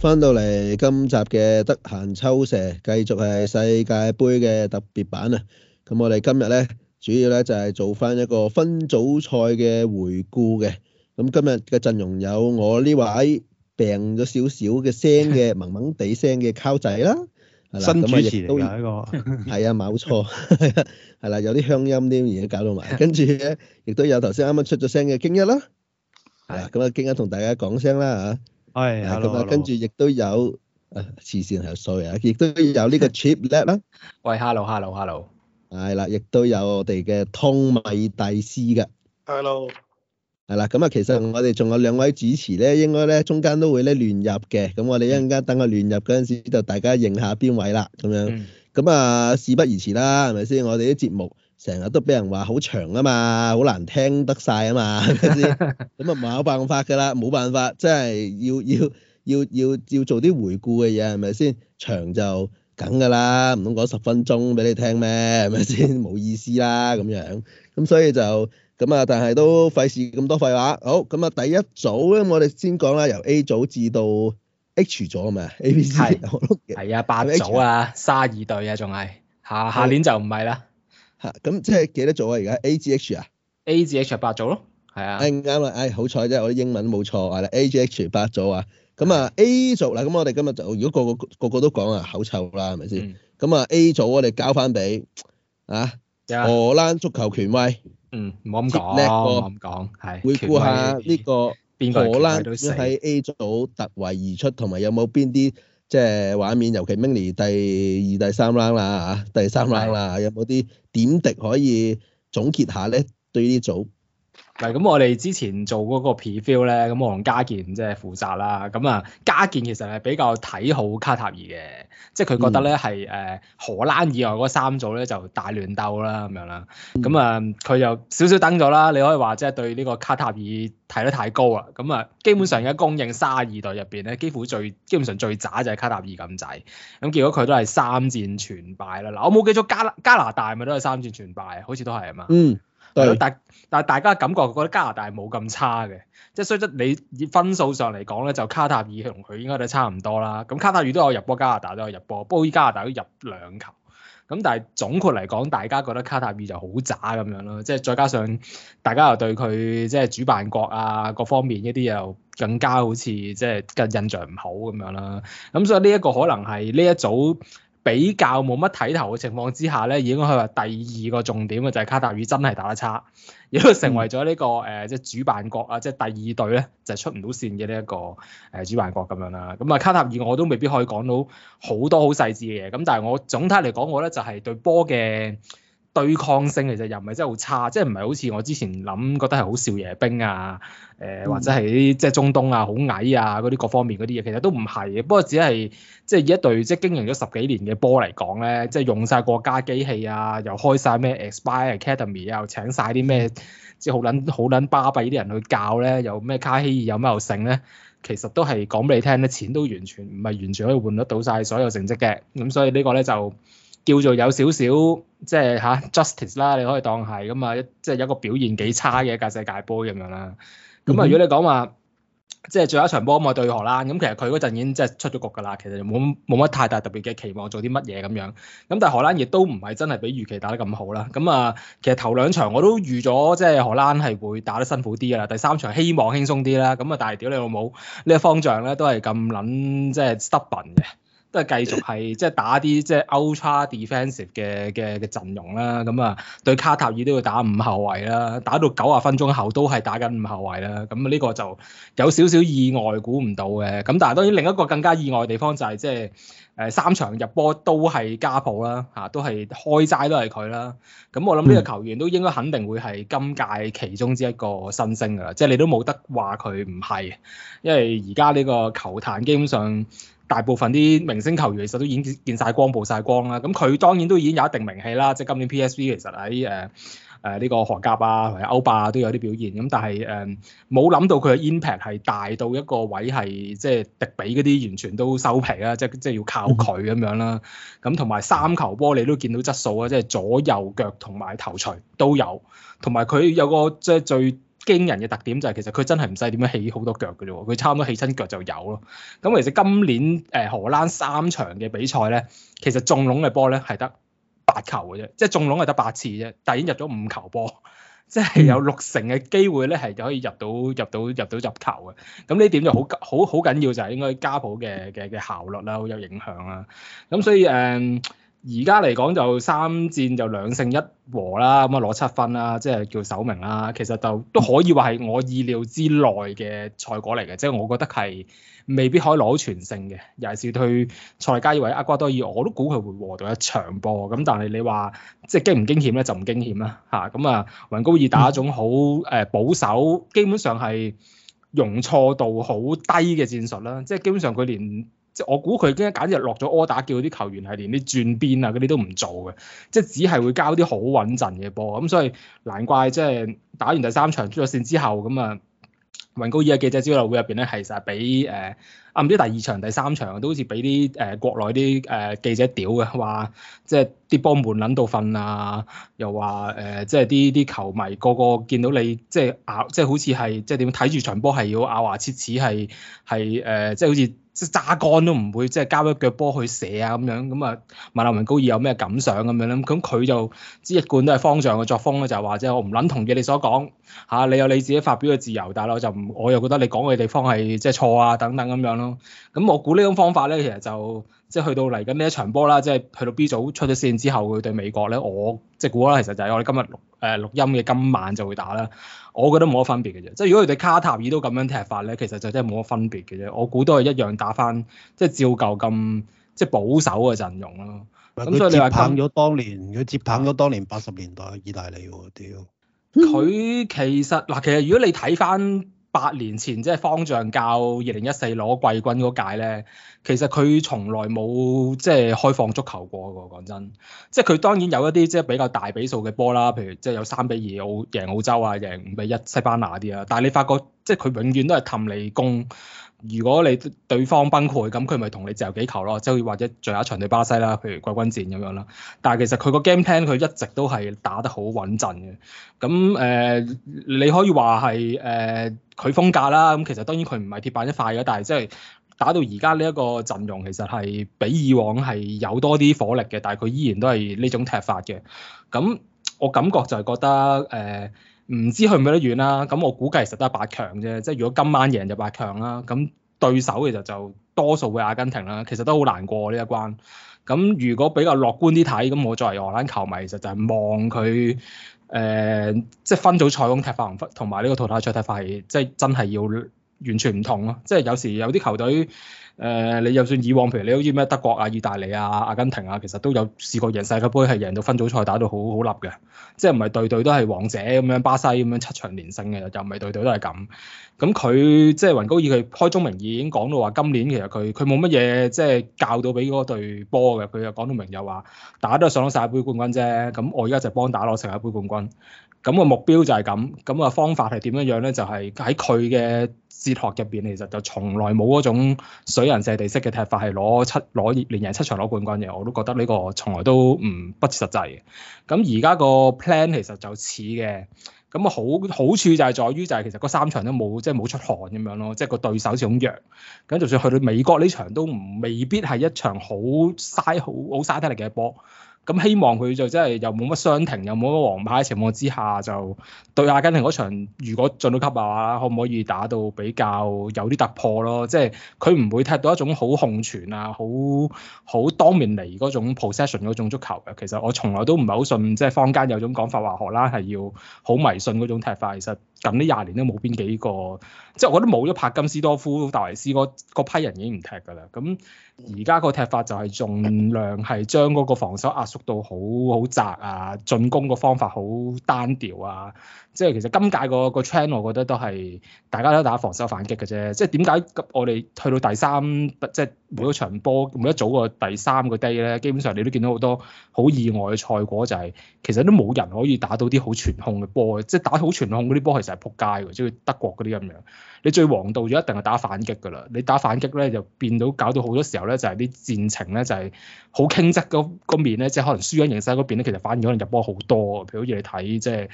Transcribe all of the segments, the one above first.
翻到嚟今集嘅得閒抽射，繼續係世界杯嘅特別版啊！咁我哋今日咧，主要咧就係做翻一個分組賽嘅回顧嘅。咁今日嘅陣容有我呢位病咗少少嘅聲嘅萌萌地聲嘅 Karl 仔啦，新主持嚟啊，呢個係啊冇錯係啦，有啲鄉音添，而家搞到埋。跟住咧亦都有頭先啱啱出咗聲嘅京一啦，係啦，咁啊京一同大家講聲啦吓。係，咁、哎、啊，hello, hello. 跟住亦都有、啊、慈善係稅 啊，亦都有呢個 Cheaplad 啦。喂，hello, hello, hello. 係啦，亦都有我哋嘅湯米蒂斯 Hello，係啦，咁啊，其實我哋仲有兩位主持咧，應該咧中間都會咧亂入嘅。咁我哋一陣間等我亂入嗰陣時，就大家認下邊位啦。咁樣。咁、嗯、啊，事不宜遲啦，係咪先？我哋啲節目。成日都俾人話好長啊嘛，好難聽得晒啊嘛，係咪先？咁啊冇辦法㗎啦，冇辦法，即係要要要要要做啲回顧嘅嘢係咪先？長就梗㗎啦，唔通講十分鐘俾你聽咩？係咪先？冇 意思啦咁樣。咁所以就咁啊，但係都費事咁多廢話。好，咁啊第一組咁，我哋先講啦，由 A 組至到 H 組係咪 A B、C、D 是、係啊，八組,組啊，卅二隊啊，仲係下下年就唔係啦。吓，咁即係幾多組啊？而家 A、G、H 啊？A、G、H 八組咯，係啊。啱啦、哎，哎，好彩啫，我啲英文冇錯啦。A、G、H 八組啊，咁啊 A 組嗱，咁我哋今日就如果個個個個個都講啊口臭啦，係咪先？咁、嗯、啊 A 組我哋交翻俾啊 Yeah. 荷蘭足球權威，嗯，唔好咁講，叻哥，咁講，係回顧下呢、這個威誰誰荷蘭喺 A 組突圍而出，同埋有冇邊啲？即係畫面，尤其 mini 第二、第三 round 啦吓，第三 round 啦，有冇啲點滴可以總結下咧？對於呢組。咁、嗯、我哋之前做嗰個 preview 咧，咁我同家健即係負責啦。咁啊，家健其實係比較睇好卡塔爾嘅，即係佢覺得咧係誒荷蘭以外嗰三組咧就大亂鬥啦咁樣啦。咁啊，佢又少少登咗啦。你可以話即係對呢個卡塔爾睇得太高啦。咁啊，基本上而家公認三十二隊入邊咧，幾乎最基本上最渣就係卡塔爾咁滯。咁結果佢都係三戰全敗啦。嗱，我冇記錯加加拿大咪都係三戰全敗啊，好似都係啊嘛。嗯。但但係大家感覺覺得加拿大冇咁差嘅，即係雖則你以分數上嚟講咧，就卡塔爾同佢應該都差唔多啦。咁卡塔爾都有入波，加拿大都有入波，不過依加拿大都入兩球。咁但係總括嚟講，大家覺得卡塔爾就好渣咁樣咯。即係再加上大家又對佢即係主辦國啊各方面一啲又更加好似即係更印象唔好咁樣啦。咁所以呢一個可能係呢一組。比較冇乜睇頭嘅情況之下咧，已經可以話第二個重點嘅就係卡塔爾真係打得差，亦都成為咗呢個誒即係主辦國啊，嗯、即係第二隊咧就出唔到線嘅呢一個誒主辦國咁樣啦。咁啊卡塔爾我都未必可以講到好多好細緻嘅嘢，咁但係我總體嚟講，我咧就係對波嘅。對抗性其實又唔係真係好差，即係唔係好似我之前諗覺得係好少爺兵啊，誒、呃、或者係啲即係中東啊好矮啊嗰啲各方面嗰啲嘢，其實都唔係嘅。不過只係即係以一隊即係經營咗十幾年嘅波嚟講咧，即係用晒國家機器啊，又開晒咩 Aspire Academy 啊，又請晒啲咩即係好撚好撚巴閉啲人去教咧，又咩卡希爾又咩又剩咧，其實都係講俾你聽咧，錢都完全唔係完全可以換得到晒所有成績嘅。咁所以呢個咧就。叫做有少少即係吓 justice 啦，你可以當係咁啊，即、嗯、係、就是、一個表現幾差嘅一屆世界盃咁樣啦。咁、嗯、啊，嗯、如果你講話即係最後一場波咁我對荷蘭，咁其實佢嗰陣已經即係出咗局噶啦，其實冇冇乜太大特別嘅期望做啲乜嘢咁樣。咁但係荷蘭亦都唔係真係比預期打得咁好啦。咁、嗯、啊，其實頭兩場我都預咗即係荷蘭係會打得辛苦啲噶啦，第三場希望輕鬆啲啦。咁啊，但係屌你老母呢、個方丈咧都係咁撚即係 stubborn 嘅。都係繼續係即係打啲即係 ultra defensive 嘅嘅嘅陣容啦，咁啊對卡塔爾都要打五後衞啦，打到九十分鐘後都係打緊五後衞啦，咁呢個就有少少意外估，估唔到嘅。咁但係當然另一個更加意外嘅地方就係即係誒三場入波都係加普啦，嚇都係開齋都係佢啦。咁我諗呢個球員都應該肯定會係今屆其中之一個新星㗎喇，即係、嗯、你都冇得話佢唔係，因為而家呢個球壇基本上。大部分啲明星球員其實都已經見見曬光、曝曬光啦，咁佢當然都已經有一定名氣啦。即係今年 PSV 其實喺誒誒呢個荷甲啊，或者歐霸啊都有啲表現。咁但係誒冇諗到佢嘅 impact 係大到一個位係即係迪比嗰啲完全都收皮啦，即係即係要靠佢咁樣啦。咁同埋三球波你都見到質素啊，即係左右腳同埋頭槌都有，同埋佢有個即係最。驚人嘅特點就係其實佢真係唔使點樣起好多腳嘅啫，佢差唔多起親腳就有咯。咁其實今年誒、呃、荷蘭三場嘅比賽咧，其實中籠嘅波咧係得八球嘅啫，即係中籠係得八次啫，但已經入咗五球波，即係有六成嘅機會咧係可以入到入到入到，入到入球嘅。咁呢點就好好好緊要就係、是、應該加普嘅嘅嘅效率啦，好有影響啊。咁所以誒。嗯而家嚟講就三戰就兩勝一和啦，咁啊攞七分啦，即係叫首名啦。其實就都可以話係我意料之內嘅賽果嚟嘅，即係、嗯、我覺得係未必可以攞全勝嘅。尤其是對賽加爾或者厄瓜多爾，我都估佢會和到一場波。咁但係你話即係驚唔驚險咧？就唔驚險啦嚇。咁啊、嗯，雲高爾打一種好誒保守，嗯、基本上係容錯度好低嘅戰術啦。即係基本上佢連。即我估佢今日簡直落咗柯打，叫啲球員係連啲轉邊啊嗰啲都唔做嘅，即只係會交啲好穩陣嘅波，咁所以難怪即係打完第三場出咗線之後，咁啊雲高爾嘅記者招待會入邊咧係實係俾誒。呃唔、啊、知第二場、第三場都好似俾啲誒國內啲誒、呃、記者屌嘅，話即係啲波悶撚到瞓啊，又話誒即係啲啲球迷個,個個見到你即係咬，即係好似係即係點睇住場波係要咬牙切齒係係誒，即係好似揸竿都唔會即係交一腳波去射啊咁樣咁啊，馬立雲高爾有咩感想咁樣咧？咁佢就一貫都係方丈嘅作風咧，就係話即係我唔撚同意你所講嚇、啊，你有你自己發表嘅自由，但係我就唔我又覺得你講嘅地方係即係錯啊等等咁樣咯。咁我估呢種方法咧，其實就即係去到嚟緊呢一場波啦，即係去到 B 組出咗線之後，佢對美國咧，我即係估啦，其實就係我哋今日誒錄、呃、錄音嘅今晚就會打啦。我覺得冇乜分別嘅啫，即係如果佢哋卡塔爾都咁樣踢法咧，其實就真係冇乜分別嘅啫。我估都係一樣打翻，即係照舊咁即係保守嘅陣容咯。咁所以你話棒咗當年，佢、嗯、接棒咗當年八十年代意大利喎，屌佢、嗯嗯、其實嗱，其實如果你睇翻。八年前即係方丈教二零一四攞季軍嗰屆呢，其實佢從來冇即係開放足球過嘅。講真，即係佢當然有一啲即係比較大比數嘅波啦，譬如即係有三比二澳贏澳洲啊，贏五比一西班牙啲啊。但係你發覺即係佢永遠都係氹你攻。如果你對方崩潰，咁佢咪同你自由幾球咯？即係或者最後一場對巴西啦，譬如季軍戰咁樣啦。但係其實佢個 game plan 佢一直都係打得好穩陣嘅。咁誒、呃，你可以話係誒佢風格啦。咁其實當然佢唔係鐵板一塊嘅，但係即係打到而家呢一個陣容，其實係比以往係有多啲火力嘅。但係佢依然都係呢種踢法嘅。咁我感覺就係覺得誒。呃唔知去唔去得遠啦、啊，咁我估計其實得八強啫。即係如果今晚贏就八強啦、啊，咁對手其實就多數會阿根廷啦。其實都好難過呢一關。咁如果比較樂觀啲睇，咁我作為荷蘭球迷，其實就係望佢誒、呃，即係分組賽咁踢法同埋呢個淘汰賽踢法係即係真係要完全唔同咯、啊。即係有時有啲球隊。誒、呃，你就算以往，譬如你好似咩德國啊、意大利啊、阿根廷啊，其實都有試過贏世界杯，係贏到分組賽打到好好立嘅，即係唔係隊隊都係王者咁樣，巴西咁樣七場連勝嘅，又唔係隊隊都係咁。咁佢即係雲高爾，佢開宗明義已經講到話，今年其實佢佢冇乜嘢，即係教到俾嗰隊波嘅。佢又講到明，又話大家都上咗世界杯冠軍啫。咁我而家就幫打攞世界杯冠軍。咁、那個目標就係咁，咁、那個方法係點樣樣咧？就係喺佢嘅。哲學入邊其實就從來冇嗰種水人射地式嘅踢法，係攞七攞連贏七場攞冠軍嘅，我都覺得呢個從來都唔不切實際嘅。咁而家個 plan 其實就似嘅，咁好好處就係在於就係其實嗰三場都冇即係冇出汗咁樣咯，即係個對手始終弱。咁就算去到美國呢場都唔未必係一場好嘥好好嘥體力嘅波。咁希望佢就真係又冇乜傷停，又冇乜黃牌嘅情況之下，就對阿根廷嗰場，如果進到級啊，可唔可以打到比較有啲突破咯？即係佢唔會踢到一種好控傳啊，好好 dominate 嚟嗰種 possession 嗰種足球嘅。其實我從來都唔係好信，即係坊間有種講法話荷蘭係要好迷信嗰種踢法，其實。咁呢廿年都冇邊幾個，即係我覺得冇咗帕金斯多夫、戴維斯嗰批人已經唔踢噶啦。咁而家個踢法就係盡量係將嗰個防守壓縮到好好窄啊，進攻個方法好單調啊。即係其實今屆、嗰個 trend 我覺得都係大家都打防守反擊嘅啫。即係點解？我哋去到第三，即係每一場波每一組個第三個 day 咧，基本上你都見到好多好意外嘅賽果、就是，就係其實都冇人可以打到啲好全控嘅波。即係打好全控嗰啲波係成日仆街嘅，即係德國嗰啲咁樣。你最王道就一定係打反擊㗎啦。你打反擊咧，就變到搞到好多時候咧，就係啲戰情咧，就係好傾側嗰面咧，即係可能輸緊形勢嗰邊咧，其實反而可能入波好多。譬如好似你睇即係。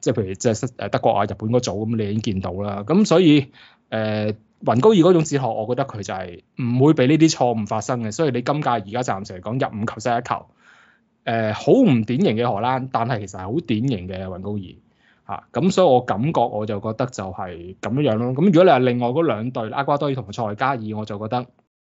即係譬如即係德國啊、日本嗰組咁，你已經見到啦。咁所以誒、呃、雲高爾嗰種哲學，我覺得佢就係唔會俾呢啲錯誤發生嘅。所以你今屆而家暫時嚟講入五球失一球，誒，好唔典型嘅荷蘭，但係其實係好典型嘅雲高爾嚇。咁、啊、所以我感覺我就覺得就係咁樣樣咯。咁如果你話另外嗰兩隊阿瓜多爾同埋塞加爾，我就覺得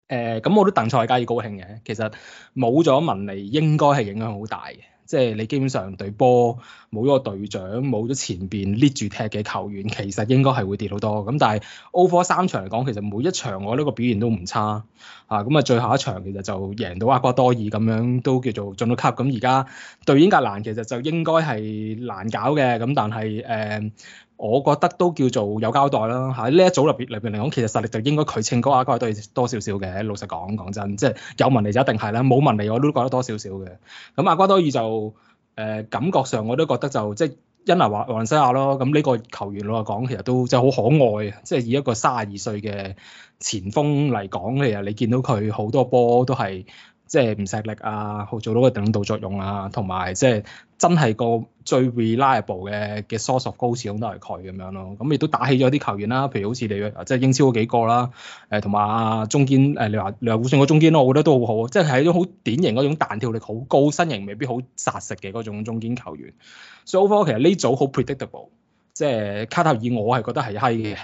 誒咁、呃、我都替塞加爾高興嘅。其實冇咗文尼應該係影響好大嘅。即係你基本上隊波冇咗個隊長，冇咗前邊捏住踢嘅球員，其實應該係會跌好多咁。但係歐科三場嚟講，其實每一場我呢個表現都唔差啊。咁啊，最後一場其實就贏到厄瓜多爾咁樣，都叫做進到級。咁而家對英格蘭其實就應該係難搞嘅。咁但係誒。呃我覺得都叫做有交代啦，喺呢一組入邊，入邊嚟講，其實實力就應該佢稱高。阿瓜多爾多少少嘅，老實講講真，即係有文嚟就一定係啦，冇文嚟我都覺得多少少嘅。咁、嗯、阿瓜多爾就誒、呃、感覺上我都覺得就即係因牙華華倫西亞咯。咁呢個球員老實講，其實都即係好可愛，即係以一個卅二歲嘅前鋒嚟講嘅，你見到佢好多波都係即係唔錫力啊，好做到個領導作用啊，同埋即係。真係個最 reliable 嘅嘅 source of goal，始終都係佢咁樣咯，咁亦都打起咗啲球員啦，譬如好似你即係英超嗰幾個啦，誒同埋啊中堅誒你話你話古信中堅咯，我覺得都好好，即係係一種好典型嗰種彈跳力好高、身形未必好紮實嘅嗰種中堅球員。So overall，其實呢組好 predictable，即係卡塔爾我係覺得係閪嘅，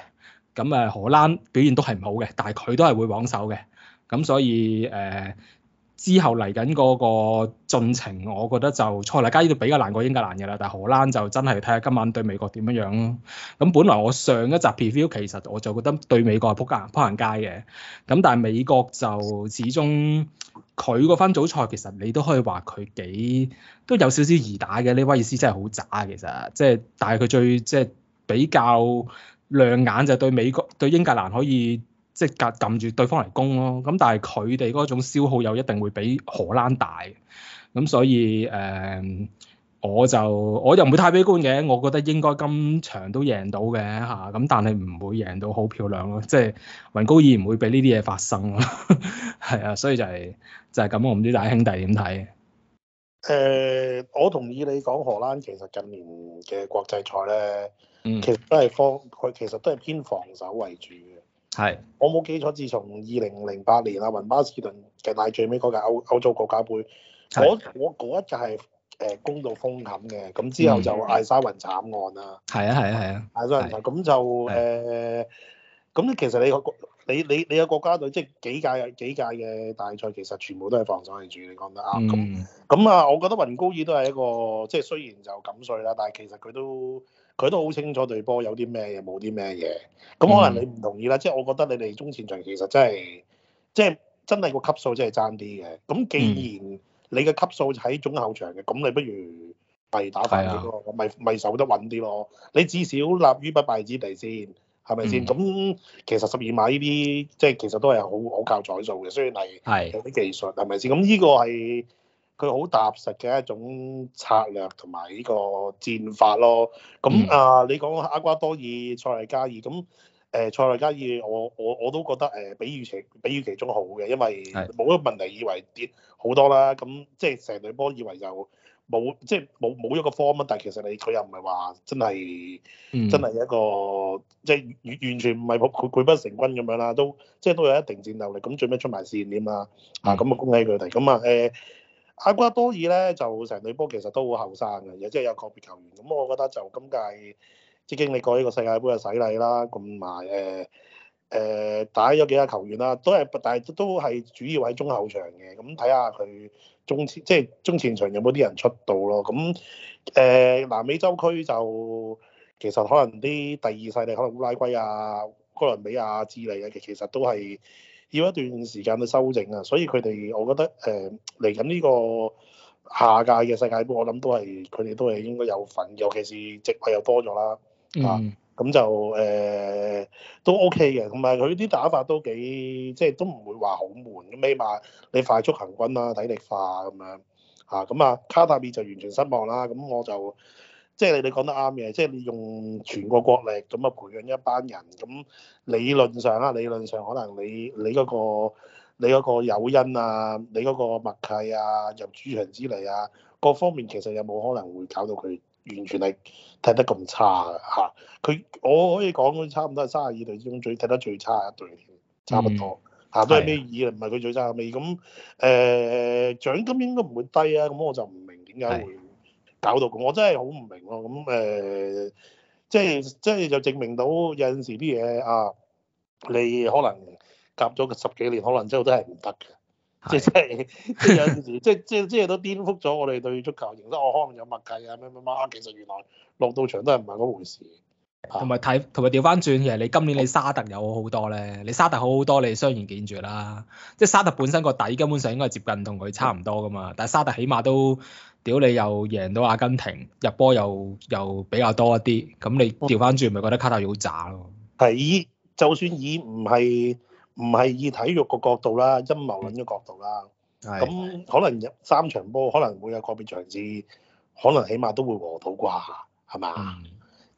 咁誒荷蘭表現都係唔好嘅，但係佢都係會榜首嘅，咁所以誒。呃之後嚟緊嗰個進程，我覺得就塞內加爾呢度比較難過英格蘭嘅啦，但係荷蘭就真係睇下今晚對美國點樣樣咯。咁本來我上一集 preview 其實我就覺得對美國係撲街撲行街嘅，咁但係美國就始終佢嗰分組賽其實你都可以話佢幾都有少少易打嘅，呢威爾斯真係好渣其實，即、就、係、是、但係佢最即係、就是、比較亮眼就係對美國對英格蘭可以。即係隔撳住對方嚟攻咯，咁但係佢哋嗰種消耗又一定會比荷蘭大，咁所以誒、呃，我就我又唔會太悲觀嘅，我覺得應該今場都贏到嘅嚇，咁、啊、但係唔會贏到好漂亮咯，即、就、係、是、雲高爾唔會俾呢啲嘢發生咯，係 啊，所以就係、是、就係、是、咁，我唔知大家兄弟點睇？誒、呃，我同意你講荷蘭其實近年嘅國際賽咧，嗯、其實都係方佢其實都係偏防守為主。係，是我冇記錯。自從二零零八年阿雲巴士頓嘅大最尾嗰屆歐洲國家杯是，我嗰嗰一屆係誒公道封冚嘅，咁、呃、之後就艾沙雲慘案啦。係啊係啊係啊，艾沙雲慘案咁就誒，咁、呃、其實你個國你你你嘅國家隊即係幾屆幾屆嘅大賽，其實全部都係防守嚟住。你講得啱。咁咁啊，我覺得雲高爾都係一個即係雖然就咁衰啦，但係其實佢都。佢都好清楚對波有啲咩嘢，冇啲咩嘢。咁可能你唔同意啦，嗯、即係我覺得你哋中前場其實真係，即係真係個級數真係爭啲嘅。咁既然你嘅級數喺中後場嘅，咁、嗯、你不如咪打快啲咯，咪咪、啊、守得穩啲咯。你至少立於不敗之地先，係咪先？咁、嗯、其實十二碼呢啲，即係其實都係好好靠彩數嘅，雖然係有啲技術，係咪先？咁呢是個係。佢好踏實嘅一種策略同埋呢個戰法咯。咁啊，你講厄瓜多爾、塞內加爾，咁誒塞內加爾我，我我我都覺得誒比預期比預期中好嘅，因為冇乜問題，以為跌好多啦。咁即係成隊波以為就冇即係冇冇一個方啊，但係其實你佢又唔係話真係、嗯、真係一個即係完完全唔係潰潰不成軍咁樣啦，都即係、就是、都有一定戰鬥力。咁最尾出埋線點啊？啊咁啊，恭喜佢哋。咁啊誒。阿瓜多爾咧就成隊波其實都好後生嘅，有即係有個別球員咁，我覺得就今屆即係、就是、經歷過呢個世界盃嘅洗禮啦，咁埋誒誒打咗幾下球員啦，都係但係都係主要喺中後場嘅，咁睇下佢中前即係、就是、中前場有冇啲人出道咯，咁誒、呃、南美洲區就其實可能啲第二勢力，可能烏拉圭啊、哥倫比亞、智利啊，其其實都係。要一段時間去修正啊，所以佢哋我覺得誒嚟緊呢個下屆嘅世界盃，我諗都係佢哋都係應該有份，尤其是席位又多咗啦，啊咁就誒、呃、都 OK 嘅，同埋佢啲打法都幾即係都唔會話好悶，咪話你快速行軍啦、體力化咁樣啊，咁啊卡塔爾就完全失望啦，咁我就。即係你哋講得啱嘅，即、就、係、是、你用全個國，國力咁啊，培養一班人，咁理論上啦，理論上可能你你嗰、那個你嗰個誘因啊，你嗰個默契啊，入主場之利啊，各方面其實有冇可能會搞到佢完全係踢得咁差嘅、啊、佢我可以講差唔多係三十二隊之中最踢得最差一隊添，差唔多嚇，都係尾二唔係佢最差尾咁。誒、呃、獎金應該唔會低啊，咁我就唔明點解會。搞到咁，我真係好唔明咯。咁、嗯、誒，即係即係就證明到有陣時啲嘢啊，你可能夾咗十幾年，可能之後都係唔得嘅。即係即係即係有陣時，即即即係都顛覆咗我哋對足球認得。我可能有默契啊咩咩嘛，其實原來落到場都係唔係嗰回事。同埋睇，同埋調翻轉嘅，你今年你沙特有好多咧，你沙特好好多，你相延見住啦。即係沙特本身個底，根本上應該係接近同佢差唔多噶嘛。但係沙特起碼都。屌，你又贏到阿根廷，入波又又比較多一啲，咁你調返轉咪覺得卡塔爾好渣咯？係以就算以唔係唔係以體育個角度啦，陰謀論嘅角度啦，咁、嗯、可能入三場波，可能會有個別場次，可能起碼都會和到啩，係嘛？嗯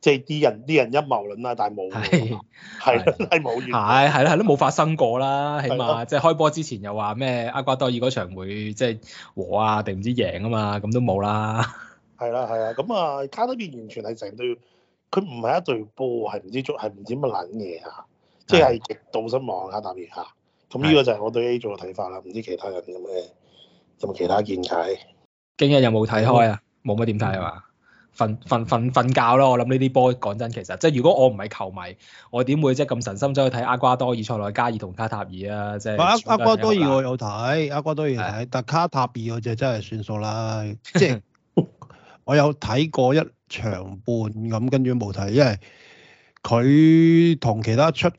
即係啲人啲人陰謀論啊，但係冇，係係係冇。係係啦，係都冇發生過啦。起碼的即係開波之前又話咩？阿瓜多爾嗰場會即係和啊，定唔知贏啊嘛？咁都冇啦。係啦，係啊，咁啊，卡多變完全係成隊，佢唔係一隊波，係唔知足，係唔知乜撚嘢啊！即係極度失望啊！但係下，咁呢個就係我對 A 組嘅睇法啦。唔知其他人有咩有冇其他見解？今日有冇睇開啊？冇乜點睇係嘛？瞓瞓瞓瞓覺咯，我諗呢啲波，講真其實即係如果我唔係球迷，我點會即係咁神心走去睇阿瓜多爾塞內加爾同卡塔爾啊！即係阿，阿瓜多爾我有睇，阿瓜多爾有睇，的但卡塔爾我只真係算數啦，即係 我有睇過一場半咁，跟住冇睇，因為佢同其他出局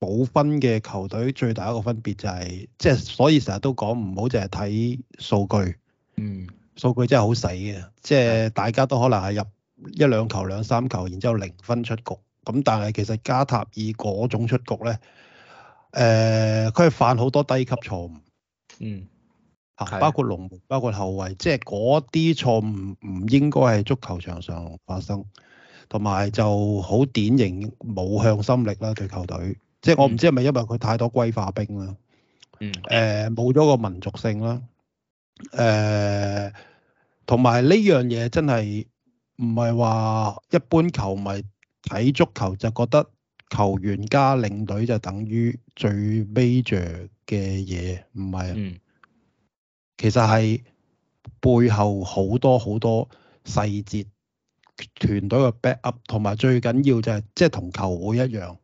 保分嘅球隊最大一個分別就係、是，即、就、係、是、所以成日都講唔好淨係睇數據，嗯。數據真係好死嘅，即係大家都可能係入一兩球、兩三球，然之後零分出局。咁但係其實加塔爾嗰種出局咧，誒、呃，佢係犯好多低級錯誤。嗯。包括龍門，包括後衛，即係嗰啲錯誤唔應該係足球場上發生。同埋就好典型冇向心力啦，對球隊，即係我唔知係咪因為佢太多歸化兵啦。嗯。誒、呃，冇咗個民族性啦。誒，同埋呢樣嘢，真係唔係話一般球迷睇足球就覺得球員加領隊就等於最 major 嘅嘢。唔係啊，嗯，其實係背後好多好多細節，團隊嘅 back up，同埋最緊要就係即係同球會一樣，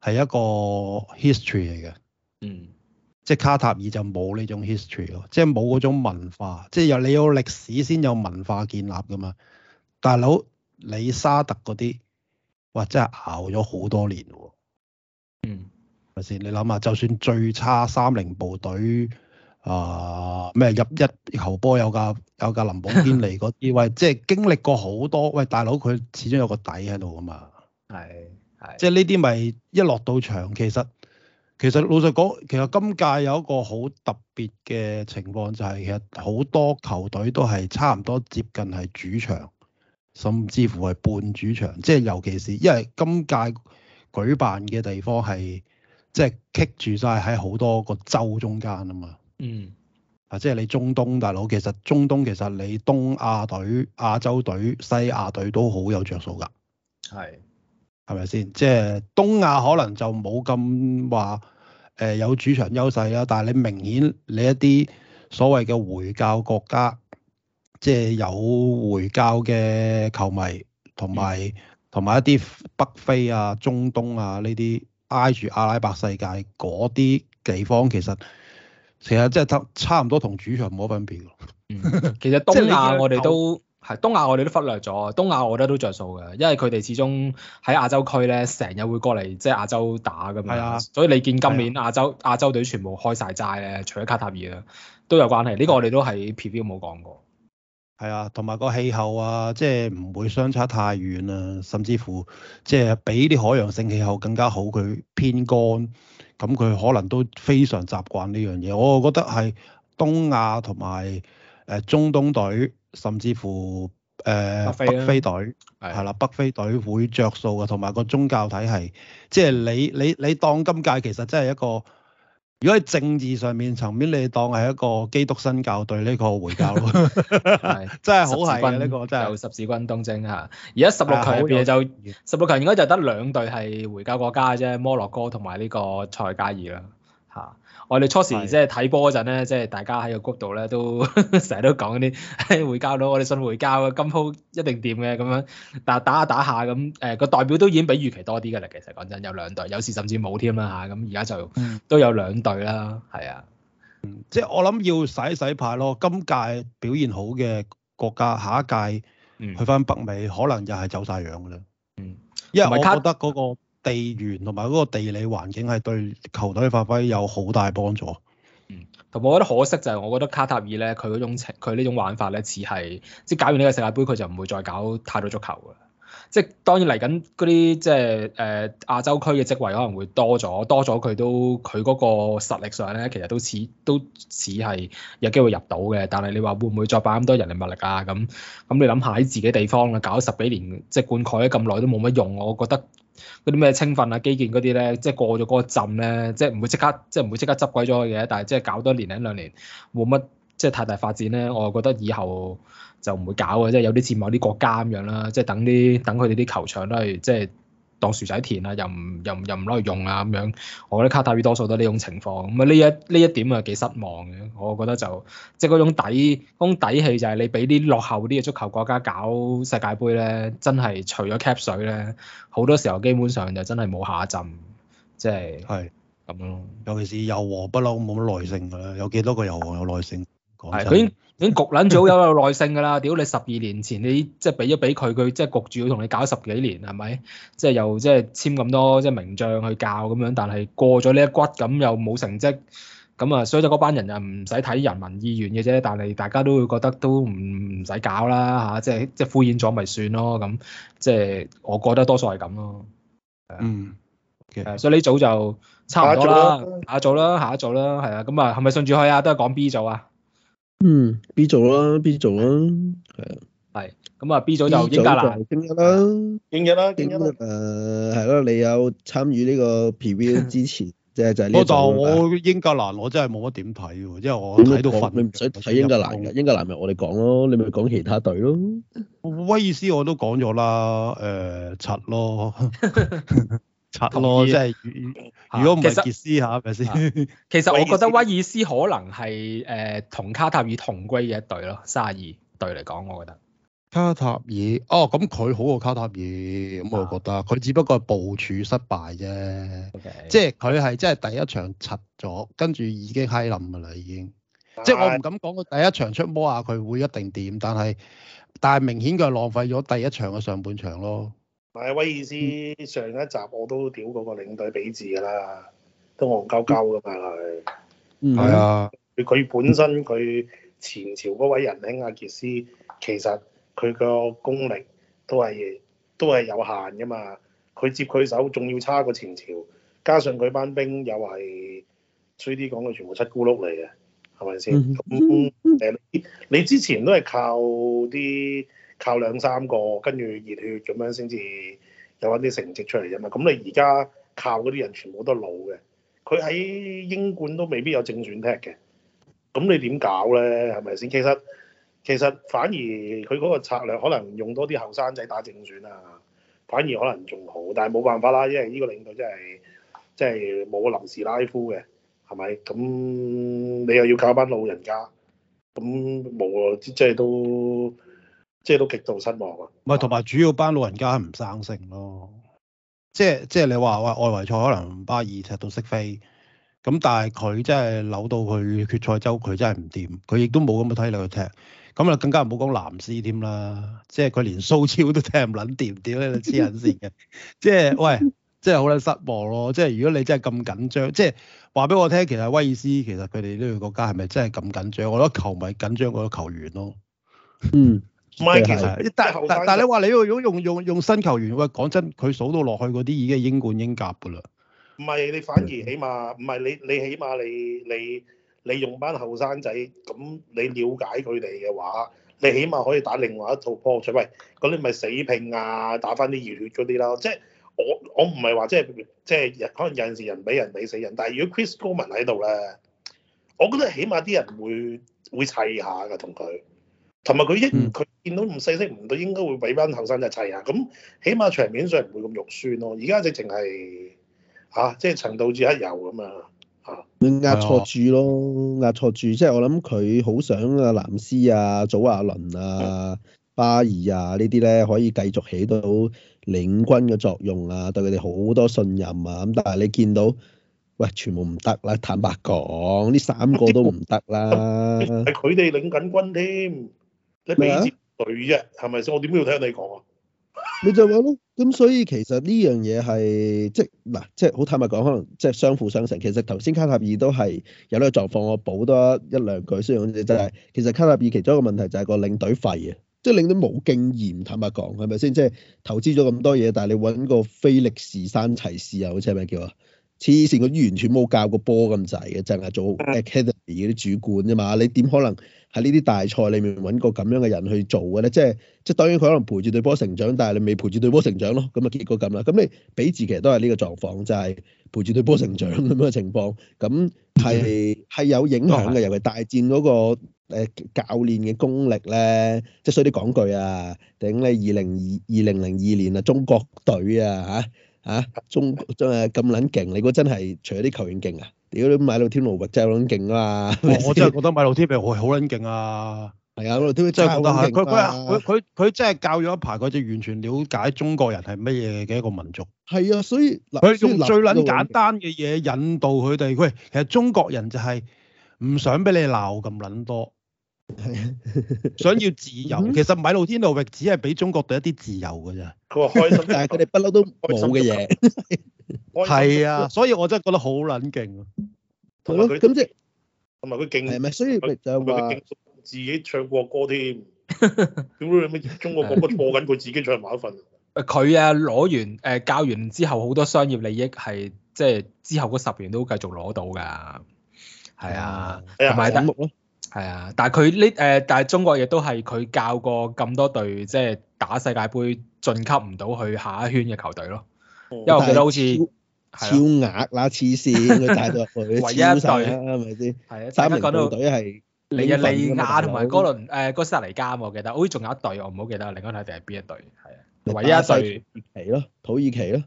係一個 history 嚟嘅。嗯。即係卡塔爾就冇呢種 history 咯，即係冇嗰種文化，即係有你有歷史先有文化建立噶嘛。大佬，你沙特嗰啲，哇，真係熬咗好多年喎。嗯。咪先？你諗下，就算最差三零部隊啊，咩、呃、入一球波有架有架林寶堅尼嗰啲， 喂，即係經歷過好多，喂，大佬佢始終有個底喺度噶嘛。係。係。即係呢啲咪一落到場，其實。其實老實講，其實今屆有一個好特別嘅情況，就係，就係其實好多球隊都係差唔多接近係主場，甚至乎係半主場，即係尤其是因為今屆舉辦嘅地方係即係棘住晒喺好多個州中間啊嘛。嗯。啊，即係你中東大佬，其實中東其實你東亞隊、亞洲隊、西亞隊都有好有着數㗎。係。係咪先？即係東亞可能就冇咁話誒有主場優勢啦，但係你明顯你一啲所謂嘅回教國家，即係有回教嘅球迷同埋同埋一啲北非啊、中東啊呢啲挨住阿拉伯世界嗰啲地方，其實其實真係差差唔多同主場冇分別。嗯。其實東亞我哋都。 係東亞，我哋都忽略咗。東亞，我覺得都着數嘅，因為佢哋始終喺亞洲區咧，成日會過嚟即係亞洲打㗎嘛。係啊，所以你見今年亞洲亞洲隊全部開晒齋咧，除咗卡塔爾啦，都有關係。呢個我哋都喺 PVL 冇講過。係啊，同埋個氣候啊，即係唔會相差太遠啊，甚至乎即係比啲海洋性氣候更加好。佢偏乾，咁佢可能都非常習慣呢樣嘢。我覺得係東亞同埋誒中東隊。甚至乎誒、呃北、啊、北非隊係係啦，的的北非隊會着數嘅，同埋個宗教體系。即係你你你、你當今屆其實真係一個，如果喺政治上面層面，你當係一個基督新教對呢個回教咯， 的 真係好係嘅呢個真真係十字軍東征嚇。而家十六強入的就十六的強應該就得兩隊係回教國家啫，摩洛哥同埋呢個塞加爾啦嚇。我哋初時即係睇波嗰陣咧，即係是的 大家喺個谷度咧，呵呵都成日都講嗰啲回教咯，我哋信回教啊，今鋪一定掂嘅咁樣。但係打下打下咁，誒個代表都已經比預期多啲嘅啦。其實講真，有兩隊，有時甚至冇添啦嚇。咁而家就都有兩隊啦，係啊、嗯。即係我諗要洗洗牌咯。今屆表現好嘅國家，下一屆去返北美，嗯、可能又係走晒樣嘅啦。嗯，因為我覺得嗰、那個。嗯地緣同埋嗰個地理環境係對球隊發揮有好大幫助。嗯，同埋我覺得可惜就係，我覺得卡塔爾咧，佢嗰種情，佢呢種玩法咧，似係即係搞完呢個世界盃，佢就唔會再搞太多足球㗎。即係當然嚟緊嗰啲即係誒、呃、亞洲區嘅職位可能會多咗，多咗佢都佢嗰個實力上咧，其實都似都似係有機會入到嘅。但係你話會唔會再擺咁多人力物力啊？咁咁你諗下喺自己地方啦，搞咗十幾年即係灌溉咗咁耐都冇乜用。我覺得嗰啲咩青訓啊、基建嗰啲咧，即係過咗嗰個陣咧，即係唔會即刻即係唔會即刻執鬼咗嘅。但係即係搞多一年兩年冇乜即係太大發展咧，我覺得以後，就唔會搞嘅，即係有啲節目有啲國家咁樣啦，即係等啲等佢哋啲球場都係即係當薯仔田啊，又唔又唔又唔攞去用啊咁樣。我覺得卡塔爾多數都係呢種情況，咁啊呢一呢一點啊幾失望嘅。我覺得就即係嗰種底嗰種底氣就係你俾啲落後啲嘅足球國家搞世界盃咧，真係除咗 cap 水咧，好多時候基本上就真係冇下一陣，即係係咁咯。係，咁樣，尤其是油王不嬲冇耐性嘅啦，有幾多個油王有耐性講真。 已經焗捻住好有耐性噶啦，屌你十二年前你即係俾咗俾佢，佢即係焗住要同你搞十幾年係咪？即係又即係簽咁多即係名將去教咁樣，但係過咗呢一骨咁又冇成績，咁啊所以就嗰班人又唔使睇人民意願嘅啫，但係大家都會覺得都唔唔使搞啦吓，即係即係敷衍咗咪算咯，咁即係我覺得多數係咁咯。嗯，okay. 所以呢組就差唔多啦，下一組啦，下一組啦，係啊，咁啊係咪順住去啊？都係講 B 組啊？嗯，B 組啦，B 組啦，係啊，係，咁啊，B 組就英格蘭、格啦，英一啦，英一，誒，係啦、uh,，你有參與呢個 preview 之前，即係 就係呢度。我但我英格蘭我真係冇乜點睇，因為我睇到瞓。你唔使睇英格蘭嘅，英格蘭咪我哋講咯，你咪講其他隊咯。威爾斯我都講咗啦，誒，七咯。咯，真係如果唔係傑斯嚇，係咪先？是是其實我覺得威爾斯可能係誒，同卡塔爾同歸嘅一隊咯，三十二隊嚟講，我覺得卡塔爾哦，咁佢好過卡塔爾，咁我覺得佢、啊、只不過係部署失敗啫、啊，即係佢係真係第一場拆咗，跟住已經閪冧噶啦，已經。即係我唔敢講佢第一場出魔啊，佢會一定掂，但係但係明顯佢係浪費咗第一場嘅上半場咯。係威爾斯上一集我都屌嗰個領隊俾字噶啦，都戇鳩鳩噶嘛佢，係啊，佢、嗯哎、呀本身佢前朝嗰位仁兄阿傑斯，其實佢個功力都係都係有限噶嘛，佢接佢手仲要差過前朝，加上佢班兵又係衰啲講句，全部七咕碌嚟嘅，係咪先？咁誒、 嗯，你之前都係靠啲。靠兩三個跟住熱血咁樣先至有一啲成績出嚟啫嘛。咁你而家靠嗰啲人全部都老嘅，佢喺英冠都未必有正選踢嘅。咁你點搞咧？係咪先？其實其實反而佢嗰個策略可能用多啲後生仔打正選啊，反而可能仲好。但係冇辦法啦，因為呢個領隊真係即係冇臨時拉夫嘅，係咪？咁你又要靠班老人家，咁冇啊！即係都。即係都極度失望啊！唔係同埋主要班老人家唔生性咯，即係即係你話話外圍賽可能巴爾踢到識飛咁，但係佢真係扭到去決賽周，佢真係唔掂，佢亦都冇咁嘅體力去踢。咁啊，更加唔好講藍斯添啦，即係佢連蘇超都踢唔撚掂，屌你黐人線嘅！即係 喂，即係好撚失望咯！即係如果你真係咁緊張，即係話俾我聽，其實威爾斯其實佢哋呢個國家係咪真係咁緊張？我覺得球迷緊張過咗球員咯，嗯。 唔係，其實但係但係你話你如果用用用新球員，喂，講真，佢數到落去嗰啲已經係英冠英甲㗎啦。唔係你反而起碼，唔係你你起碼你你你用班後生仔，咁你了解佢哋嘅話，你起碼可以打另外一套波出。喂，嗰啲咪死拼啊，打翻啲熱血嗰啲咯。即係我我唔係話即係即係可能有陣時人比人比死人。但係如果 Chris Coleman 喺度咧，我覺得起碼啲人會會砌下噶同佢。同埋佢應佢見到唔細息唔到應該會畀班後生一齊啊！咁起碼場面上唔會咁肉酸咯。而家直情係嚇，即係層到處乞油咁啊嚇。壓錯住咯，壓錯住。即係我諗佢好想阿藍斯啊、祖亞倫啊、嗯、巴爾啊呢啲咧，可以繼續起到領軍嘅作用啊，對佢哋好多信任啊。咁但係你見到喂，全部唔得啦！坦白講，呢三個都唔得啦。係佢哋領緊軍添。你未知，隊啫，係咪先？我點都要聽你講啊！你就話咯，咁所以其實呢樣嘢係即係嗱，即係好坦白講，可能即係相輔相成。其實頭先卡塔爾都係有呢個狀況，我補多一兩句先。雖然好似真係其實卡塔爾其中一個問題就係個領隊廢啊。即係領隊冇經驗。坦白講係咪先？即係投資咗咁多嘢，但係你揾個菲力士山齊士啊，好似係咪叫啊？黐線，佢完全冇教個波咁滯嘅，淨係做 academy 嗰啲主管啫嘛，你點可能？喺呢啲大賽裏面揾個咁樣嘅人去做嘅咧？即係即係當然佢可能陪住隊波成長，但係你未陪住隊波成長咯，咁啊結果咁啦。咁你比自其實都係呢個狀況，就係、是、陪住隊波成長咁嘅情況，咁係係有影響嘅，尤其大戰嗰、那個、呃、教練嘅功力咧，即係衰啲講句啊，頂你二零二二零零二年啊中國隊啊嚇嚇、啊、中中咁撚勁，你估真係除咗啲球員勁啊？如果你買米路天奴，真係好撚勁啊！ 我真係覺得買米路天奴，我係好撚勁啊！係啊， 米路天奴真係覺得係佢佢佢佢真係教咗一排嗰隻完全了解中國人係乜嘢嘅一個民族。係啊，所以佢用最撚簡單嘅嘢引導佢哋。喂，其實中國人就係唔想俾你鬧咁撚多。係想要自由，其實米路天奴域只係俾中國隊一啲自由噶咋。佢話開心，但係佢哋不嬲都冇嘅嘢。係啊，所以我真係覺得好撚勁啊！同埋佢咁即係，同埋佢勁係咪？所以就話自己唱國歌添。點解你咩中國國歌播緊佢自己唱埋一份？佢啊，攞完誒教完之後，好多商業利益係即係之後嗰十年都繼續攞到噶。係啊，同埋但。係啊，但係佢呢？誒、呃，但係中國亦都係佢教過咁多隊，即、就、係、是、打世界杯晉級唔到去下一圈嘅球隊咯。哦、因為我記得好似超額、啊、啦，黐線佢帶入去，超晒啦，係咪先？係啊，三零六隊係。你啊，利亞同埋哥倫誒，哥斯達黎加我記得，好似仲有一隊我唔好記得，另外一隊係邊一隊？係啊，唯一一隊土耳其咯，土耳其咯。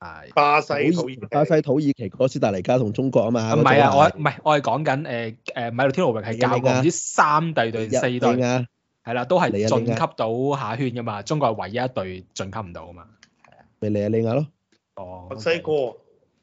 係巴西、土耳其、巴西、土耳其、哥斯達黎加同中國啊嘛，唔係啊，我唔係我係講緊誒誒米路天奴係教過唔知三隊對四隊，利亞係啦，都係進級到下圈噶嘛，中國係唯一一隊進級唔到啊嘛，係啊，咪利亞利亞咯，墨西哥、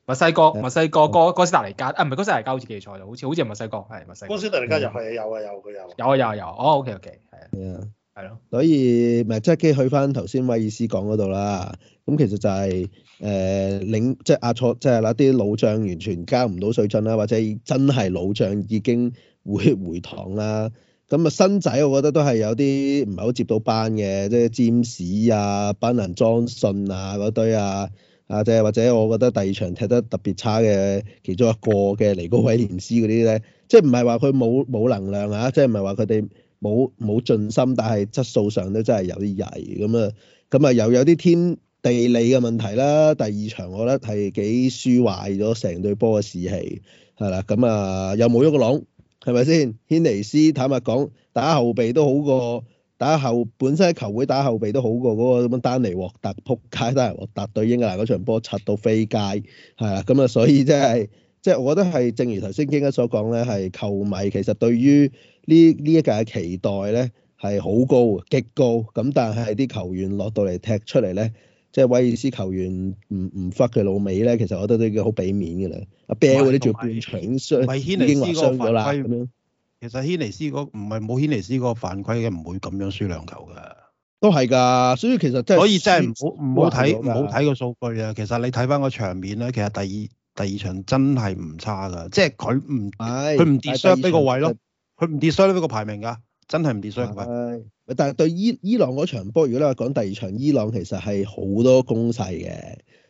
墨西哥、墨西哥哥哥斯達黎加啊，唔係哥斯達黎加好似記錯咗，好似好似係墨西哥係墨西哥，哥斯達黎加又係啊有啊有佢有，有啊有啊有，哦 OK OK 係啊。係咯，所以咪即係去翻頭先威爾斯講嗰度啦。咁、 嗯、其實就係誒領，即係阿錯，即係嗰啲老將完全交唔到水準啦，或者真係老將已經會回，回堂啦。咁、嗯、啊新仔，我覺得都係有啲唔係好接到班嘅，即係占士啊、班蘭、莊信啊嗰堆啊啊，即係、啊、或者我覺得第二場踢得特別差嘅其中一個嘅尼哥威廉斯嗰啲咧，即係唔係話佢冇冇能量啊，即係唔係話佢哋。冇冇盡心，但係質素上都真係有啲曳咁啊！咁啊又有啲天地利嘅問題啦。第二場我覺得係幾輸壞咗成隊波嘅士氣，係啦。咁啊又冇喐個籠，係咪先？軒尼斯坦白講，打後備都好過打後，本身喺球會打後備都好過嗰個咁樣，丹尼沃特，撲街丹尼沃特對英格蘭嗰場波，拆到飛街，係啦。咁啊，所以即係即係，就是、我覺得係正如頭先京一所講咧，係球迷其實對於。呢呢一屆嘅期待咧係好高啊，極高。咁但係啲球員落到嚟踢出嚟咧，即係威爾斯球員唔唔屈嘅老尾咧，其實我覺得都叫好俾面嘅啦。阿 Bale 嗰啲仲要半場傷已經外傷咗啦。咁樣其實軒尼斯嗰唔係冇軒尼斯嗰個犯規嘅，唔樣、那個、會咁樣輸兩球嘅。都係㗎，所以其實即係所以真係唔好唔好睇唔好睇個數據啊。其實你睇翻個場面咧，其實第二第二場真係唔差㗎，即係佢唔佢唔跌傷呢個位咯。二佢唔跌衰咧，呢個排名㗎，真係唔跌衰嘅。的但係對伊伊朗嗰場波，如果你話講第二場伊朗其實係好多攻勢嘅，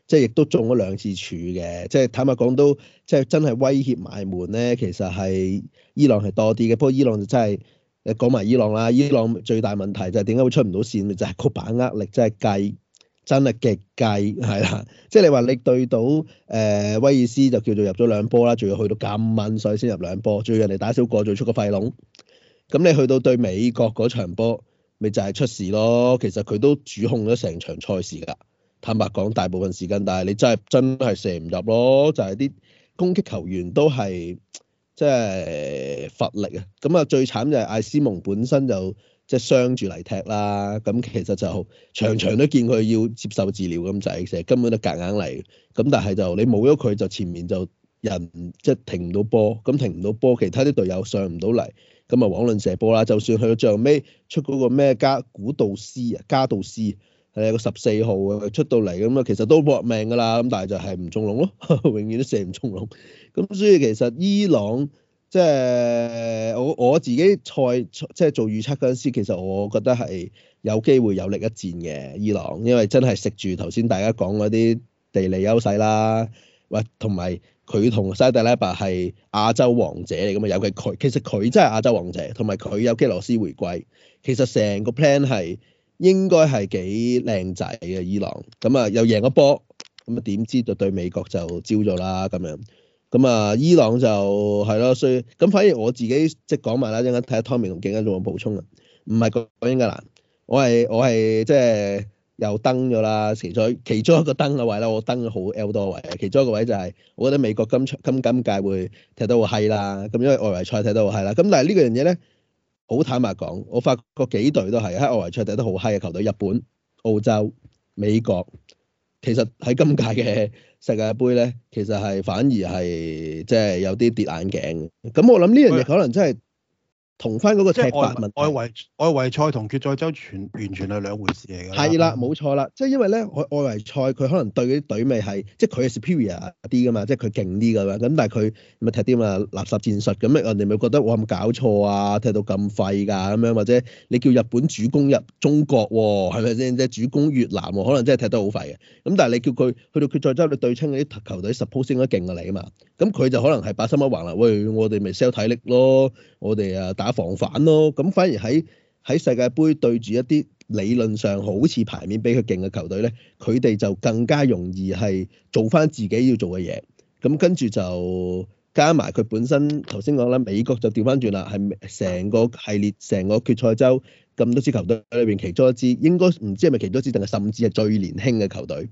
即係亦都中咗兩次柱嘅，即係坦白講都即係真係威脅埋門咧。其實係伊朗係多啲嘅，不過伊朗就真係誒講埋伊朗啦。伊朗最大問題就係點解會出唔到線，就係、是、個把握力真係、就是、計。真係極計係啦，即係你話你對到誒、呃、威爾斯就叫做入咗兩波啦，仲要去到咁晚，所以先入兩波，仲要人哋打少個再出個廢龍。咁你去到對美國嗰場波，咪就係、是、出事咯。其實佢都主控咗成場賽事㗎，坦白講，大部分時間，但係你真係真係射唔入咯，就係、是、啲攻擊球員都係即係乏力啊。咁啊，最慘就係艾斯蒙本身就。即係傷住嚟踢啦，咁其實就場場都見佢要接受治療咁滯，成日根本都夾硬嚟。咁但係就你冇咗佢，就前面就人即係停唔到波，咁停唔到波，其他啲隊友上唔到嚟，咁啊枉論射波啦。就算去到最後尾出嗰個咩加古道斯啊，加道斯係個十四號出到嚟，咁啊其實都搏命㗎啦。咁但係就係唔中籠咯， 永遠都射唔中籠。咁所以其實伊朗。即係我我自己賽即係做預測嗰陣時，其實我覺得係有機會有力一戰嘅伊朗，因為真係食住頭先大家講嗰啲地理優勢啦，喂，同埋佢同沙特阿拉伯係亞洲王者嚟㗎嘛，尤其佢其實佢真係亞洲王者，同埋佢有基羅斯回歸，其實成個 plan 係應該係幾靚仔嘅伊朗，咁啊又贏咗波，咁啊點知就對，對美國就招咗啦咁樣。咁啊，伊朗就係咯，所以咁反而我自己即係講埋啦，陣間睇下 Tommy 同京一做個補充啊。唔係講英格蘭，我係我係即係又登咗啦，除咗其中一個登嘅位啦，我登咗好 L 多位。其中一個位就係、是、我覺得美國今場今今屆會踢得好嗨啦，咁因為外圍賽踢得好嗨啦。咁但係呢個樣嘢咧，好坦白講，我發覺幾隊都係喺外圍賽踢得好嗨嘅球隊，日本、澳洲、美國，其實喺今屆嘅。世界盃咧，其實係反而係即係有啲跌眼鏡嘅，咁我諗呢樣嘢可能真係。同翻嗰個踢法問題，外圍外圍賽同決賽周全完全係兩回事嚟㗎。係啦，冇錯啦，即係因為咧，外外圍賽佢可能對嗰啲隊咪係，即係佢係 superior 啲㗎嘛，即係佢勁啲㗎嘛。咁但係佢咪踢啲嘛垃圾戰術，咁人哋咪覺得我有冇搞錯啊，踢到咁廢㗎咁樣，或者你叫日本主攻入中國喎，哦，係咪先啫？主攻越南喎，哦，可能真係踢得好廢嘅。咁但係你叫佢去到決賽周，你對稱嗰啲球隊 suppose 先得勁㗎你啊嘛。咁佢就可能係把心一橫啦，喂，我哋咪 sell 體力咯，我哋啊防反咯，咁反而喺喺世界盃對住一啲理論上好似排面比佢勁嘅球隊咧，佢哋就更加容易係做翻自己要做嘅嘢。咁跟住就加埋佢本身頭先講啦，美國就調翻轉啦，係成個系列成個決賽周咁多支球隊裏邊，其中一支應該唔知係咪其中一支，定係甚至係最年輕嘅球隊，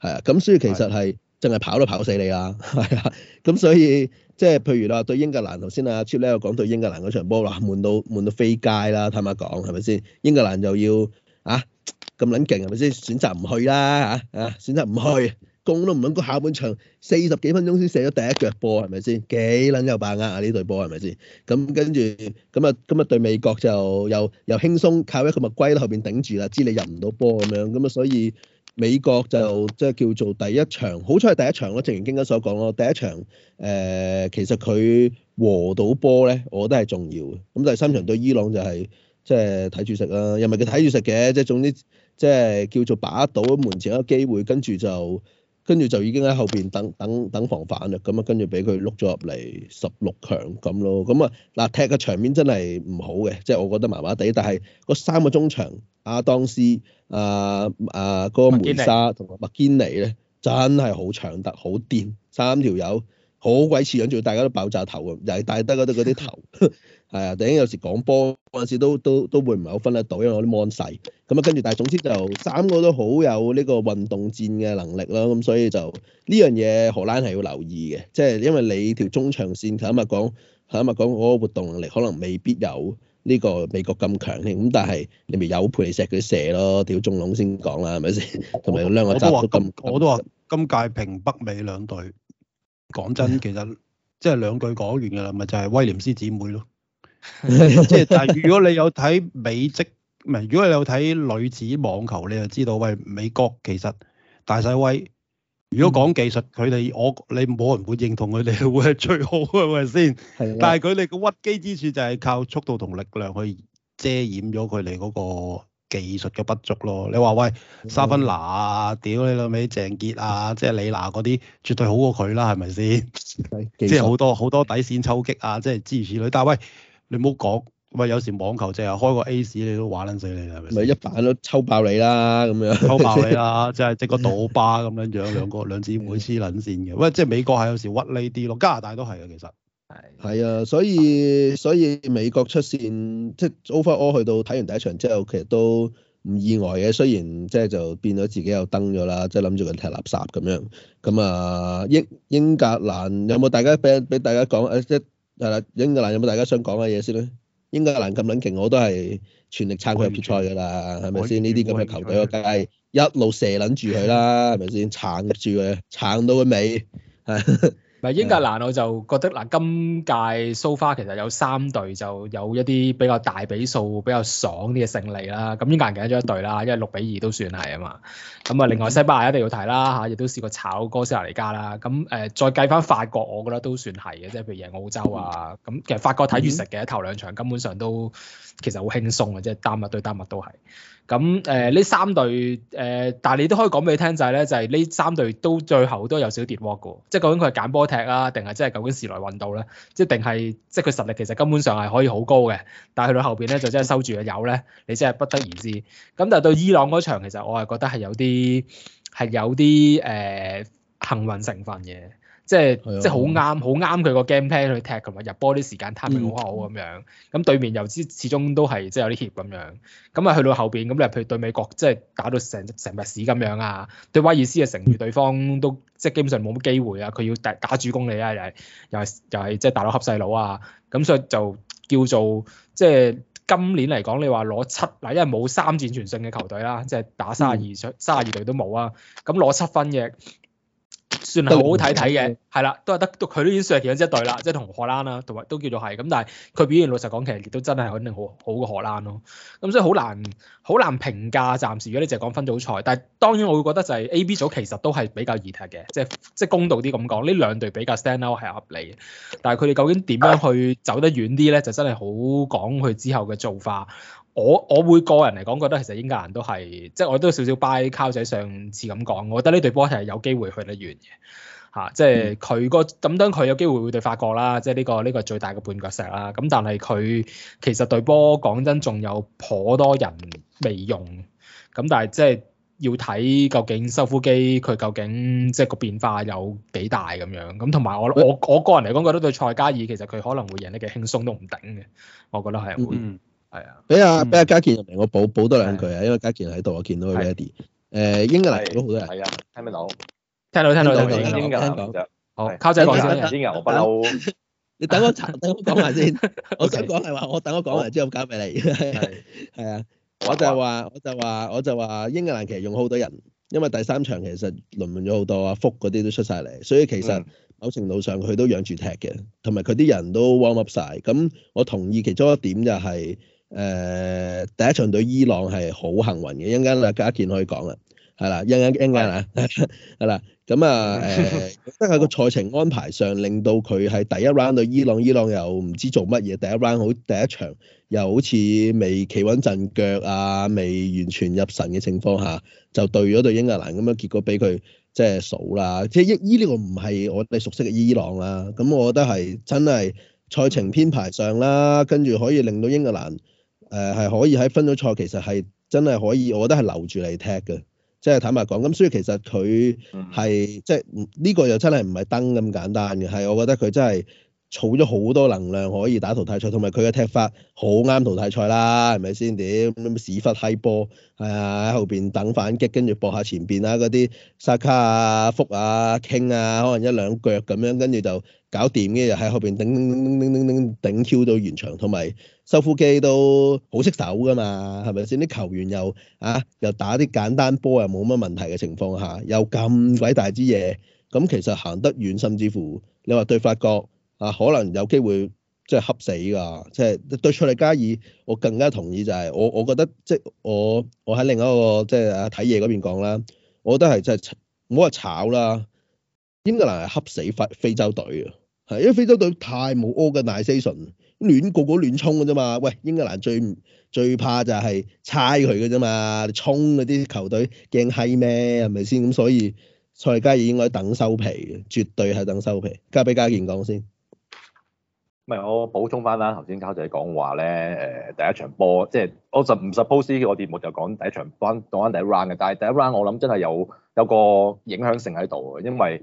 係啊。咁所以其實係淨係跑都跑死你啊，係啊。咁所以。即係譬如啦，對英格蘭頭先阿 Chip 咧又講對英格蘭嗰場波啦，悶到悶到飛街啦，坦白講係咪先？英格蘭又要啊咁撚勁係咪先？選擇唔去啦嚇嚇、啊，選擇唔去，攻都唔撚，個下半場四十幾分鐘先射咗第一腳波係咪先？幾撚有把握啊？呢隊波係咪先？咁跟住咁啊，今日對美國就又又輕鬆靠一個物龜喺後邊頂住啦，知你入唔到波咁樣，咁啊所以。美國就即係叫做第一場，好彩係第一場咯，正如經哥所講咯，第一場誒、呃、其實佢和到波咧，我覺得係重要嘅。咁第三場對伊朗就係即係睇住食啦，又唔係佢睇住食嘅，即係總之即係叫做把握到門前一個機會，跟住就。跟住就已經喺後邊等等等防反啦，咁啊跟住俾佢碌咗入嚟十六強咁咯，咁啊嗱踢嘅場面真係唔好嘅，即係我覺得麻麻地，但係嗰三個中場阿當斯、阿阿嗰個梅沙同埋麥堅尼咧，真係好搶突、好癲，三條友好鬼似樣，仲要大家都爆炸頭咁，又係大得得啲嗰啲頭。 係啊，突然間有時講波嗰陣時都都都會唔係好分得到，因為我啲芒細咁啊。跟住，但係總之就三個都好有呢個運動戰嘅能力啦。咁所以就呢樣嘢荷蘭係要留意嘅，即係因為你條中場線，坦白講，坦白講，嗰個活動能力可能未必有呢個美國咁強添。咁但係你咪有佩利錫佢射咯，吊中籠先講啦，係咪先？同埋兩個集都咁，我都話今屆平北美兩隊。講真，其實即係兩句講完嘅啦，咪就係威廉斯姊妹咯。即係， 但係如果你有睇美職，唔係如果你有睇女子網球，你就知道喂，美國其實大細威。如果講技術，佢哋、嗯、我你冇人會認同佢哋會係最好係咪先？是的 但係佢哋嘅屈機之處就係靠速度同力量去遮掩咗佢哋嗰個技術嘅不足咯。你話喂，莎芬娜，啊，屌你老味鄭潔啊，即係李娜嗰啲，絕對好過佢啦，係咪先？即係好多好多底線抽擊啊，即係諸如此類。但係喂。你唔好講，咪有時網球淨係開個 Ace 你都玩撚死你係咪先？咪一板都抽爆你啦咁樣，抽爆你啦！即係即個賭吧咁樣樣，兩個兩姊妹黐撚線嘅，喂！即係美國係有時屈呢啲咯，加拿大都係啊，其實係係啊，所以所以美國出線即係、就是、Overall 去到睇完第一場之後，其實都唔意外嘅。雖然即係就變咗自己又登咗啦，即係諗住佢踢垃圾咁樣。咁啊，英英格蘭有冇大家俾俾大家講誒即？係啦，英格蘭有冇大家想講嘅嘢先咧？英格蘭咁撚勁，我都係全力撐佢入決賽㗎啦，係咪先？呢啲咁嘅球隊，我梗係一路射撚住佢啦，係咪先？撐住佢，撐到佢尾，係。 唔，英格蘭，我就覺得嗱，今屆蘇花其實有三隊就有一啲比較大比數，比較爽啲嘅勝利啦。咁英格蘭贏咗一隊啦，因為六比二都算係啊嘛。咁啊，另外西班牙一定要睇啦嚇，亦都試過炒哥斯達黎加啦。咁誒，再計翻法國，我覺得都算係嘅，即係譬如贏澳洲啊。咁其實法國睇住食嘅，mm hmm. 頭兩場根本上都其實好輕鬆嘅，即係丹麥對丹麥都係。咁誒呢三隊誒、呃，但係你都可以講俾你聽就係咧，就係、是、呢三隊都最後都有少跌波跌鑊嘅，即係究竟佢係揀波踢啊，定係真係究竟時來運到咧，即係定係即係佢實力其實根本上係可以好高嘅，但係去到後邊咧就真係收住嘅油咧，你真係不得而知。咁但係對伊朗嗰場，其實我係覺得係有啲係有啲誒、呃、幸運成分嘅。即係即係好啱，好啱佢個的 game plan 去踢同埋入波啲時間 timing，嗯、好好咁樣，咁對面又之始終都係即係有啲 heat 咁樣，咁啊去到後邊咁你譬如對美國即係打到成成日屎咁樣啊，對威爾斯啊，成住對方都即係、嗯、基本上冇乜機會啊，佢要打，打主攻你啊，又係又係又係即係大佬恰細佬啊，咁所以就叫做即係今年嚟講，你話攞七嗱，因為冇三戰全勝嘅球隊啦，即係打卅二場卅二隊都冇啊，咁攞七分嘅。算係好好睇睇嘅，係啦、嗯，都係得佢都已經算係其中一對啦，即係同荷蘭啦、啊，同埋都叫做係咁，但係佢表現老實講，其實亦都真係肯定好好過荷蘭咯、啊。咁所以好難好難評價，暫時如果你淨係講分組賽，但係當然我會覺得就係 A、B 組其實都係比較易踢嘅，即係即係公道啲咁講，呢兩隊比較 stand out 係合理嘅，但係佢哋究竟點樣去走得遠啲咧，就真係好講佢之後嘅做法。我我會個人嚟講，覺得其實英格蘭都係，即係我都少少 by Karl 仔上次咁講，我覺得呢對波係有機會去得完嘅嚇、啊，即係佢個咁等佢有機會會對法國啦，即係呢、呢個呢、呢個最大嘅絆腳石啦。咁但係佢其實對波講真仲有頗多人未用，咁但係即係要睇究竟修夫基佢究竟即係個變化有幾大咁樣咁，同埋我我我個人嚟講，覺得對塞加爾其實佢可能會贏得幾輕鬆都唔頂嘅，我覺得係會。嗯係啊，俾阿俾阿嘉健入嚟，我補補多兩句啊，因為嘉健喺度我見到佢 ready。誒，英格蘭用好多人。係啊，聽唔聽到？聽到聽到聽到。英格蘭，Karl 仔講先，英格蘭我不嬲。你等我等我講埋先。我想講係話，我等我講埋之後交俾你。係啊，我就話，我就話，我就話，英格蘭其實用好多人，因為第三場其實輪換咗好多啊，福嗰啲都出晒嚟，所以其實某程度上佢都養住踢嘅，同埋佢啲人都 warm up 晒。咁我同意其中一點就係。誒、呃，第一場對伊朗係好幸運嘅，陣間啊家健可以講啦，係啦，英英英格蘭啊，係 啦，咁、嗯、啊，誒、呃，即係個賽程安排上令到佢係第一 round 對伊朗，伊朗又唔知做乜嘢，第一 round 好第一場又好似未企穩陣腳啊，未完全入神嘅情況下，就對咗對英格蘭咁樣，結果俾佢即係數啦，即係伊伊呢個唔係我哋熟悉嘅伊朗啊，咁我覺得係真係賽程編排上啦，跟住可以令到英格蘭。誒，係可以喺分組賽其實係真係可以，我覺得係留住嚟踢嘅，即係坦白講咁，所以其實佢係即係呢個，又真係唔係燈咁簡單嘅，係我覺得佢真係。儲咗好多能量可以打淘汰賽，同埋佢嘅踢法好啱淘汰賽啦，係咪先？點屎忽閪波係啊！喺後邊等反擊，跟住博下前邊啊，嗰啲沙卡啊、福啊、傾啊，可能一兩腳咁樣，跟住就搞掂，跟住又喺後邊叮叮叮頂跳到完場，同埋收腹肌都好識手噶嘛，係咪先？啲球員又啊又打啲簡單波又冇乜問題嘅情況下，又咁鬼大支嘢，咁其實行得遠，甚至乎你話對法國。啊，可能有機會即係恰死㗎，即係對塞利加爾，我更加同意就係我我覺得即係我我喺另一個即係睇嘢嗰邊講啦，我覺得係真係唔好話炒啦，英格蘭係恰死非非洲隊啊，係因為非洲隊太冇 organisation 亂個個亂衝㗎啫嘛。喂，英格蘭最最怕就係猜佢㗎啫嘛，你衝嗰啲球隊驚閪咩係咪先咁？所以塞利加爾應該等收皮嘅，絕對係等收皮。交俾家健講先。唔係我補充翻啦，頭先卡仔講話咧，誒第一場波，即係我就唔 suppose 個節目就講第一場波，講翻第一 round 嘅。但係第一 round 我諗真係有有個影響性喺度嘅，因為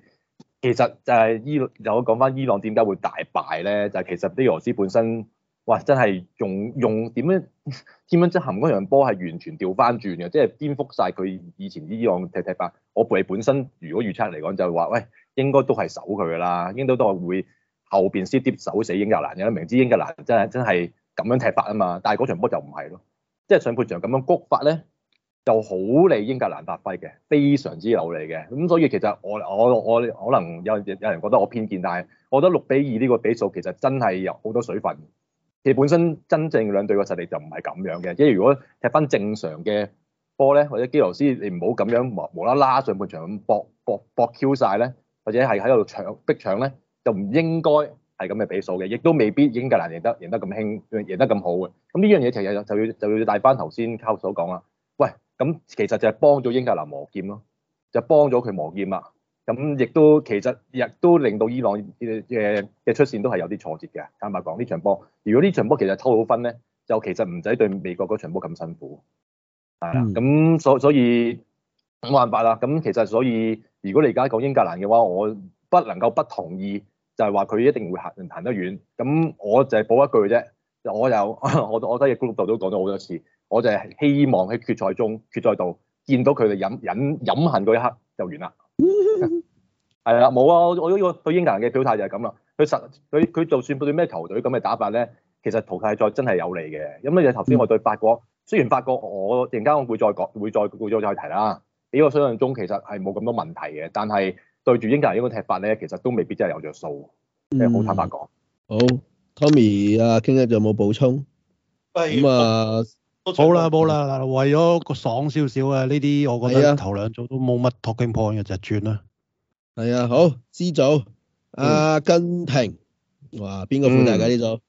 其實就係伊，又講翻伊朗點解會大敗咧？就係、是、其實啲俄羅斯本身，哇！真係用用點樣點樣執行嗰場波係完全調翻轉嘅，即係顛覆晒佢以前伊朗踢踢法。我本本身如果預測嚟講就係話，喂，應該都係守佢啦，應該都係會。後邊先跌手死英格蘭嘅，明知英格蘭真係真係咁樣踢法啊嘛，但係嗰場波就唔係咯，即係上半場咁樣谷法咧，就好利英格蘭發揮嘅，非常之有利嘅。咁所以其實我我我可能有有人覺得我偏見，但係我覺得六比二呢個比數其實真係有好多水分，其實本身真正兩隊嘅實力就唔係咁樣嘅。即係如果踢翻正常嘅波咧，或者基羅斯你唔好咁樣無無啦啦上半場咁搏搏搏 Q 晒咧，或者係喺度搶逼搶咧。就唔應該係咁嘅比數嘅，亦都未必英格蘭贏得贏得咁輕，贏得咁好嘅。咁呢樣嘢其實就要就要帶翻頭先 Karl 所講啦。喂，咁其實就係幫咗英格蘭磨劍咯，就幫咗佢磨劍啦。咁亦都其實亦都令到伊朗嘅嘅出線都係有啲挫折嘅。坦白講，呢場波，如果呢場波其實偷到分咧，就其實唔使對美國嗰場波咁辛苦。係啦，咁所所以冇辦法啦。咁其實所以如果你而家講英格蘭嘅話，我不能夠不同意。就係話佢一定會行行得遠，咁我就係補一句啫。我又我我喺嘅 group 度都講咗好多次，我就係希望喺決賽中決賽度見到佢哋飲飲飲恨嗰一刻就完啦。係 啦，冇啊！我我呢個對英格蘭嘅表態就係咁啦。佢實佢佢就算對咩球隊咁嘅打法咧，其實淘汰賽真係有利嘅。咁咧就頭先我對法國，雖然法國我陣間我會再講會再聚焦再，再，再提啦。喺我想象中其實係冇咁多問題嘅，但係。對住英格蘭呢個踢法咧，其實都未必真係有着數，即係好坦白講。好，Tommy 啊，京一仲有冇補充？咁啊，好啦，冇啦。嗱，為咗個爽少少啊，呢啲我覺得頭兩組都冇乜 Talking Point 嘅，就轉啦。係啊，好，C 組，阿根廷。哇，邊個負責㗎呢組？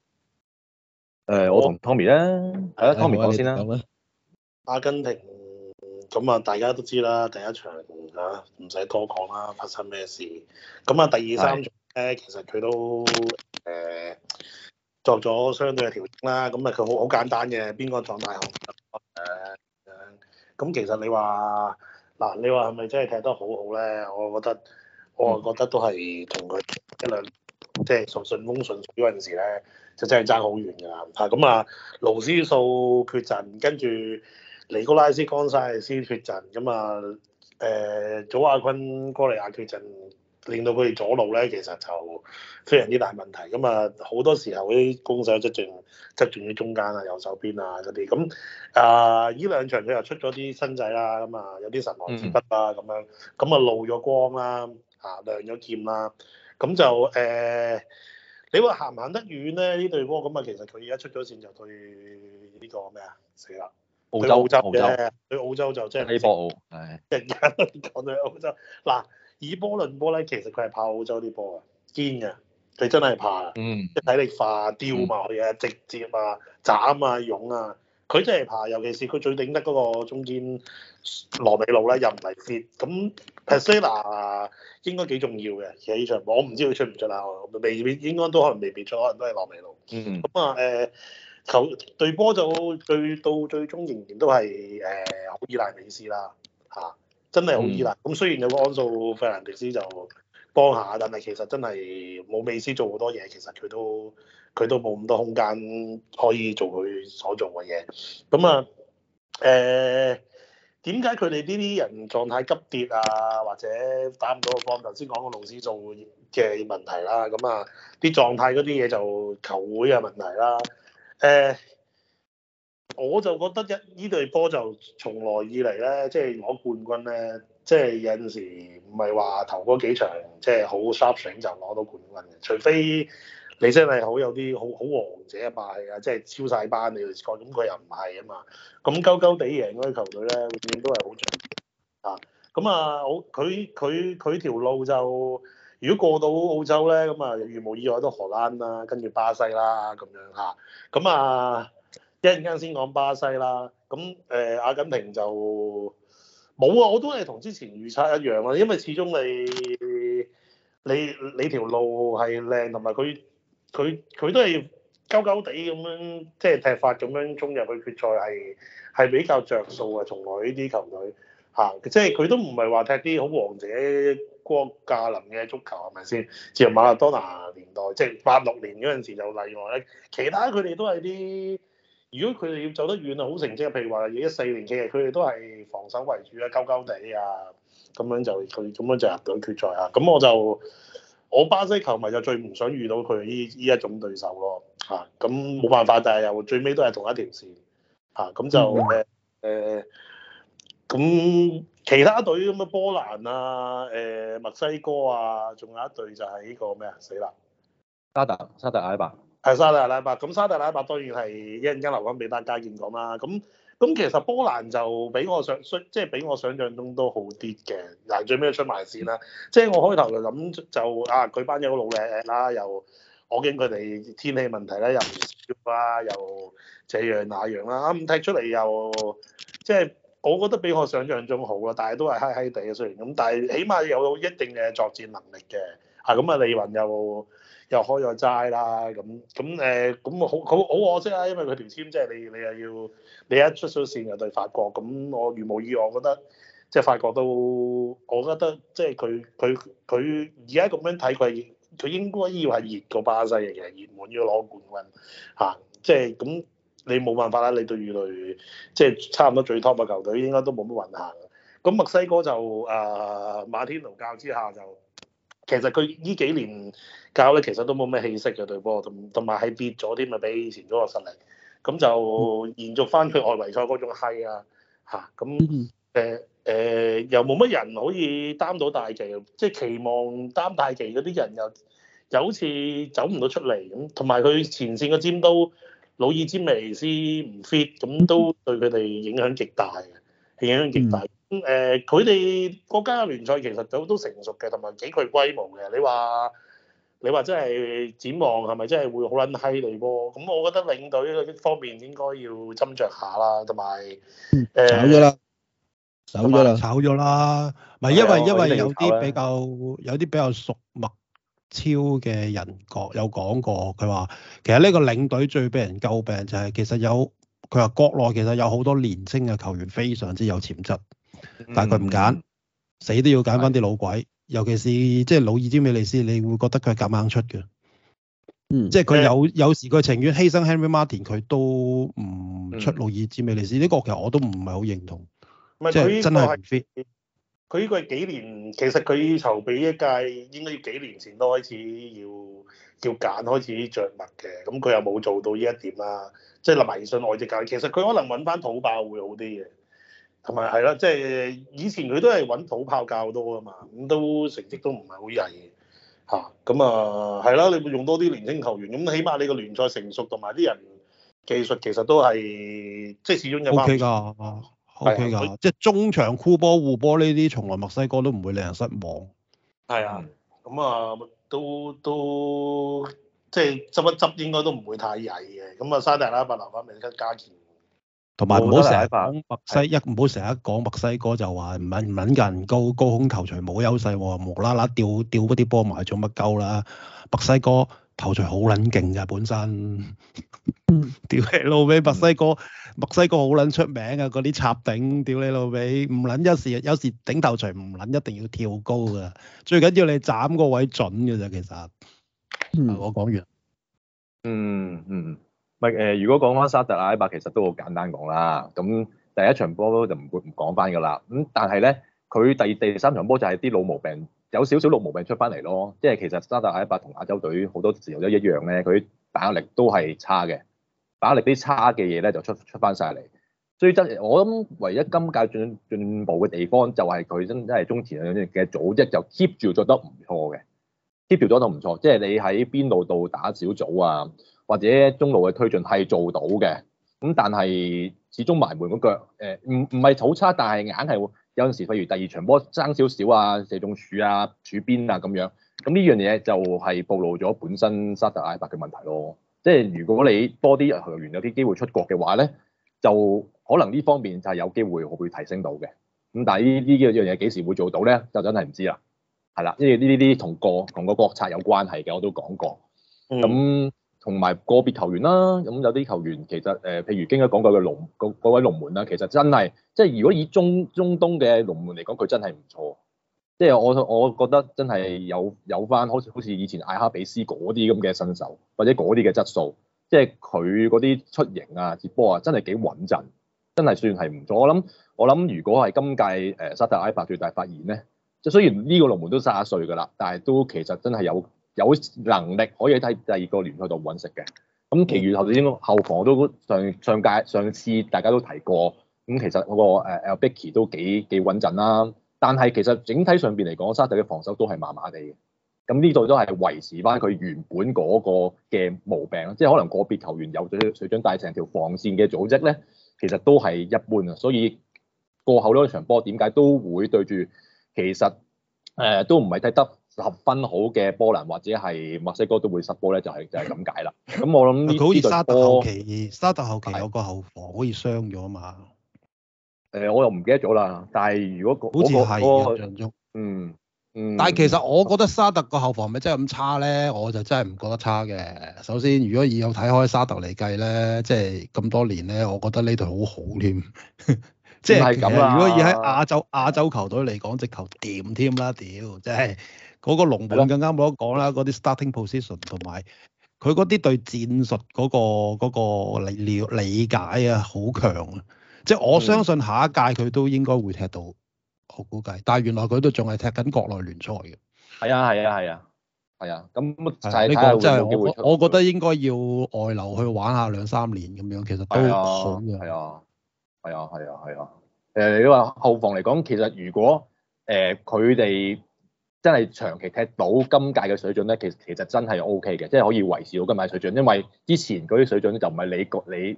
誒，我同 Tommy 啦。係啊，Tommy 講先啦。阿根廷。咁啊，大家都知啦，第一場嚇唔使多講啦，發生咩事？咁啊，第二三場咧，的其實佢都誒作咗相對嘅調整啦。咁、嗯、啊，佢好好簡單嘅，邊個狀態好？就、呃、咁、嗯嗯。其實你話嗱，你話係咪真係踢得好好咧？我覺得我啊覺得都係同佢一兩即係順順風順水嗰陣時咧，就真係爭好遠㗎啦。咁、嗯、啊，勞斯數缺陣，跟住。尼古拉斯江沙嘅缺陣，咁啊，誒，祖亞坤哥利亞缺陣，令到佢哋左路咧，其實就非常之大問題。咁、嗯、啊，好多時候啲攻手側進側進喺中間啊、右手邊啊嗰啲。咁、呃、啊，呢兩場佢又出咗啲新仔啦，咁、嗯、啊，有啲神來之筆啊，咁樣，咁、嗯、啊，嗯、露咗光啦，啊，亮咗劍啦，咁、嗯嗯、就誒、呃，你話行唔行得遠咧？呢隊波咁啊，其實佢而家出咗線就對呢、這個咩啊，死啦！去澳洲嘅，去澳洲就即係。A 波澳，係。成日都講去澳洲。嗱， 以波論波咧，其實佢係怕澳洲啲波啊，堅啊，佢真係怕嗯。即係體力化、吊嘛嘢、直接啊、斬啊、擁啊，佢真係怕。尤其是佢最頂得嗰個中堅羅美路咧，又唔係 fit。咁 Pacella 應該幾重要嘅，其實呢場波我唔知佢出唔出啦，未必應該都可能未必出，可能都係羅美路。咁啊、嗯，誒。 球對波就最到最終仍然都係誒好依賴美斯啦嚇、啊，真係好依賴。咁、嗯、雖然有個安素費蘭迪斯就幫下，但係其實真係冇美斯做好多嘢，其實佢都佢都冇咁多空間可以做佢所做嘅嘢。咁啊誒點解佢哋呢啲人狀態急跌啊，或者打唔到個波？頭先講過老師做嘅問題啦、啊。咁啊啲狀態嗰啲嘢就球會嘅問題啦、啊。誒，uh, 我就覺得一呢隊波就從來以嚟咧，即係攞冠軍咧，即係有陣時唔係話投嗰幾場即係好 sharp 就攞到冠軍嘅，除非你真係好有啲好好王者啊嘛，係啊，即係超晒班你哋講，咁佢又唔係啊嘛，咁鳩鳩地贏嗰啲球隊咧，永遠都係好長啊，咁啊，我佢佢佢條路就。如果過到澳洲咧，咁啊如無意外都荷蘭啦，跟住巴西啦咁樣吓。咁啊一陣間先講巴西啦，咁誒阿根廷就冇啊，我都係同之前預測一樣啊，因為始終你你你，你條路係靚，同埋佢佢佢都係鳩鳩地咁樣即係、就是、踢法咁樣衝入去決賽係係比較着數啊，從來呢啲球隊嚇，即係佢都唔係話踢啲好王者。國家林嘅足球係咪先？自從馬拉多拿年代，即係八六年嗰陣時就例外咧。其他佢哋都係啲，如果佢哋要走得遠啊，好成績，譬如話二一四年嘅，佢哋都係防守為主啊，膠膠地啊，咁樣就佢咁樣就入到決賽啊。咁我就我巴西球迷就最唔想遇到佢呢呢一種對手咯嚇。咁冇辦法，但係又最尾都係同一條線嚇。咁就誒誒咁。呃其他隊咁嘅波蘭啊，誒墨西哥啊，仲有一隊就係呢、這個咩啊，死啦！沙特，沙特阿拉伯。係沙特阿拉伯，咁沙特阿拉伯當然係一陣間留翻俾家健講啦。咁咁其實波蘭就比我想，即係比我想象中都好啲嘅，但最尾出埋線啦。即係 我開頭就諗就啊，佢班友好老啦，又我驚佢哋天氣問題咧，又唔少啊，又這樣那、啊、樣啦、啊，咁踢出嚟又即係。我覺得比我想象中好啦，但係都係嗨嗨地啊，雖然咁，但係起碼有有一定嘅作戰能力嘅嚇。咁啊李雲又又開咗齋啦，咁咁誒咁好好好可惜啊，因為佢條簽即係你你又要你一出咗線就對法國，咁我如無意外我覺得即係、就是、法國都，我覺得即係佢佢佢而家咁樣睇佢，佢應該以為係熱過巴西嘅，其實熱門要攞冠軍嚇，即係咁。就是你冇辦法啦，你對羽壘即係差唔多最 top 嘅球隊，應該都冇乜運行。咁墨西哥就誒、呃、馬天奴教之下就，其實佢呢幾年教咧，其實都冇咩氣息嘅隊波，同同埋係跌咗添啊，比以前嗰個實力。咁就延續翻佢外圍賽嗰種閪啊嚇。咁誒誒又冇乜人可以擔到大旗，即係期望擔大旗嗰啲人又又好似走唔到出嚟咁。同埋佢前線嘅尖刀。老二詹尼斯唔 fit，咁都對佢哋影響極大嘅，係影響極大。咁誒，佢哋國家聯賽其實就都成熟嘅，同埋幾具規模嘅。你話你話真係展望係咪真係會好撚犀利波？咁我覺得領隊嗰方面應該要斟酌下啦，同埋走咗啦，走咗啦，炒咗啦。唔係因為因為有啲比較有啲比較熟默。嗯嗯超嘅人講有講過，佢話其實呢個領隊最俾人詬病就係其實有，佢話國內其實有好多年青嘅球員非常之有潛質，但係佢唔揀，嗯、死都要揀翻啲老鬼，的尤其是即係老爾詹美利斯，你會覺得佢係夾硬出嘅，嗯、即係佢有、嗯、有時佢情願犧牲 Henry Martin，佢都唔出老爾詹美利斯呢、嗯、個其實我都唔係好認同，即係是是真係唔 fit。佢呢個係幾年，其實佢籌備一屆應該要幾年前都開始要要揀開始着墨嘅，咁佢又冇做到呢一點啦。即係迷信外籍教練，其實佢可能揾翻土炮會好啲嘅，同埋係啦，即係以前佢都係揾土炮較多啊嘛，咁都成績都唔係好曳嚇。咁啊，係啦、啊，你會用多啲年輕球員，咁起碼你個聯賽成熟同埋啲人技術其實都係即係始終有㗎。Okay、嗯 O K 噶，即係中場箍波、護波呢啲，從來墨西哥都唔會令人失望。係啊，咁啊，都都即係執一執，應該都唔會太曳嘅。咁啊，沙特啦、白納反面加加建，同埋唔好成日講墨西一唔好成日講墨西哥就話唔係唔撚夠人高，高空頭鎚冇優勢喎，無啦啦掉吊嗰啲波埋做乜鳩啦？墨西哥頭鎚好撚勁嘅本身，吊起路畀墨西哥。墨西哥好撚出名啊！嗰啲插頂，屌你老味，唔撚有時，有時頂頭鎚唔撚，一定要跳高噶。最緊要你斬個位準嘅啫，其實。嗯，我講完。嗯嗯，咪、嗯、誒、呃，如果講翻沙特阿拉伯，其實都好簡單講啦。咁第一場波就唔會唔講翻噶啦。咁、嗯、但係咧，佢第二第三場波就係啲老毛病，有少少老毛病出翻嚟咯。即、就、係、是、其實沙特阿拉伯同亞洲隊好多時候都一樣咧，佢打壓力都係差嘅。打力啲差嘅嘢咧，就出出翻曬嚟。所以真，我諗唯一今屆進進步嘅地方就，就係佢真真係中前嘅組織就 keep 住做得唔錯嘅，keep 住做得唔錯。即係你喺邊度度打小組啊，或者中路嘅推進係做到嘅。咁但係始終埋門個腳，誒，唔唔係好差，但係硬係有陣時譬如第二場波爭少少啊，射中柱啊、柱邊啊咁樣。咁呢樣嘢就係暴露咗本身沙特阿拉伯嘅問題咯。即係如果你多啲球員有啲機會出國嘅話咧，就可能呢方面就係有機會會提升到嘅。咁但係呢啲嘅樣嘢幾時會做到咧？就真係唔知啦。係啦，因為呢啲同個同個國策有關係嘅，我都講過。咁同埋個別球員啦，咁有啲球員其實誒、呃，譬如今日講過嘅龍位龍門啦，其實真係即係如果以中中東嘅龍門嚟講，佢真係唔錯。即係我，我覺得真係有有翻好似好似以前艾哈比斯嗰啲咁嘅身手，或者嗰啲嘅質素，即係佢嗰啲出型啊、接波啊，真係幾穩陣，真係算係唔錯。我諗我諗，如果係今屆誒、呃、沙特阿拉伯最大發現咧，即係雖然呢個龍門都卅歲噶啦，但係都其實真係有有能力可以喺第二個聯賽度搵食嘅。咁其餘頭先後防都上上屆上次大家都提過，咁其實嗰、嗰個誒 Elbiki 都幾幾穩陣啦。但係其實整體上邊嚟講，沙特嘅防守都係麻麻地嘅。咁呢度都係維持翻佢原本嗰個嘅毛病，即係可能個別球員有咗水準，但成條防線嘅組織咧，其實都係一般啊。所以過後嗰場波點解都會對住其實誒、呃、都唔係睇得十分好嘅波蘭，或者係墨西哥都會失波咧，就係、是、就係咁解啦。咁我諗好似沙特後期，沙特後期有個後防可以傷咗啊嘛。誒，我又唔記得咗啦。但係如果、嗰個、好似係印象中，嗯、嗰個、嗯。嗯但係其實我覺得沙特個後防咪真係咁差咧，我就真係唔覺得差嘅。首先，如果以有睇開沙特嚟計咧，即係咁多年咧，我覺得呢隊好好添。即 係如果以喺亞洲亞洲球隊嚟講，直頭掂添啦，屌即係。嗰個龍門更加冇得講啦，嗰啲 starting position 同埋佢嗰啲對戰術嗰、嗰個、嗰個理了理解啊，好強。即係我相信下一屆佢都應該會踢到，我估計。但係原來佢都仲係踢緊國內聯賽嘅。係啊，係啊，係啊，係啊，咁就係呢個就係我覺得應該要外流去玩下兩三年咁樣，其實都好嘅。係啊，係啊，係啊，誒，你話後防嚟講，其實如果誒佢哋真係長期踢到今屆嘅水準咧，其其實真係 O K 嘅，即係可以維持到今屆水準。因為之前嗰啲水準就唔係你你。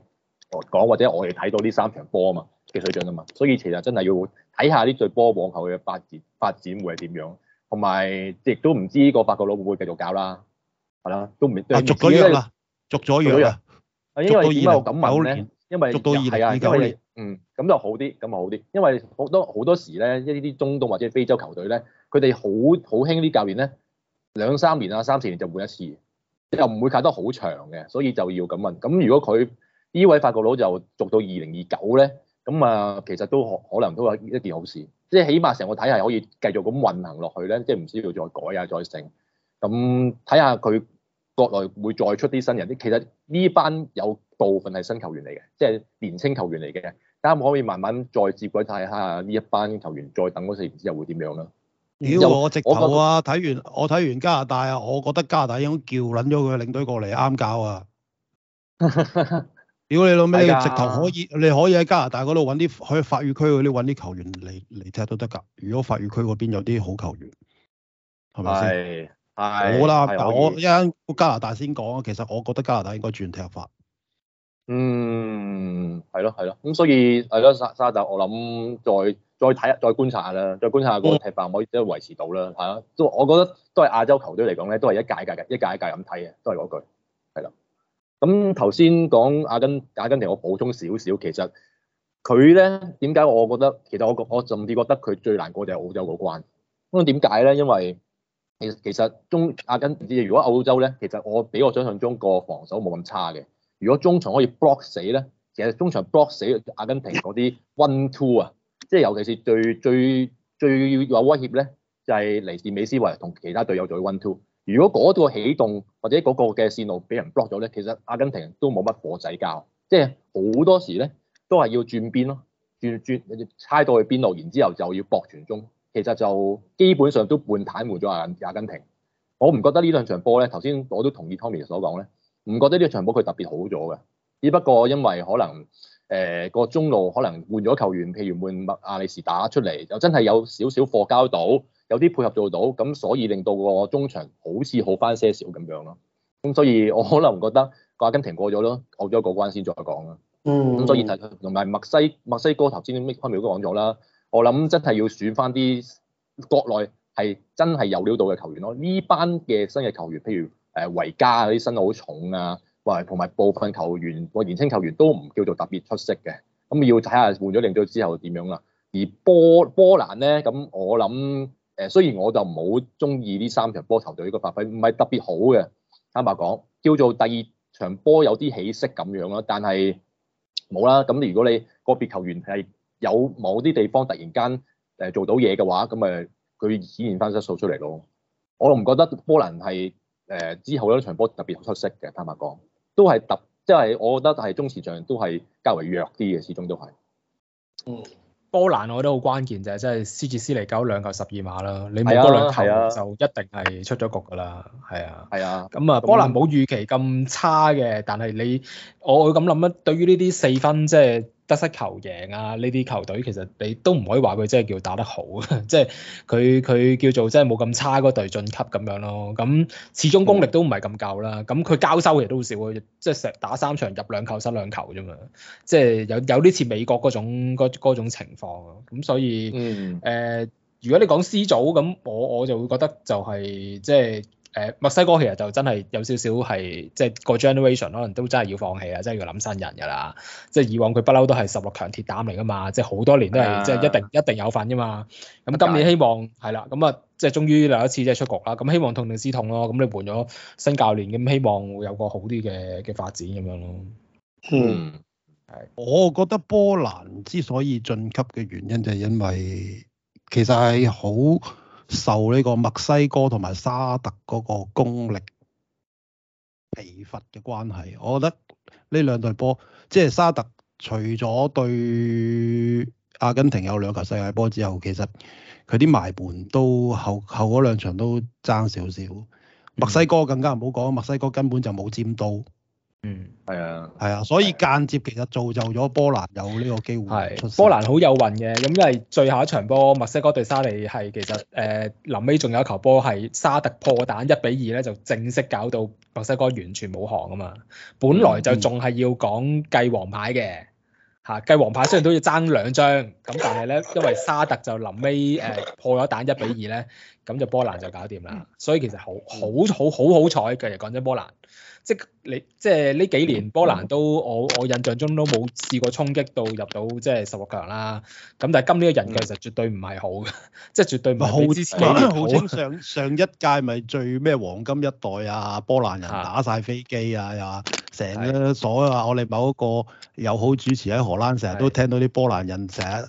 我講或者我哋睇到呢三場波啊嘛嘅水準啊嘛，所以其實真係要睇下呢對波往後嘅發展發展會係點樣，同埋亦都唔知個法國佬會唔會繼續搞啦、啊，係啦，都唔啊續咗約啦，續咗約，啊因為以後咁敢問咧為，因為係啊，教練，嗯，咁就好啲，咁啊好啲，因為好多好多時咧，一啲啲中東或者非洲球隊咧，佢哋好好興啲教練咧，兩三年啊，三四年就換一次，又唔會教得好長嘅，所以就要咁問，咁如果佢。呢位法國佬就做到二零二九咧，咁、嗯、啊，其實都可能都有一件好事，即係起碼成個體系可以繼續咁運行落去咧，即係唔需要再改啊再整。咁睇下佢國內會再出啲新人啲，其實呢班有部分係新球員嚟嘅，即係年青球員嚟嘅，大家可以慢慢再接軌睇下呢一班球員，再等嗰四年又會點樣啦？妖、啊，我直頭啊，睇完我睇完加拿大啊，我覺得加拿大已經叫撚咗佢領隊過嚟啱搞啊！ 屌你老咩！的直頭可以，你可以喺加拿大嗰度揾啲，喺法語區嗰啲揾啲球員嚟嚟踢都得噶。如果法語區嗰邊有啲好球員，係係好啦。我一陣加拿大先講。其實我覺得加拿大應該轉踢法。嗯，係咯係咯。咁所以係咯沙沙地，我諗再再睇再觀察下啦，再觀察下，觀察下個踢法可唔可以維持到啦。係啊，都我覺得都係亞洲球隊嚟講咧，都係一屆一屆嘅，一屆一屆咁睇嘅，都係嗰句係啦。咁頭先講阿根，根廷，我補充少少，其實佢咧點解我覺得，其實我我甚至覺得佢最難過就係澳洲嗰關。咁點解咧？因為其實其實中阿根如果歐洲咧，其實我比我想象中個防守冇咁差嘅。如果中場可以 block 死咧，其實中場 block 死阿根廷嗰啲 one two 啊，即係尤其是最最最有威脅咧，就係、是、嚟自美斯維同其他隊友做 one two。如果嗰個起動或者嗰個嘅線路俾人 block 咗咧，其實阿根廷都冇乜貨仔交，即係好多時咧都係要轉邊咯，轉轉猜到去邊路，然之後就要博傳中，其實就基本上都半癱瘓咗阿阿根廷。我唔覺得呢兩場波咧，頭先我都同意 Tommy 所講咧，唔覺得呢場波佢特別好咗嘅，只不過因為可能誒個、呃、中路可能換咗球員，譬如換麥阿里士打出嚟，就真係有少少貨交到。有啲配合做到，咁所以令到個中場好似好翻些少咁樣咯。咁所以我可能覺得阿根廷過咗咯，過咗過關先再講啦。嗯、mm。咁、hmm。所以同埋墨西墨西哥頭先麥潘美嗰個講咗啦，我諗真係要選翻啲國內係真係有料到嘅球員咯。呢班嘅新嘅球員，譬如誒維加啲身好重啊，或同埋部分球員，個年青球員都唔叫做特別出色嘅。咁要睇下換咗領隊之後點樣啦。而波波蘭咧，咁我諗。誒雖然我就唔好中意呢三場波球隊嘅發揮，唔係特別好嘅，坦白講。叫做第二場波有啲起色咁樣啦，但係冇啦。咁如果你個別球員係有某啲地方突然間誒做到嘢嘅話，咁誒佢顯現翻質素出嚟咯。我唔覺得波蘭係誒、呃、之後嗰一場波特別出色嘅，坦白講，都係突即係我覺得係中前場都係較為弱啲嘅，始終都係。嗯。波蘭，我覺得好關鍵就係，即係斯捷斯尼交兩球十二碼啦，你冇嗰兩球就一定係出咗局㗎喇，係啊，係啊，咁啊波蘭冇預期咁差嘅，但係你我會咁諗啊。對於呢啲四分即係。就是得失球贏啊！呢啲球隊其實你都唔可以話佢真係叫打得好，即係佢佢叫做真係冇咁差嗰隊進級咁樣咯。咁始終功力都唔係咁夠啦。咁佢、嗯、交收其實都好少，即係成日打三場入兩球失兩球啫嘛。即、就、係、是、有有啲似美國嗰種，嗰種情況咯。咁所以誒、嗯呃，如果你講 C 組咁，我我就會覺得就係即係。就係就係誒，uh, 墨西哥其實就真係有少少係，即、就、係、是、個 generation 可能都真係要放棄啊，真係要諗新人噶啦。即係以往佢不嬲都係十六強鐵膽嚟噶嘛，即係好多年都係、uh, 即係一定一定有份噶嘛。咁、uh, 今年希望係啦，咁啊即係終於又一次即係出局啦。咁希望痛定思痛咯，咁你換咗新教練，咁希望會有個好啲嘅嘅發展咁樣咯。嗯，係的。我覺得波蘭之所以晉級嘅原因就係因為其實係好。受呢個墨西哥同埋沙特嗰個功力疲乏嘅關係，我覺得呢兩隊波，即係沙特除咗對阿根廷有兩球世界波之後，其實佢啲埋盤都後後嗰兩場都爭少少。墨西哥更加唔好講，墨西哥根本就冇尖刀。嗯，係啊，係啊，所以間接其實造就咗波蘭有呢個機會。係，波蘭好有運嘅。咁因為最後一場波墨西哥對沙地係，其實誒臨尾仲有一球波係沙特破蛋一比二咧，就正式搞到墨西哥完全冇行啊嘛。本來就仲係要講計黃牌嘅嚇，計黃牌雖然都要爭兩張，咁但係咧因為沙特就臨尾誒破咗蛋一比二咧，咁就波蘭就搞掂啦。所以其實好好好好好彩嘅，講真波蘭。即你，即係呢幾年波蘭都，我我印象中都冇試過衝擊到入到即係十六強啦。咁但係今呢個人其實絕對唔係好嘅，即係絕對唔係好，上上一屆咪最咩黃金一代啊？波蘭人打晒飛機啊！成個所啊，我哋某一個友好主持喺荷蘭成日都聽到啲波蘭人成日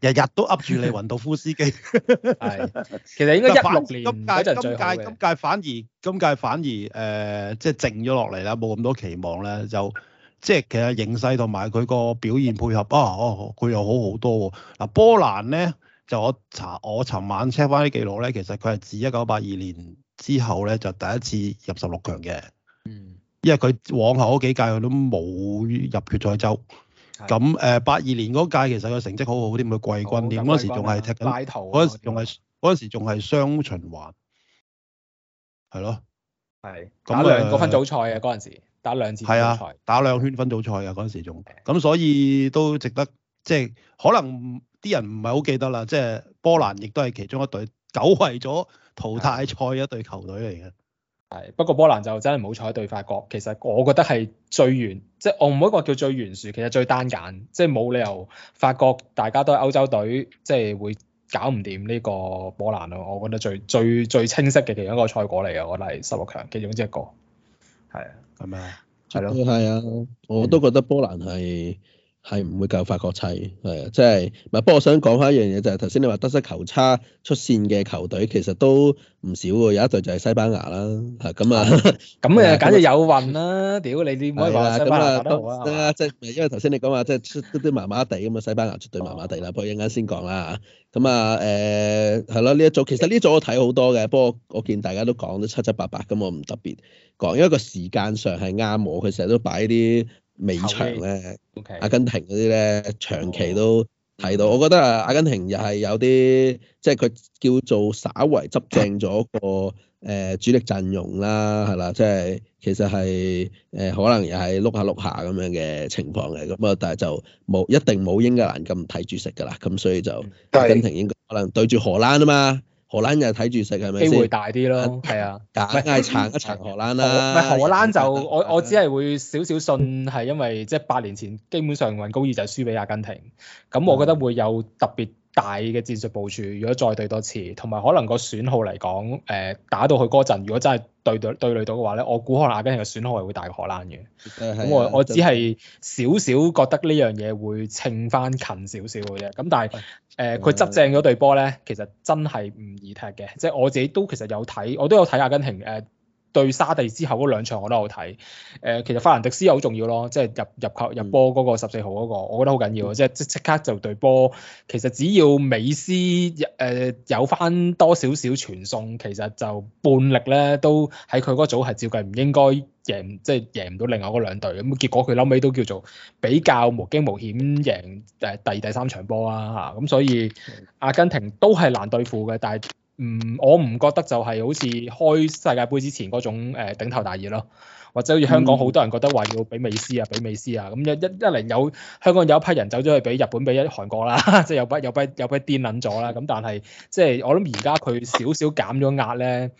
日日都噏住利雲杜夫斯基。係，其實應該一六年就係最強。今屆反而。今屆反而誒、呃、即係靜咗落嚟啦，冇咁多期望咧，就即係其實形勢同埋佢個表現配合啊，哦佢又好好多喎。嗱，波蘭咧就我查我尋晚 check 翻啲記錄咧，其實佢係自一九八二年之後咧就第一次入十六強嘅。嗯。因為佢往後嗰幾屆佢都冇入決賽周。係。咁誒八二年嗰屆其實佢成績好好啲咁嘅，季軍戰嗰時，仲係踢緊嗰陣時仲係嗰陣時仲係雙循環。係咯，係打兩個分組賽嘅嗰陣時，打兩次組賽，打兩圈分組賽啊嗰陣時仲，咁的所以都值得，即係可能啲人唔係好記得啦，即係波蘭亦都係其中一隊久違咗淘汰賽一隊球隊嚟嘅。係，不過波蘭就真係唔好彩對法國，其實我覺得係最懸，即係我唔好話叫最懸殊，其實最單揀，即係冇理由法國大家都係歐洲隊，即係會。搞唔掂呢個波蘭咯，我覺得最最最清晰嘅其中一個賽果嚟嘅，我覺得係十六強，其中之一個係啊，咁啊，係 咯，係啊，我都覺得波蘭係。 係唔會夠法國砌，係啊，即係唔係，不過我想講翻一樣嘢，就係頭先你話得失球差出線嘅球隊其實都唔少喎。有一隊就係西班牙啦，係咁啊。咁 啊，簡直有運啦！屌你、 啊，啲唔可以話西班牙打得好啊，即係 因為頭先你講話即係出都麻麻地咁啊，西班牙絕對麻麻地啦。 不過陣間先講啦咁啊，誒係咯，呢一組其實呢組我睇好多嘅，不過我見大家都講得七七八八咁，我唔特別講，因為個時間上係啱我，佢成日都擺啲尾場咧。 Okay. 阿根廷嗰啲咧，長期都睇到。我覺得啊，阿根廷又係有啲，即係佢叫做稍為執正咗個誒、呃、主力陣容啦，係啦，即係其實係誒、呃、可能又係碌下碌下咁樣嘅情況嚟。咁啊，但係就冇一定冇英格蘭咁睇住食㗎啦。咁所以就的阿根廷應該可能對住荷蘭啊嘛。荷蘭又係睇住食係咪先？機會大啲咯，係啊，但係撐一撐荷蘭啦。咪荷蘭就我我只係會少少信，係因為即係八年前基本上雲高爾就輸俾阿根廷，咁我覺得會有特別大嘅戰術部署。如果再對多次，同埋可能個損耗嚟講，誒、呃、打到佢嗰陣，如果真係對對對壘到嘅話咧，我估可能阿根廷嘅損耗係會大過荷蘭嘅。咁、啊啊、我我只係少少覺得呢樣嘢會稱翻近少少嘅啫。咁但係。誒佢執正嗰對波呢，其實真係唔易踢嘅，即我自己都其實有睇，我都有睇阿根廷誒。呃對沙地之後嗰兩場我都有睇，誒，其實法蘭迪斯又好重要咯，即係入、入球入波嗰個十四號嗰個，我覺得好緊要，即即即刻就對波。其實只要美斯誒，有翻多少少傳送，其實就半力咧都喺佢嗰組係照計唔應該贏，即係贏唔到另外嗰兩隊咁。結果佢後尾都叫做比較無驚無險贏誒第二、第三場波啊嚇，咁所以阿根廷都係難對付嘅，但係。嗯，我唔覺得就係好似開世界盃之前嗰種誒頂頭大熱咯，或者好似香港好多人覺得話要俾美斯啊，俾美斯啊，咁一一一嚟有香港有一批人走咗去俾日本、俾一啲韓國啦， 即係有批有批有批癲撚咗啦，咁但係即係我諗而家佢少少減咗壓咧，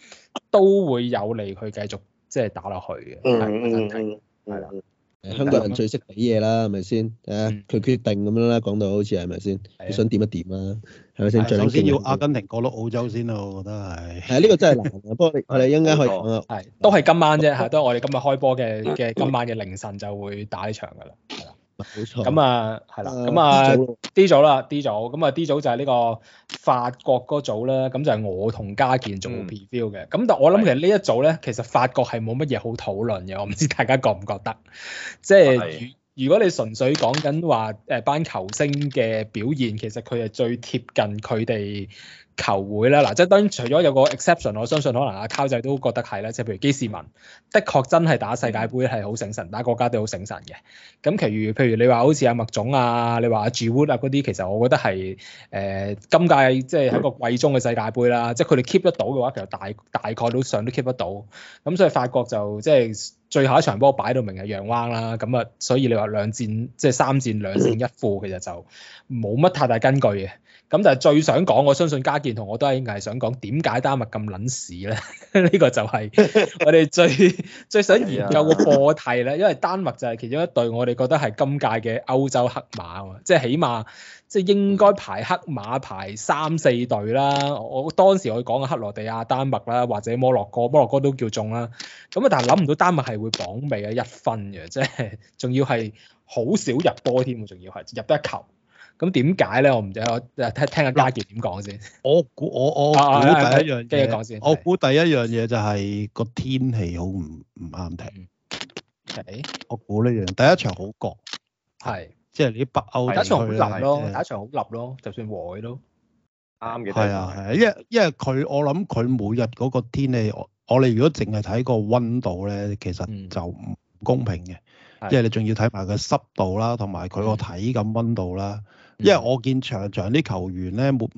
都會有利佢繼續即係打落去嘅。嗯，係啦，香港人最識俾嘢啦，係咪先？誒佢、嗯、決定咁樣啦，講到好似係咪先？你的想點一點啦。首先要阿根廷過到澳洲先咯，我覺得係。係呢、 哎呢個真係難。不過我哋應該去以。都係今晚啫，係 都係我哋今日開波嘅嘅今晚嘅凌晨就會打呢場噶啦。係啦，冇錯。咁啊，係啦，咁啊，啊，啊 D 組啦。D 組咁啊 D 組就係呢個法國嗰組啦。咁就係我同家健做 Preview 嘅。咁、嗯、但我諗其實呢一組咧的，其實法國係冇乜嘢好討論嘅。我唔知大家覺唔覺得，即係。如果你純粹講緊話誒班球星嘅表現，其實佢係最貼近佢哋球會啦。嗱，即係當然除咗有個 exception，我相信可能阿、啊、溝仔都覺得係啦。即係譬如基士文，的確真係打世界盃係好醒神，打國家都好醒神嘅。咁其餘譬如你話好似阿麥總啊，你話阿 Gwood 啊嗰啲，其實我覺得係誒、呃、今屆即係喺個季中嘅世界盃啦，即係佢哋 keep 得到嘅話，其實大大概都上都 keep 得到。咁所以法國就即係。就是最後一場波擺到明日洋灣啦，咁啊，所以你話兩戰即係三戰兩勝一負，其實就冇乜太大根據嘅。咁但係最想講，我相信家健同我都係硬係想講點解丹麥咁撚屎咧？呢 個就係我哋最最想研究個課題咧，因為丹麥就係其中一隊，我哋覺得係今屆嘅歐洲黑馬喎，即係起碼。即係應該排黑馬排三四隊啦，我當時我講嘅克羅地亞、丹麥啦，或者摩洛哥，摩洛哥都叫中啦。咁啊，但係諗唔到丹麥係會榜尾啊一分嘅，即係仲要係好少入波添，仲要係入得一球。咁點解咧？我唔知，就聽聽阿家健點講先。我估我我估第一樣嘢講、啊、先。我估第一樣嘢就係、是、個天氣好唔唔啱聽。Okay. 我估呢樣第一場好焗。係。即係你啲北歐，第一場好立咯，第一場好立咯，就算和佢都啱嘅。係啊，係、啊啊，因為因為佢我諗佢每日嗰個天氣，我我哋如果淨係睇個溫度咧，其實就唔公平嘅，嗯、因為你仲要睇埋個濕度啦，同埋佢個體感溫度啦。嗯、因為我見場場啲球員咧冇。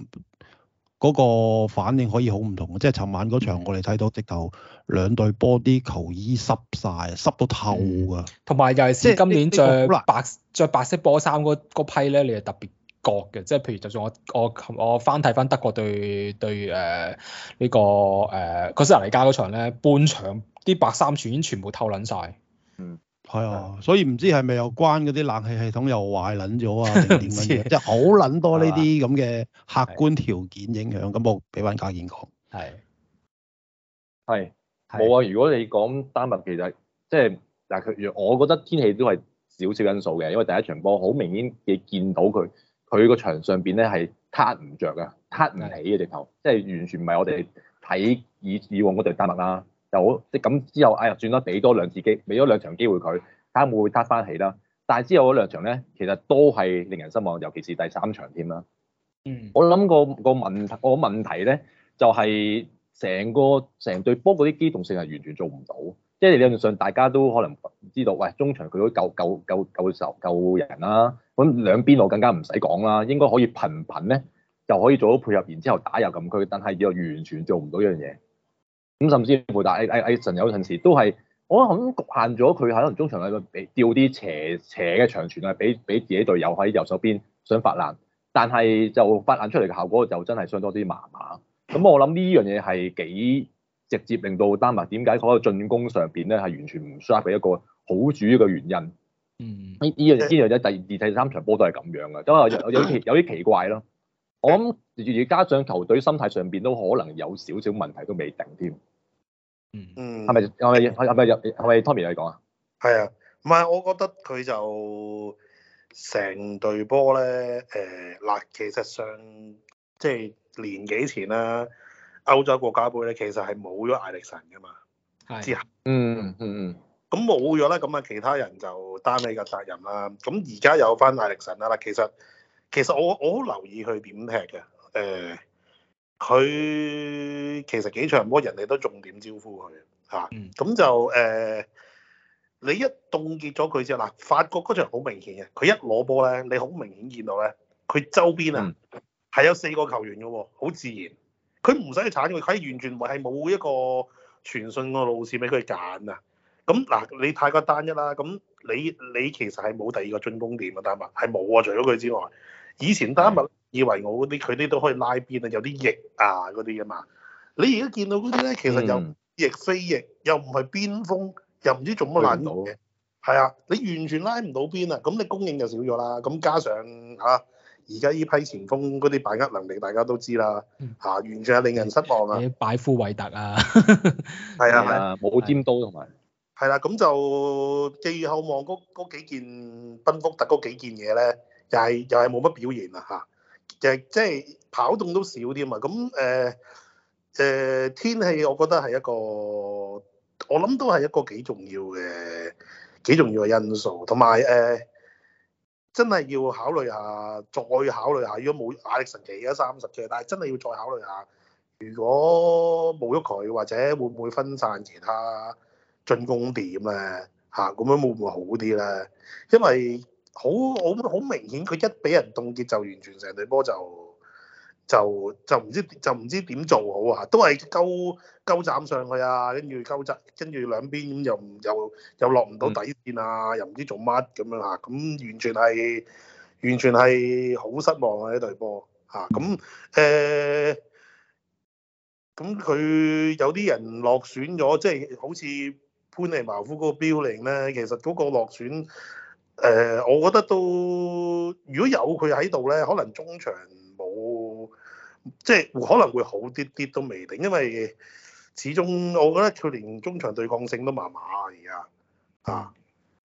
嗰個反應可以好唔同嘅，即係尋晚嗰場我哋睇到直頭兩隊波啲球衣濕晒，濕到透㗎。同埋又係先今年着白著、欸欸欸、白，白色波衫嗰批咧，你係特別覺嘅，即係譬如就算我我我翻睇翻德國對對誒、呃這個呃、呢個誒哥斯達黎加嗰場咧，半場啲白衫全已經全部透撚晒。係啊、哎，所以唔知係咪有關嗰啲冷氣系統又壞撚咗啊？定點樣嘢？ 像即係好撚多呢啲咁嘅客觀條件影響咁，啊、我俾翻家健講。係是。係是。冇啊！如果你講丹麥其實即係嗱，佢我覺得天氣都係少少因素嘅，因為第一場波好明顯嘅見到佢佢個場上邊咧係撻唔着㗎撻唔起嘅直頭，即係完全唔係我哋睇以以往嗰隊丹麥啦。又即咁之後，哎呀，轉咗俾多兩次機，俾咗兩場機會佢，睇下會唔會撻翻起啦。但係之後嗰兩場咧，其實都係令人失望，尤其是第三場添啦。嗯，我諗個個問個問題咧，就係、是、成個成隊波嗰啲機動性係完全做唔到，即係理論上大家都可能知道，喂，中場佢都夠夠夠夠受夠人啦、啊，咁兩邊路更加唔使講啦，應該可以頻頻咧就可以做到配合，然之後打入禁區，但係又完全做唔到一樣嘢。咁甚至乎，誒神有陣時都係，我諗局限咗佢可能中場係俾吊啲斜斜嘅長傳啊，俾俾自己隊友喺右手邊想發難，但係就發難出嚟嘅效果就真係相當之麻麻。咁我諗呢樣嘢係幾直接令到丹麥點解喺個進攻上邊咧係完全唔 sharp 嘅一個好主要嘅原因。嗯。呢呢樣呢樣嘢第二第三場波都係咁樣嘅，都係有有啲有啲奇怪咯。我諗，而加上球隊心態上邊都可能有少少問題都未定添。嗯。係咪？係咪？係咪？係咪？Tommy 你講啊？係啊，唔係我覺得佢就成隊波咧，誒、呃、嗱，其實上即係年幾前啦、啊，歐洲國家杯咧，其實係冇咗艾力神噶嘛。係是。之後下、嗯。嗯嗯嗯。咁冇咗咧，咁啊其他人就擔起個責任啦。咁而家有翻艾力神啦，嗱其實。其實我我好留意佢點踢嘅，誒、呃、佢其實幾場波人哋都重點招呼佢嚇，咁、啊、就誒、呃、你一凍結咗佢之後，嗱法國嗰場好明顯嘅，佢一攞波咧，你好明顯見到咧，佢周邊啊係、嗯、有四個球員嘅喎，好自然，佢唔使去鏟佢，佢完全係冇一個傳訊嘅路線俾佢揀啊。咁嗱，你太過單一啦，咁你你其實係冇第二個進攻點啊，得唔得？係冇啊，除咗佢之外。以前丹麥以為我嗰啲佢啲都可以拉邊啊，有啲翼啊嗰啲啊嘛。你而家見到嗰啲咧，其實又翼非翼，嗯、又唔係邊鋒，又唔知做乜到嘅。係、嗯、啊，你完全拉唔到邊啊，咁你供應就少咗啦。咁加上嚇，而家依批前鋒嗰啲把握能力，大家都知啦，嚇、啊、完全係令人失望啊！百富偉特啊，係 啊係，冇、啊啊、尖刀同埋。係啦、啊，咁、啊、就寄厚望嗰幾件賓福特嗰幾件嘢咧。又係又係冇乜表現啊嚇！又係即係跑動都少啲啊嘛，咁誒誒天氣，我覺得係一個我諗都係一個幾重要嘅幾重要嘅因素，同埋誒真係要考慮下，再考慮下，如果冇亞歷神奇嘅三十嘅，但係真係要再考慮下，如果冇咗佢，或者會唔會分散其他進攻點咧嚇？咁樣會唔會好啲咧？因為好，好，好明顯，佢一俾人凍結就完全成隊波就就就唔知就唔知點做好啊！都係勾勾斬上去啊，跟住勾斬，跟住兩邊咁又唔又又落唔到底線啊，又唔知做乜咁樣啊！咁完全係完全係好失望啊！呢隊波嚇咁誒，咁佢有啲人落選咗，即係好似潘尼茅夫嗰個標靈咧，其實嗰個落選。誒、呃，我覺得都如果有佢喺度咧，可能中場冇，即係可能會好啲啲都未定，因為始終我覺得佢連中場對抗性都麻麻而家啊，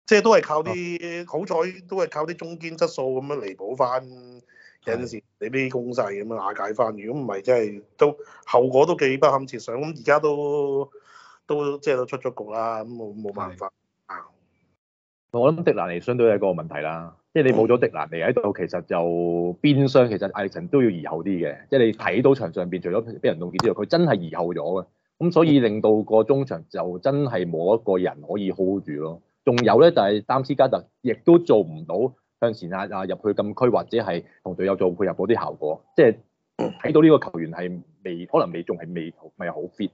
即係、啊就是、都係靠啲、啊、好彩，都係靠啲中堅質素咁樣彌補翻，有陣時你啲攻勢咁樣瓦解翻。如果唔係，真係都後果都幾不堪設想。咁而家都都即係都出咗局啦，咁冇冇辦法。我諗迪蘭尼相對係一個問題啦，即係你冇咗迪蘭尼喺度，其實就邊雙其實艾力臣都要移後啲嘅，即係你睇到場上邊除咗俾人弄結之外，佢真係移後咗嘅，咁所以令到個中場就真係冇一個人可以 hold 住咯。仲有咧，就係丹斯加特亦都做唔到向前壓啊入去禁區或者係同隊友做配合嗰啲效果，即係睇到呢個球員係未可能未仲係未未好，未好 fit。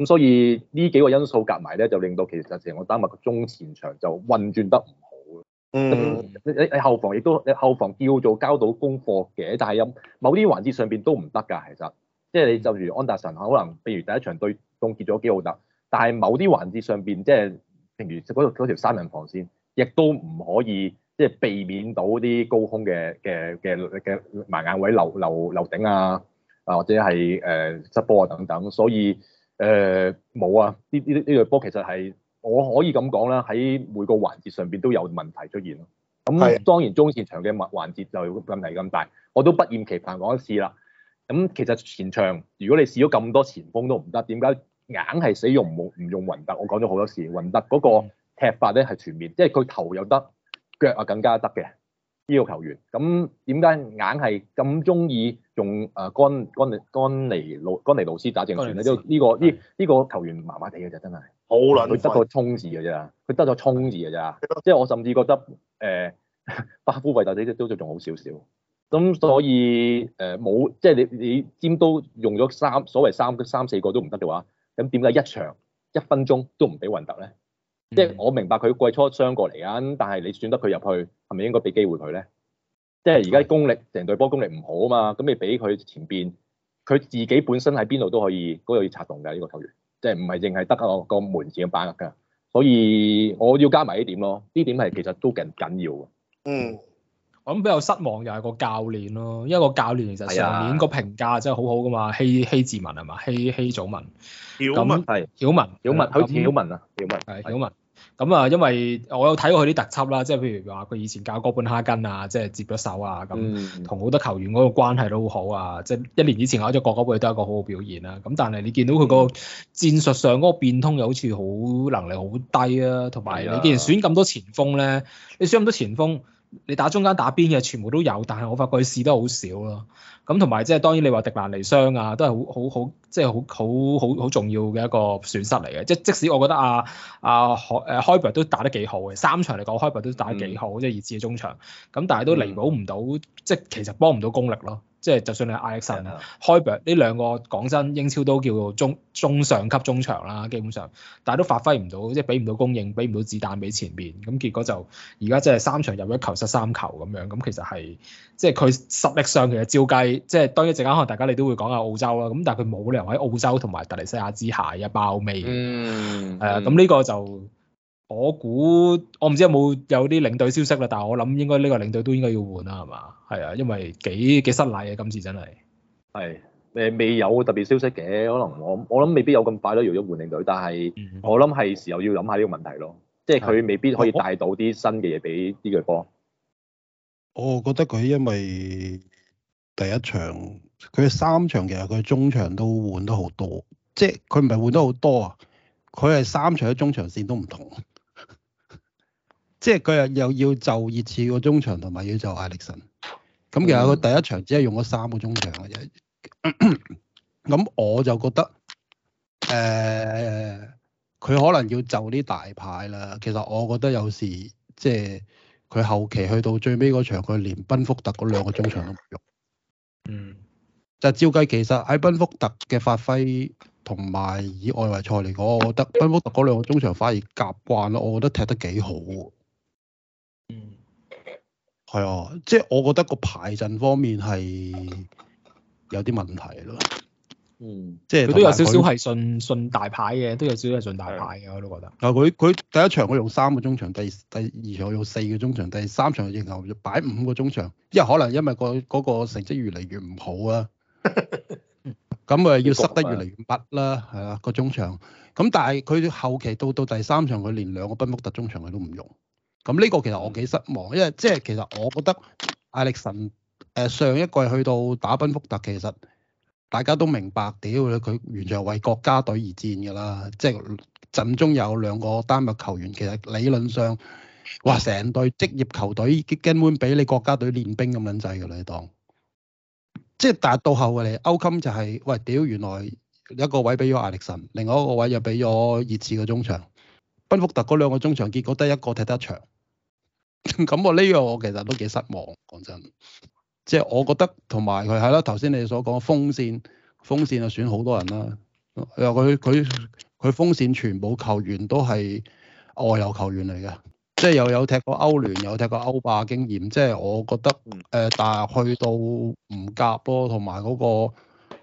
咁所以呢幾個因素夾埋咧，就令到其實成個丹麥嘅中前場就運轉得唔好，嗯，你你後防亦都你後防叫做交到功課嘅，但係有某啲環節上邊都唔得㗎。其實即係你就如安達臣可能，譬如第一場對凍結咗基奧特，但係某啲環節上邊即係譬如嗰條，條三人防線，亦都唔可以即係避免到啲高空嘅嘅嘅嘅盲眼位漏漏漏頂啊，啊或者係誒、呃、失波啊等等，所以。誒冇、呃、啊！呢呢呢隊波其實係我可以咁講啦，喺每個環節上邊都有問題出現咯。咁、嗯、是當然中前場嘅物環節就問題咁大，我都不厭其煩講一次啦。咁、嗯、其實前場如果你試咗咁多前鋒都唔得，點解硬係死用唔用唔用雲特？我講咗好多次，雲特嗰個踢法咧係全面，即係佢頭有得，腳啊更加得嘅。呢個球員咁，點解硬係咁中意用誒甘甘甘尼老甘尼勞斯打正選咧？呢尼、這個呢的個呢呢球員麻麻地嘅啫，真係好卵廢，佢得個衝字嘅啫，佢得咗衝字嘅啫。即係的我甚至覺得誒、呃，巴夫維特呢啲都仲好少少。咁所以誒冇，即、呃、係、就是、你你，你尖刀用咗三所謂三三,三四個都唔得嘅話，咁點解一場一分鐘都唔俾雲特咧？即係我明白佢季初傷過嚟啊，但係你選得佢入去，係咪應該俾機會佢咧？即係而家功力成隊波功力唔好啊嘛，咁你俾佢前邊，佢自己本身喺邊度都可以，都可以策動㗎呢個球員。即係唔係淨係得我個門前咁把握㗎。所以我要加埋呢點咯，呢點係其實都勁緊要㗎。嗯，我諗比較失望又係個教練咯，因為一個教練其實上年個評價真係好好噶嘛，希希志文係嘛，希希祖文。曉文係，曉文，的曉文，佢係的的曉文啊，的曉文係文曉文佢文啊曉文係曉文咁啊，嗯嗯、因為我有睇過佢啲特輯啦，即係譬如話佢以前教哥本哈根啊，即係接咗手啊，咁同好多球員嗰個關係都好好啊，即係、嗯、一年以前攞咗歐國杯都一個好好表現啦。咁但係你見到佢個戰術上嗰個變通又好似好能力好低啊，同埋你既然選咁多前鋒咧，你選咁多前鋒。你打中間打邊嘅全部都有，但係我發覺佢試得好少咯。咁同埋即係當然你話迪蘭尼傷啊，都係好好好即係好好好好重要嘅一個損失嚟嘅。即即使我覺得啊啊海誒、啊、開伯、啊、都打得幾好嘅，三場嚟講開伯都打得幾好，嗯、即係熱刺嘅中場。咁但係都彌補唔到，嗯、即係其實幫唔到功力咯。即係，就算你係艾力森、開伯，呢兩個講真，英超都叫做中中上級中場啦，基本上，但係都發揮唔到，即係俾唔到供應，俾唔到子彈俾前面。咁結果就而家即係三場入一球失三球咁樣，咁其實係即係佢實力上其實照計，即係當一陣間可能大家你都會講下澳洲啦，咁但係佢冇理由喺澳洲同埋突尼西亞之下一包尾，誒，咁呢、mm hmm. 啊呢個就。我估我唔知有冇有啲領隊消息啦，但係我諗應該呢個領隊都應該要換啦，係嘛？係啊，因為幾幾失禮啊！今次真係係誒未有特別消息嘅，可能我我諗未必有咁快都要咗換領隊。但係、嗯、我諗係時候要諗下呢個問題咯，即係佢未必可以帶到啲新嘅嘢俾呢隊波。我覺得佢因為第一場佢三場其實佢中場都換得好多，即係佢唔係換得好多啊，佢係三場嘅中場線都唔同。即係佢又又要就熱刺個中場同埋要就艾力神，咁其實佢第一場只係用咗三個中場嘅啫。咁 我就覺得，誒、呃，佢可能要就啲大牌啦。其實我覺得有時即係佢後期去到最尾嗰場，佢連賓福特嗰兩個中場都唔用。嗯，就照計其實喺賓福特嘅發揮同埋以外圍賽嚟講，我覺得賓福特嗰兩個中場反而夾慣啦，我覺得踢得幾好喎。嗯，係啊，即係我覺得個排陣方面係有啲問題咯。嗯，即係都有少少係信信大牌嘅，都有少少係信大牌嘅，我都覺得。啊，佢佢第一場我用三個中場，第二第二場用四個中場，第三場又仍要擺五個中場，因為可能因為、嗰個嗰、嗰個成績越嚟越唔好啊。咁啊，要塞得越嚟越密啦，係啊， 嗰個中場。咁但係佢後期到到第三場，佢連兩個奔馬特中場佢都唔用。咁呢個其實我幾失望，因為即係其實我覺得艾力神誒、呃、上一季去到打賓福特，其實大家都明白，屌佢，完全係為國家隊而戰㗎啦。即、就、係、是、陣中有兩個丹麥球員，其實理論上，哇，成隊職業球隊根本俾你國家隊練兵咁撚滯㗎啦，就是、你當即係但係到後嚟歐金就係、是、喂，屌原來一個位俾咗艾力神，另外一個位又俾咗熱刺嘅中場。賓福特嗰兩個中場結果得一個踢得長，咁我呢樣我其實都幾失望，講真，即係我覺得同埋佢係咯，頭先你所講風扇，風扇就選好多人啦，又佢佢佢風扇全部球員都係外遊球員嚟嘅，即係又有踢過歐聯，有踢過歐霸經驗，即係我覺得誒、呃，但係去到唔夾咯，同埋嗰個。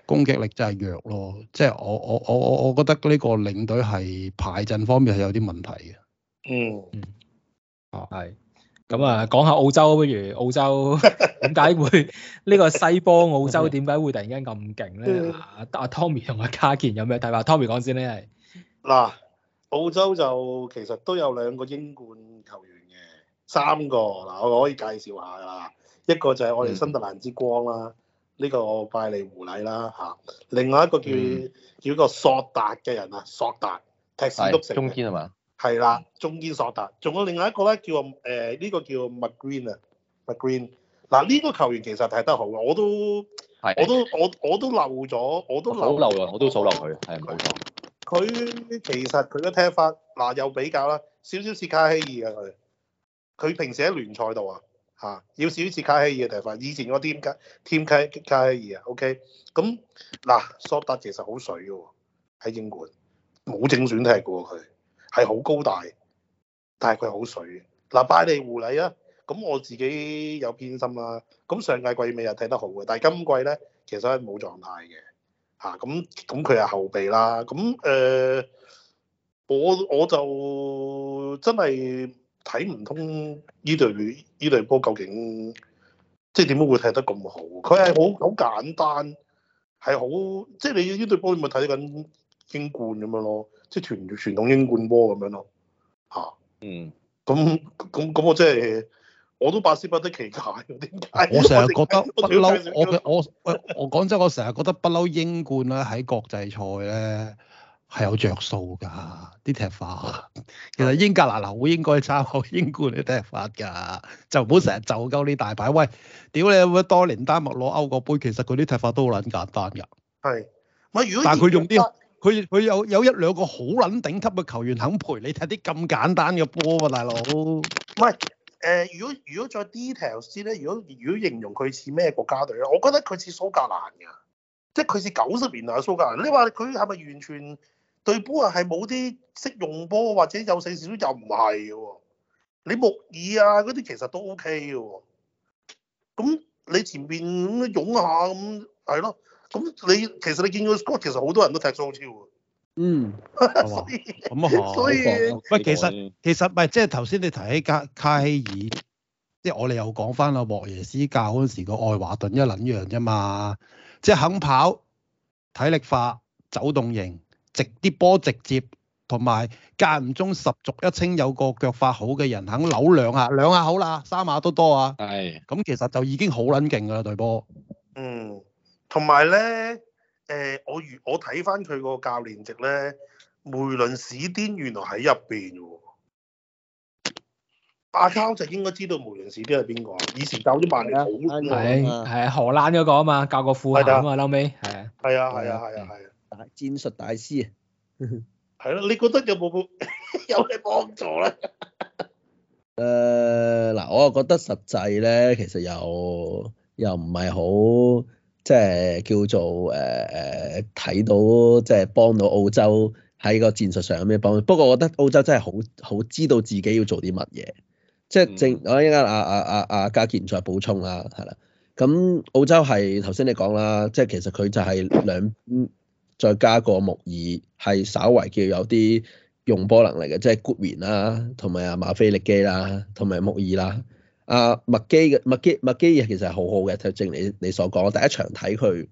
攻擊力真係弱咯，即係我我我我我覺得呢個領隊係排陣方面係有啲問題嘅。嗯啊。啊，係。咁啊，講下澳洲不如？澳洲點解會呢 個西方澳洲點解會突然間咁勁咧？阿 Tommy 同阿家健有咩睇法？Tommy 講先咧係。嗱、嗯，澳洲就其實都有兩個英冠球員嘅，三個嗱，我可以介紹下㗎，一個就係我哋新特蘭之光啦。嗯呢個我拜利胡禮啦嚇、啊，另外一個叫、嗯、叫個索達嘅人啊，索達踢屎督城，中堅係嘛？係啦，中堅索達，仲有另外一個咧，叫誒呢、呃呢個叫麥 Green, Green 啊，麥 Green 嗱呢個球員其實踢得好，我都的我都我我都漏咗，我都好漏啊。我都數漏佢，係佢。佢其實佢嘅踢法嗱又比較啦，少少斯卡希爾啊佢，佢平時喺聯賽度啊。嚇、啊，要少次卡希爾嘅睇法。以前我添卡添卡擊卡希爾 okay? 啊，OK，咁嗱，索達其實好水嘅喎、哦，喺英冠冇正選踢嘅喎佢，係好高大，但係佢好水。嗱，拜利護禮啊，咁、啊、我自己有偏心啦、啊，咁上季季尾又踢得好嘅，但係今季咧其實冇狀態嘅，嚇、啊，咁咁佢係後備啦，咁誒、呃，我我就真係～睇唔通呢隊呢隊波究竟即係點解會踢得咁好？佢係好好簡單，係好即係你呢隊波咪睇緊英冠咁樣咯，即係傳傳統英冠波咁樣咯嚇。啊、嗯。咁咁咁，我真係我都百思不得其解，點解？我成日覺得不嬲，我嘅我我講真，我成日覺得不嬲英冠咧喺國際賽咧。係有着數㗎，啲踢法。其實英格蘭佬應該參考英冠嘅踢法㗎，就唔好成日就鳩呢大牌。喂，屌你阿多寧丹麥攞歐國杯，其實佢啲踢法都好撚簡單㗎。係，咪如果但係佢用啲，佢佢有有一兩個好撚頂級嘅球員肯陪你踢啲咁簡單嘅波喎，大佬。喂，誒，如果如果再 detail 咧，如果如果形容佢似咩國家隊咧，我覺得佢似蘇格蘭㗎，即係佢似九十年代蘇格蘭。你話佢係咪完全？對波啊，係冇啲識用波，或者有四少又唔係嘅喎。你木爾啊嗰啲其實都 O K 嘅喎。咁你前面咁樣擁下咁係咯。咁你其實你見過，其實好多人都踢中超嘅。嗯，咁啊哈，所以喂，其實其實咪即係頭先你提起卡卡希爾，即係我哋又講翻阿莫耶斯教嗰陣時個愛華頓一撚樣啫嘛，即係肯跑、體力化、走動型。直啲波直接，同埋間唔中十足一清有個腳法好嘅人肯扭兩下，兩下好啦，三下都多啊。係的。咁其實就已經好撚勁㗎喇隊波。對嗯，同埋咧，誒、欸、我如我睇翻佢個教練值咧，梅倫史丁原來喺入邊喎。阿膠就應該知道梅倫史丁係邊個啊？以前教啲埋啊。係係荷蘭嗰個啊嘛，教個副啊嘛，後尾係啊。係啊係啊係啊係啊。大戰術大師啊，係 咯？你覺得有冇有咩 幫助咧？誒嗱，我又覺得實際咧，其實又又唔係好即係叫做誒誒睇到即係、就是、幫到澳洲喺個戰術上有咩幫。不過我覺得澳洲真係好好知道自己要做啲乜嘢，即係正、mm. 我依、啊啊啊、家阿阿阿阿家健再補充啦，係啦。咁、嗯、澳洲係頭先你講啦，即係其實佢就係兩嗯。再加個木耳，係稍微叫有啲用波能力嘅，即係 Goodwin 啦，同埋啊馬菲力基啦，同埋木耳啦。阿、啊、麥基嘅麥基麥基其實係好好嘅，就正如你你所講，第一場睇佢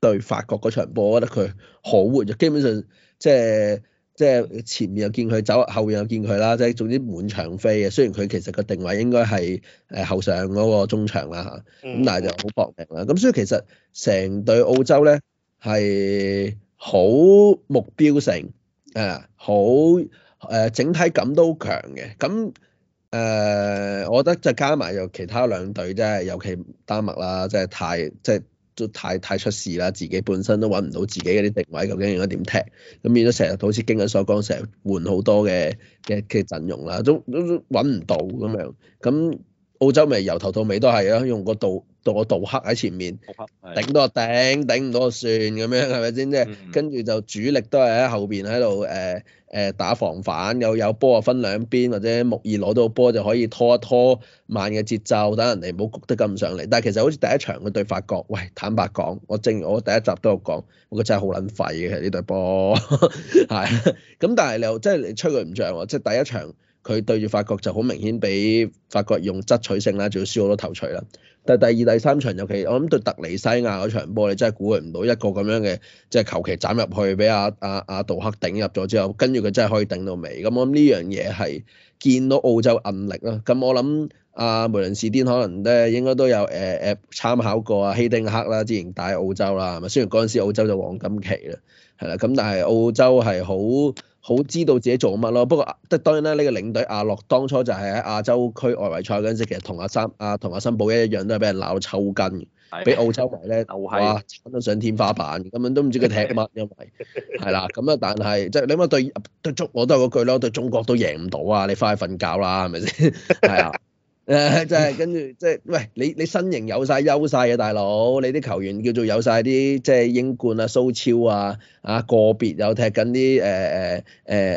對法國嗰場波，我覺得佢好活躍，就基本上即係即係前面又見佢走，後面又見佢啦，即、就、係、是、總之滿場飛嘅。雖然佢其實個定位應該係誒後上嗰個中場啦嚇，咁但係就好搏命啦。咁所以其實成隊澳洲咧係。好目標性，誒好誒整體感都強嘅，咁誒、呃、我覺得就加埋又其他兩隊，即係尤其丹麥啦，即係太即係都太太，太出事啦，自己本身都揾唔到自己嗰啲定位，究竟應該點踢？咁變咗成日都好似京一所講，成日換好多嘅嘅嘅陣容啦，都都揾唔到咁樣，咁澳洲咪由頭到尾都係啊，用個度。到個道黑喺前面，頂多個頂，頂唔到就算咁樣，係咪先？即係跟住就主力都係喺後邊喺度誒誒打防反，又有波啊，分兩邊或者木易攞到波就可以拖一拖慢嘅節奏，等人哋唔好谷得咁上嚟。但係其實好似第一場佢對法國，喂坦白講，我正如我第一集都有講，我覺得真係好撚廢嘅其實呢隊波係咁，但係你又真係你吹佢唔着喎，即係第一場佢對住法國就好明顯俾法國用質取勝啦，仲要輸好多頭槌啦。但係第二、第三場，尤其我諗對特尼西亞嗰場波，你真係估計唔到一個咁樣嘅，即係求其斬入去，俾阿阿阿杜克頂入咗之後，跟住佢真係可以頂到尾。咁我諗呢樣嘢係見到澳洲韌力啦。咁我諗阿梅倫士甸可能咧應該都有誒誒、呃呃、參考過阿希丁克啦，之前帶澳洲啦，係咪？雖然嗰陣時澳洲就黃金期啦，係啦，咁但係澳洲係好。好知道自己做乜咯，不過即係當然啦，呢個領隊阿洛當初就係喺亞洲區外圍賽嗰陣時，其實同阿三阿同阿森保一一樣，都係俾人鬧抽筋，俾澳洲迷咧啊，踩得上天花板咁樣，都唔知佢踢乜，因為係啦，咁啊，但係即係你諗下對足我都係嗰句咯，句對中國都贏唔到啊，你返去瞓覺啦，係咪先？係啊。 誒， 即係跟住，即係喂，你你身形有晒優勢嘅大佬，你啲球員叫做有晒啲即係英冠啊、蘇超啊，啊個別又踢緊啲誒誒誒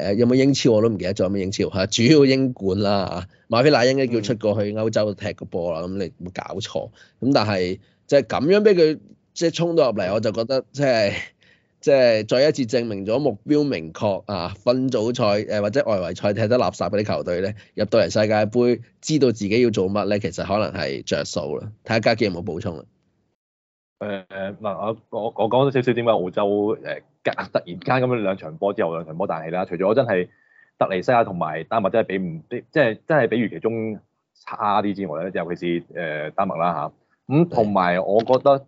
誒，有冇英超我都唔記得咗有冇英超吓，主要英冠啦、啊，馬菲娜應該叫出過去歐洲踢個波啦，咁、嗯、你冇搞錯，咁但係即係咁樣俾佢即係衝到入嚟，我就覺得即係。即係再一次證明咗目標明確啊，分組賽誒、呃、或者外圍賽踢得垃圾嗰啲球隊咧，入到嚟世界盃，知道自己要做乜咧，其實可能係着數啦。睇下家健有冇補充啊？誒嗱、呃呃，我我我講咗少少點解澳洲誒突然間咁樣兩場波之後兩場波大氣啦。除咗真係突尼西亞同埋丹麥真係比唔即係真係比預期中差啲之外咧，尤其是誒、呃、丹麥啦嚇。咁同埋我覺得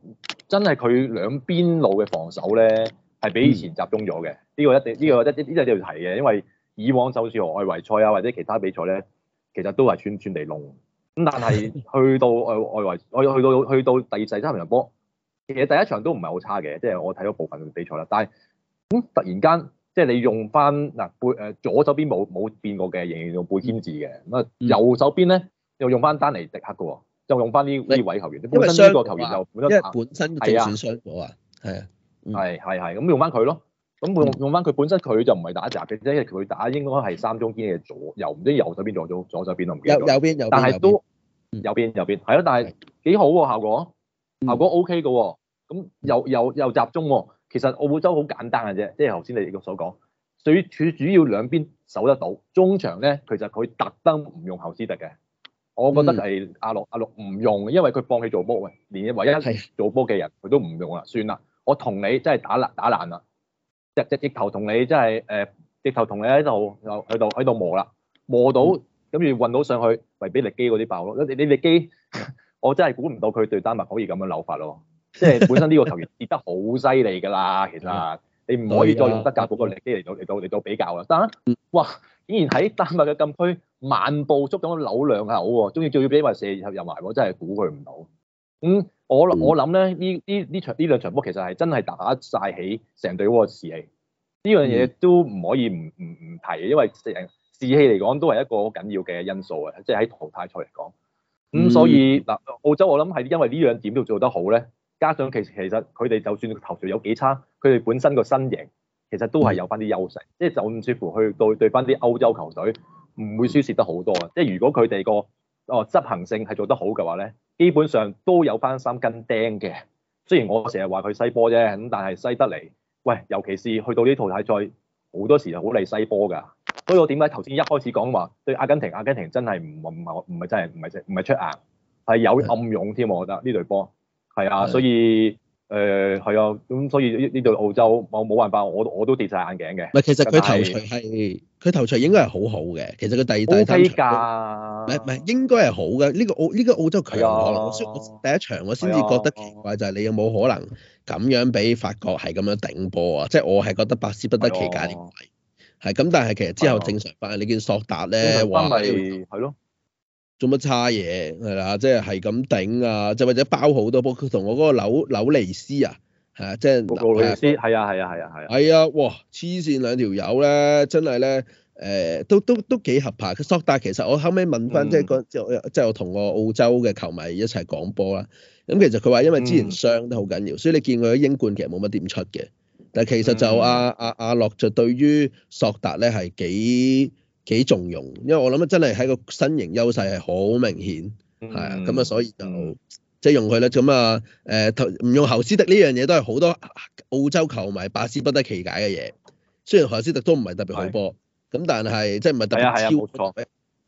真係佢兩邊路嘅防守咧。呢係、嗯、比以前集中咗嘅，呢、這個一定呢個一呢個都要提嘅，因為以往就算輪外圍賽啊或者其他比賽咧，其實都係串串地龍，咁但係去到外外圍，我去到，去到，去，到去到第二、第三場波，其實第一場都唔係好差嘅，即、就、係、是、我睇咗部分比賽啦。但係咁、嗯、突然間，即、就、係、是、你用翻嗱背誒左手邊冇冇變過嘅，仍然用背簽字嘅咁啊，嗯、右手邊咧又用翻丹尼迪克嘅，就用翻呢呢位球員。因為呢個球員就本身係啊，受損咗啊，係啊。係係係咁用翻佢咯，咁用用翻佢本身佢就唔係打集嘅，即係佢打應該係三中堅嘅左，右唔知右手邊左左左手邊都唔記得。右右邊、嗯、右但係都右邊右邊係咯，但係幾好效果，效果 O K 嘅，咁又又又集中、啊。其實澳洲好簡單嘅啫，即係頭先你亦都所講，最主主要兩邊守得到，中場咧其實佢特登唔用後斯特嘅，我覺得係阿六阿六唔用，因為佢放棄做波喂，連唯一,一齊做波嘅人佢是都唔用啦，算啦。我同你真係打爛打爛啦！只只直頭同你真係誒，直頭同你喺度又喺度喺度磨啦，磨到跟住運到上去，為俾力基嗰啲爆咯！你你力基，我真係估唔到佢對丹麥可以咁樣扭法咯！即係本身呢個球員跌得好犀利㗎啦，其實你唔可以再用德甲嗰個力基嚟到嚟到嚟到比較啦！但係哇，竟然喺丹麥嘅禁區慢步足咁扭兩下喎，仲要仲要俾埋射入入埋喎！真係估佢唔到，嗯。我我諗咧呢呢呢場呢兩場波其實係真係打晒起成隊嘅士氣，呢樣嘢都唔可以唔唔唔提，因為士士氣嚟講都係一個好緊要嘅因素啊！即係喺淘汰賽嚟講，咁、嗯、所以嗱、呃、澳洲我諗係因為呢兩點都做得好咧，加上其實其實佢哋就算頭緒有幾差，佢哋本身個身形其實都係有翻啲優勢即係、嗯、就唔似乎去到對翻啲歐洲球隊唔會輸蝕得好多啊！即係如果佢哋個哦，執行性係做得好嘅話咧，基本上都有翻三根釘嘅。雖然我成日話佢西波啫，咁但係西得嚟。喂，尤其是去到呢套大賽，好多時好利西波㗎。所以我點解頭先一開始講話對阿根廷，阿根廷真係唔唔唔唔係真係唔係唔係出硬，係有暗湧添。我覺得呢隊是的 波係啊，是的 所以。誒，係啊、嗯，咁、嗯、所以呢度澳洲冇冇辦法，我我都跌晒眼鏡嘅。係實是，其實佢頭場係，佢頭場應該係好好嘅。其實佢第第二場，唔係唔係，應該係好嘅。呢、這個澳呢、這個澳洲強可能，的所以我第一場我先至覺得奇怪就係你有冇可能咁樣俾法國係咁樣頂波啊？即、就、係、是、我係覺得百思不得其解。係咁的，但係其實之後正常返，的你見索達咧話係咯。做乜差嘢係啦，即係係咁頂啊！就或者包好多波，佢同我嗰個紐紐尼斯啊，係即係，紐尼斯係啊係啊係啊係啊係啊哇！黐線兩條友咧，真係咧，誒都都都幾合拍。索達其實我後尾問翻，即係即係我同我澳洲嘅球迷一齊講波啦。咁其實佢話因為之前傷得好緊要，嗯、所以你見佢喺英冠其實冇乜點出嘅。但係其實就阿、嗯、阿阿樂就對於索達咧係幾幾重用，因為我諗真係喺個身形優勢係好明顯，係啊、嗯，咁啊所以就、嗯、即係用佢咧，咁啊誒，唔、呃、用侯斯迪呢樣嘢都係好多澳洲球迷百思不得其解嘅嘢。雖然侯斯迪都唔係特別好波，咁的但係即係唔係特別超，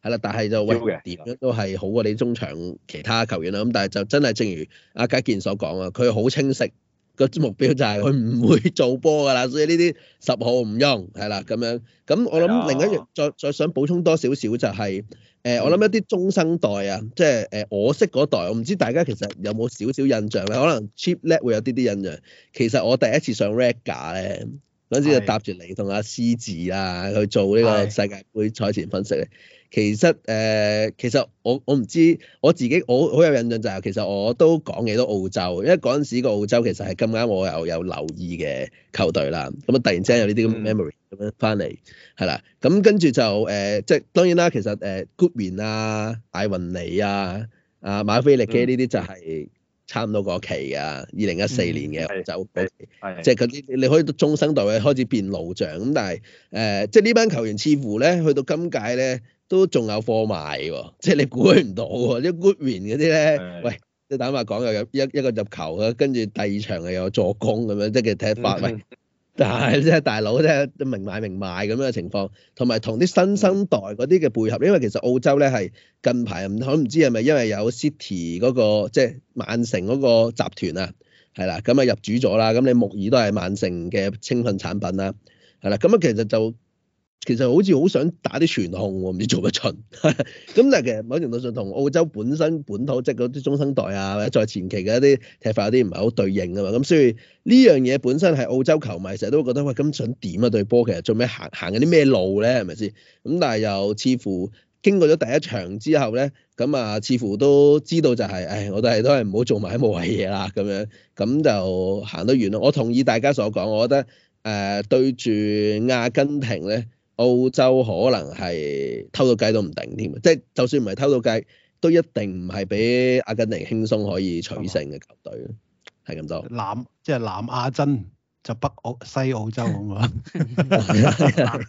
係啦，但係就喂，點樣都係好過你中場其他球員啦。咁但係就真係正如阿家健所講啊，佢好清晰。個目標就係佢唔會做波㗎啦，所以呢啲十號唔用係啦咁樣。咁我諗另一樣，的再再想補充多少少就係、是、誒，呃嗯、我諗一啲中生代啊，即係誒我識嗰代，我唔知大家其實有冇少少印象咧？可能 Cheaplad 會有啲啲印象。其實我第一次上 Red Gear 咧，嗰陣時就搭住你同阿獅子啊的去做呢個世界盃賽前分析。的其實誒、就是，其實我我唔知我自己我好有印象就係其實我都講幾多澳洲，因為嗰陣時澳洲其實係咁啱我又有留意嘅球隊啦。咁啊，突然之間有呢啲咁 memory 咁樣翻嚟係啦。咁、嗯、跟住就誒，即係當然啦。其實誒，Goodwin 啊、艾雲尼啊、啊馬菲力嘅呢啲就係差唔多嗰期啊，二零一四年嘅澳洲，即係嗰啲你可以到中生代位開始變老將咁，但係誒、呃，即係呢班球員似乎咧去到今屆咧。都仲有貨賣喎，即係你估唔到喎。即係 Goodwin 嗰啲咧，hmm. mm hmm. 喂，你坦白講，又有一一個入球啊。跟住第二場又有助攻咁樣，即係嘅踢法。Mm hmm. 喂，但係即係大佬，即明買明賣咁樣嘅情況，同埋同啲新生代嗰啲嘅配合。因為其實澳洲咧係近排唔可唔知係咪因為有 City 嗰、嗰個即係曼城嗰個集團啊，係啦，咁啊入主咗啦。咁你木耳都係曼城嘅青訓產品啦，係啦，咁啊其實就。其實好似好想打啲傳控，唔知做乜蠢。咁 但係其實某程度上同澳洲本身本土即係嗰啲中生代啊，或者再前期嘅一啲踢法嗰啲唔係好對應啊嘛。咁所以呢樣嘢本身係澳洲球迷成日都覺得喂，咁想點啊對波？其實做咩行行緊啲咩路咧？係咪先？咁但係又似乎經過咗第一場之後咧，咁啊似乎都知道就係、是，誒，我哋都係唔好做埋啲無謂嘢啦，咁樣咁就行得完。我同意大家所講，我覺得誒、呃、對住阿根廷咧。澳洲可能係偷到雞都唔定添，即係就算唔係偷到雞，都一定唔係俾阿根廷輕鬆可以取勝嘅球隊，係咁多。南即係南阿珍就北澳、西澳洲咁啊。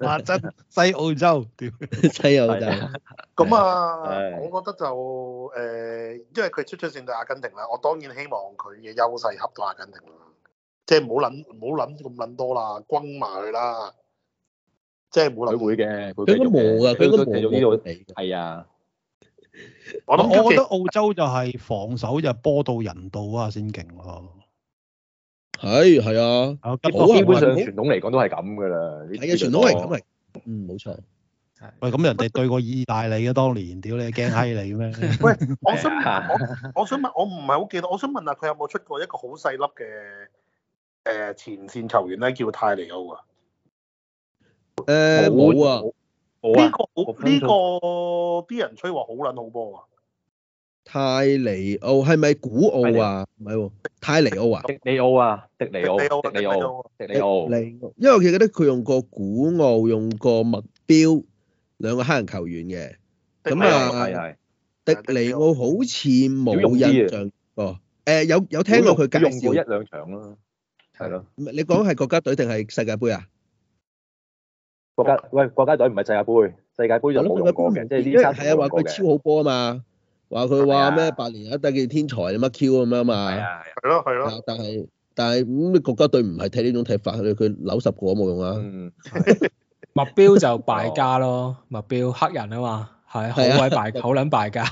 南阿珍、西澳洲，西澳洲。咁啊，我覺得就誒，因為佢出出線對阿根廷啦，我當然希望佢嘅優勢恰到阿根廷啦。即係唔好諗，唔好諗咁諗多啦，轟埋佢啦！即係冇女會嘅，佢都冇噶，佢都繼續呢度地。係啊，我我覺得澳洲就係防守就波到人到啊先勁咯。係係啊，基本上傳統嚟講都係咁噶啦。係啊，傳統係咁嚟。嗯，冇錯。喂，咁人哋對過意大利嘅當年，屌你驚閪你咩？喂，我想我我想問我唔係好記得，我想問下佢有冇出過一個好細粒嘅誒前綫球員咧，叫泰尼奧啊？誒，冇啊，呢個呢個啲人吹話好撚好波啊。泰尼奧係咪古奧啊？唔係喎，泰尼奧啊，迪尼奧啊，迪尼奧，迪尼奧，迪尼奧。因為我記得佢用過古奧，用過目標兩個黑人球員嘅，咁啊，迪尼奧好似冇印象哦。誒，有有聽過佢介紹一兩場咯，係咯。唔係你講係國家隊定係世界盃啊？國家喂，國家隊唔係世界杯，世界杯就冇用波嘅。因為係啊，話佢超好波啊嘛，話佢話咩百年一得嘅天才乜 Q 咁樣嘛。係啊係。係咯係咯。但係但係咁,你國家隊唔係睇呢種踢法,佢佢扭十個都冇用啊。嗯。目標就敗家咯， 目標黑人啊嘛，係好鬼敗，好捻敗家。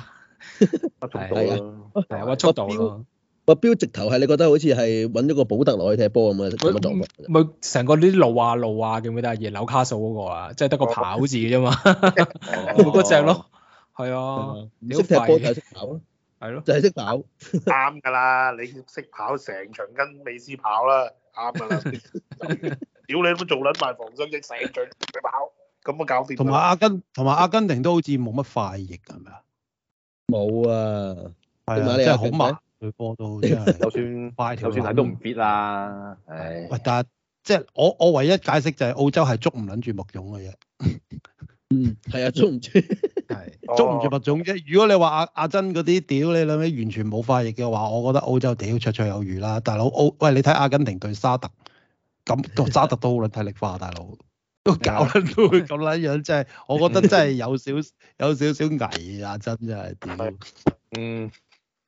速度咯，係啊，我初度咯。目標直頭係你覺得好似係揾咗個保特落去踢波咁嘅咁嘅狀，咪成個啲路啊路啊咁嘅，得二扭卡數嗰個啊，即係得個跑字嘅啫嘛，嗰隻咯，係啊，識踢波就識跑咯，係咯，就係識跑，啱噶啦，你識跑成場跟美斯跑啦，啱噶啦，屌你都做捻埋防傷，益死最跑，咁啊搞掂。同埋阿根同埋阿根廷都好似冇乜快翼係咪啊？冇啊，係啊，真係好慢。佢波到真係，就算快，就算睇都唔必啦。唉但，喂，但係即係我我唯一解釋就係澳洲係捉唔撚住物種嘅啫。嗯，係啊，捉唔住，係 是捉唔住物種啫。如果你話阿阿珍嗰啲屌，你諗起完全冇化亦嘅話，我覺得澳洲屌，綽綽有餘啦。大佬，O，喂，你睇阿根廷對沙特，咁到沙特都好撚體力化，啊，大佬都搞都會咁撚樣，即係 我覺得真係有少有少少危啊！珍真真係屌，嗯。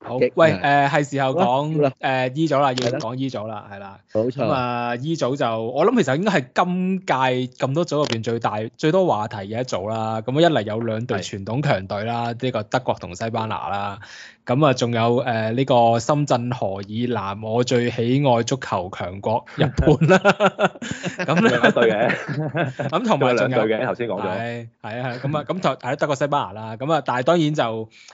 好，喂，誒、呃，係時候講誒，E 組啦，要講 E 組啦，係啦、呃，冇錯，咁啊，E 組就我諗，其實應該係今屆咁多組入邊最大最多話題嘅一組啦。咁一嚟有兩隊傳統強隊啦，呢個德國同西班牙啦。咁啊，仲有誒呢個深圳河以南，我最喜愛足球強國日本啦。咁兩隊嘅，咁同埋仲有，嘅， 頭先講嘅係係啊，咁啊，咁就誒德國西班牙啦。咁啊，但係當然就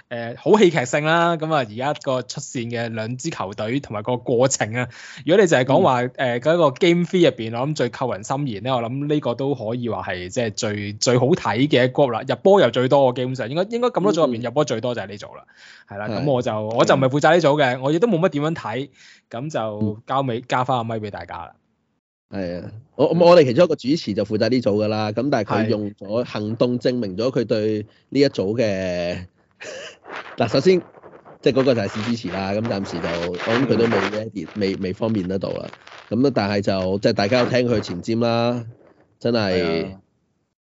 誒好、呃、戲劇性啦。咁啊，而家個出線嘅兩支球隊同埋個過程啊，如果你就係講話誒嗰個 game three 入邊，我諗最扣人心弦咧，我諗呢個都可以話係即係最最好睇嘅一 group 啦。入波又最多，我基本上應該應該咁多組、嗯、入邊入波最多就係呢組啦，係啦。咁我就我就唔係負責呢組嘅，我亦都冇乜點樣睇，咁就交尾加翻個咪俾大家啦。係啊，我我我哋其中一個主持就負責呢組噶啦，咁但係佢用咗行動證明咗佢對呢一組嘅嗱， 首先即係嗰個就係史主持啦，咁暫時就我諗佢都未未未方便得到啦。咁但係就即係、就是、大家有聽佢前瞻啦，真係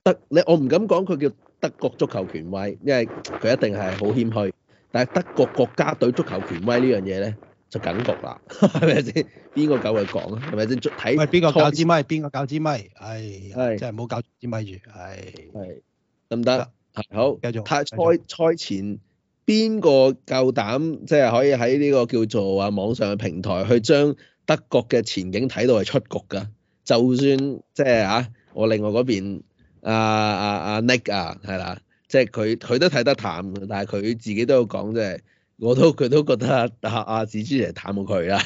德你我唔敢講佢叫德國足球權威，因為佢一定係好謙虛，但係德國國家隊足球權威呢樣嘢咧，就緊局啦，係咪先？邊個夠去講啊？係咪先？睇邊個搞支咪？邊個搞支咪？係，真係唔好搞支咪住。係，係得唔得？係好，繼續。睇賽賽前邊個夠膽，即係、就是、可以喺呢個叫做話網上嘅平台，去將德國嘅前景睇到係出局㗎？就算即係嚇，我另外嗰邊啊，阿阿 Nick 啊，係、啊、啦。啊 Nick, 即係佢，佢都睇得淡，但係佢自己都有講啫。我都佢都覺得阿阿紫珠嚟探過佢啦，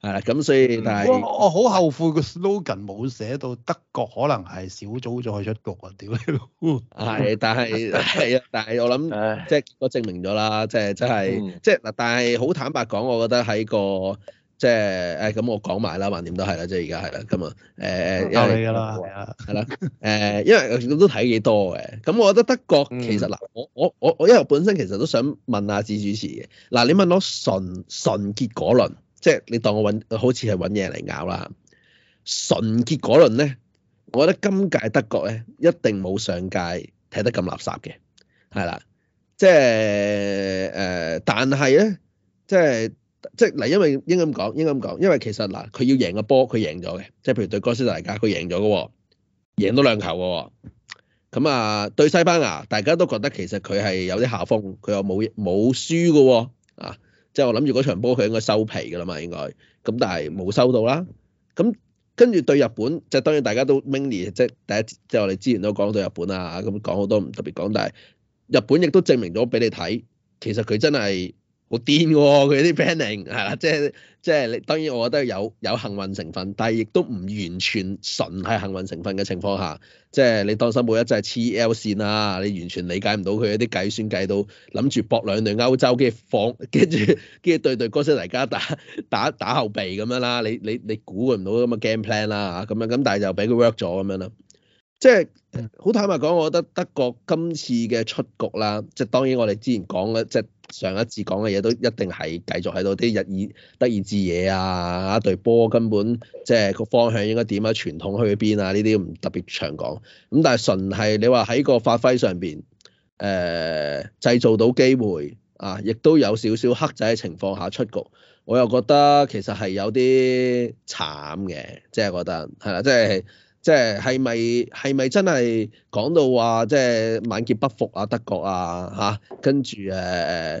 係 啦。咁所以，但係我好後悔個 slogan 冇寫到德國可能係小組再出局啊！屌你老母。係，但係係啊，但係我諗 即係都證明咗啦，即係真係，即係嗱，但係好坦白講，我覺得喺個。即係誒咁，哎、我講埋啦，橫掂都係啦，即係而家係啦咁啊誒，靠你㗎啦，係啊、嗯，係啦誒，因為都睇幾多嘅，咁我覺得德國其實嗱，我我我我因為我本身其實都想問下史主持嘅嗱，你問我純純結果論，即係你當我好似係揾嘢嚟咬啦，純結果論咧，我覺得今屆德國咧一定冇上屆睇得咁垃圾嘅，係啦，即係誒、呃，但係咧，即係。即係嗱，因為應該咁講，應該咁講，因為其實嗱，佢要贏嘅波佢贏咗嘅，即係譬如對哥斯達黎加佢贏咗嘅，贏多兩球嘅。咁啊，對西班牙大家都覺得其實佢係有啲下風，佢又冇冇輸嘅喎啊！即係我諗住嗰場波佢應該收皮嘅啦嘛，應該咁，但係冇收到啦。咁跟住對日本，即係當然大家都 mini 即係第一，即係我哋之前都講到日本啊，咁講好多唔特別講，但係日本亦都證明咗俾你睇，其實佢真係。好癲喎，佢啲 planning 係啦，即係即係你當然我覺得有有幸運成分，但係亦都唔完全純係幸運成分嘅情況下，即係你當心冇一隻係黐 L 線啦，你完全理解唔到佢一啲計算計到諗住搏兩隊歐洲嘅放跟住跟住對對哥斯達加打打打後備咁樣啦，你你你估佢唔到咁嘅 game plan 啦嚇，咁樣咁但係就俾佢 work 咗咁樣啦。即係好坦白講，我覺得德國今次嘅出局啦，即係當然我哋之前講嘅，即係上一次講嘅嘢都一定係繼續喺度啲日以德意志嘢啊！對波根本即係個方向應該點啊？傳統去邊啊？呢啲唔特別長講。咁但係純係你話喺個發揮上邊，誒，呃，製造到機會啊，亦都有少少黑仔嘅情況下出局，我又覺得其實係有啲慘嘅，即係覺得係啦，即係。即係即係，係咪係咪真係講到話、就是？即係萬劫不復啊德國啊吓，跟住誒誒誒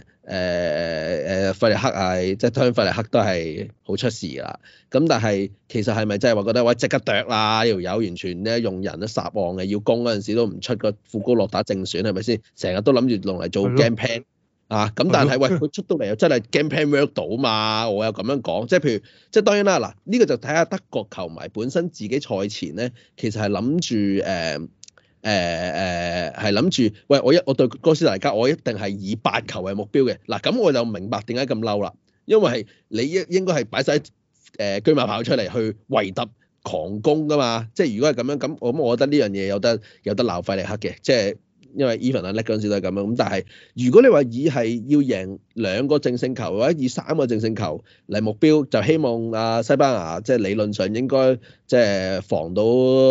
誒誒，費、啊、力、啊啊啊、克係即係湯費力克都係好出事啦。咁但係其實，係咪真係話，覺得喂即刻剁啦？呢條友完全咧用人咧撒案嘅，要攻嗰陣時都唔出個富高落打正選，係咪先？成日都諗住用嚟做 game plan 啊咁，但係喂，佢 出到嚟又真係 game plan work 到嘛？我又咁樣講，即係譬如，即係當然啦。嗱，呢個就睇下德國球迷本身自己賽前咧，其實係諗住誒誒誒，係諗住喂，我一我對哥斯達黎加，我一定係以八球為目標嘅。嗱，咁我就明白點解咁嬲啦，因為你應應該係擺晒誒車馬炮出嚟去維特狂攻噶嘛。即係如果係咁樣咁，咁我覺得呢樣嘢有得有得鬧費力克嘅，即係。因為 Even 阿叻嗰陣時都係咁樣，咁但係如果你話以係要贏兩個正勝球或者以三個正勝球嚟目標，就希望阿西班牙即係理論上應該即係防到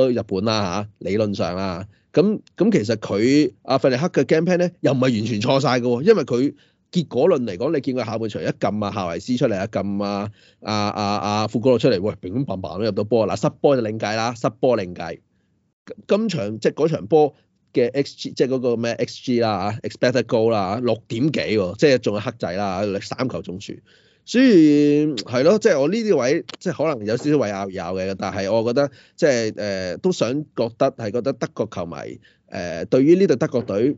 日本啦嚇，理論上啦，咁咁其實佢阿費利克嘅 game plan 咧又唔係完全錯曬嘅，因為佢結果論嚟講，你見佢下半場一撳啊，夏維斯出嚟啊撳啊啊啊啊富哥出嚟，喂，平平嘭嘭都入到波，嗱失波就另計啦，失波另計。今場即係嗰場波。嘅 XG 即係嗰個咩 XG 啦嚇 Expected Goal 啦六點幾喎，即係仲有黑仔啦，三球中柱，所以係咯、就是，即係我呢啲位即係可能有少少位拗拗嘅，但係我覺得即係誒都想覺得係覺得德國球迷誒、呃、對於呢隊德國隊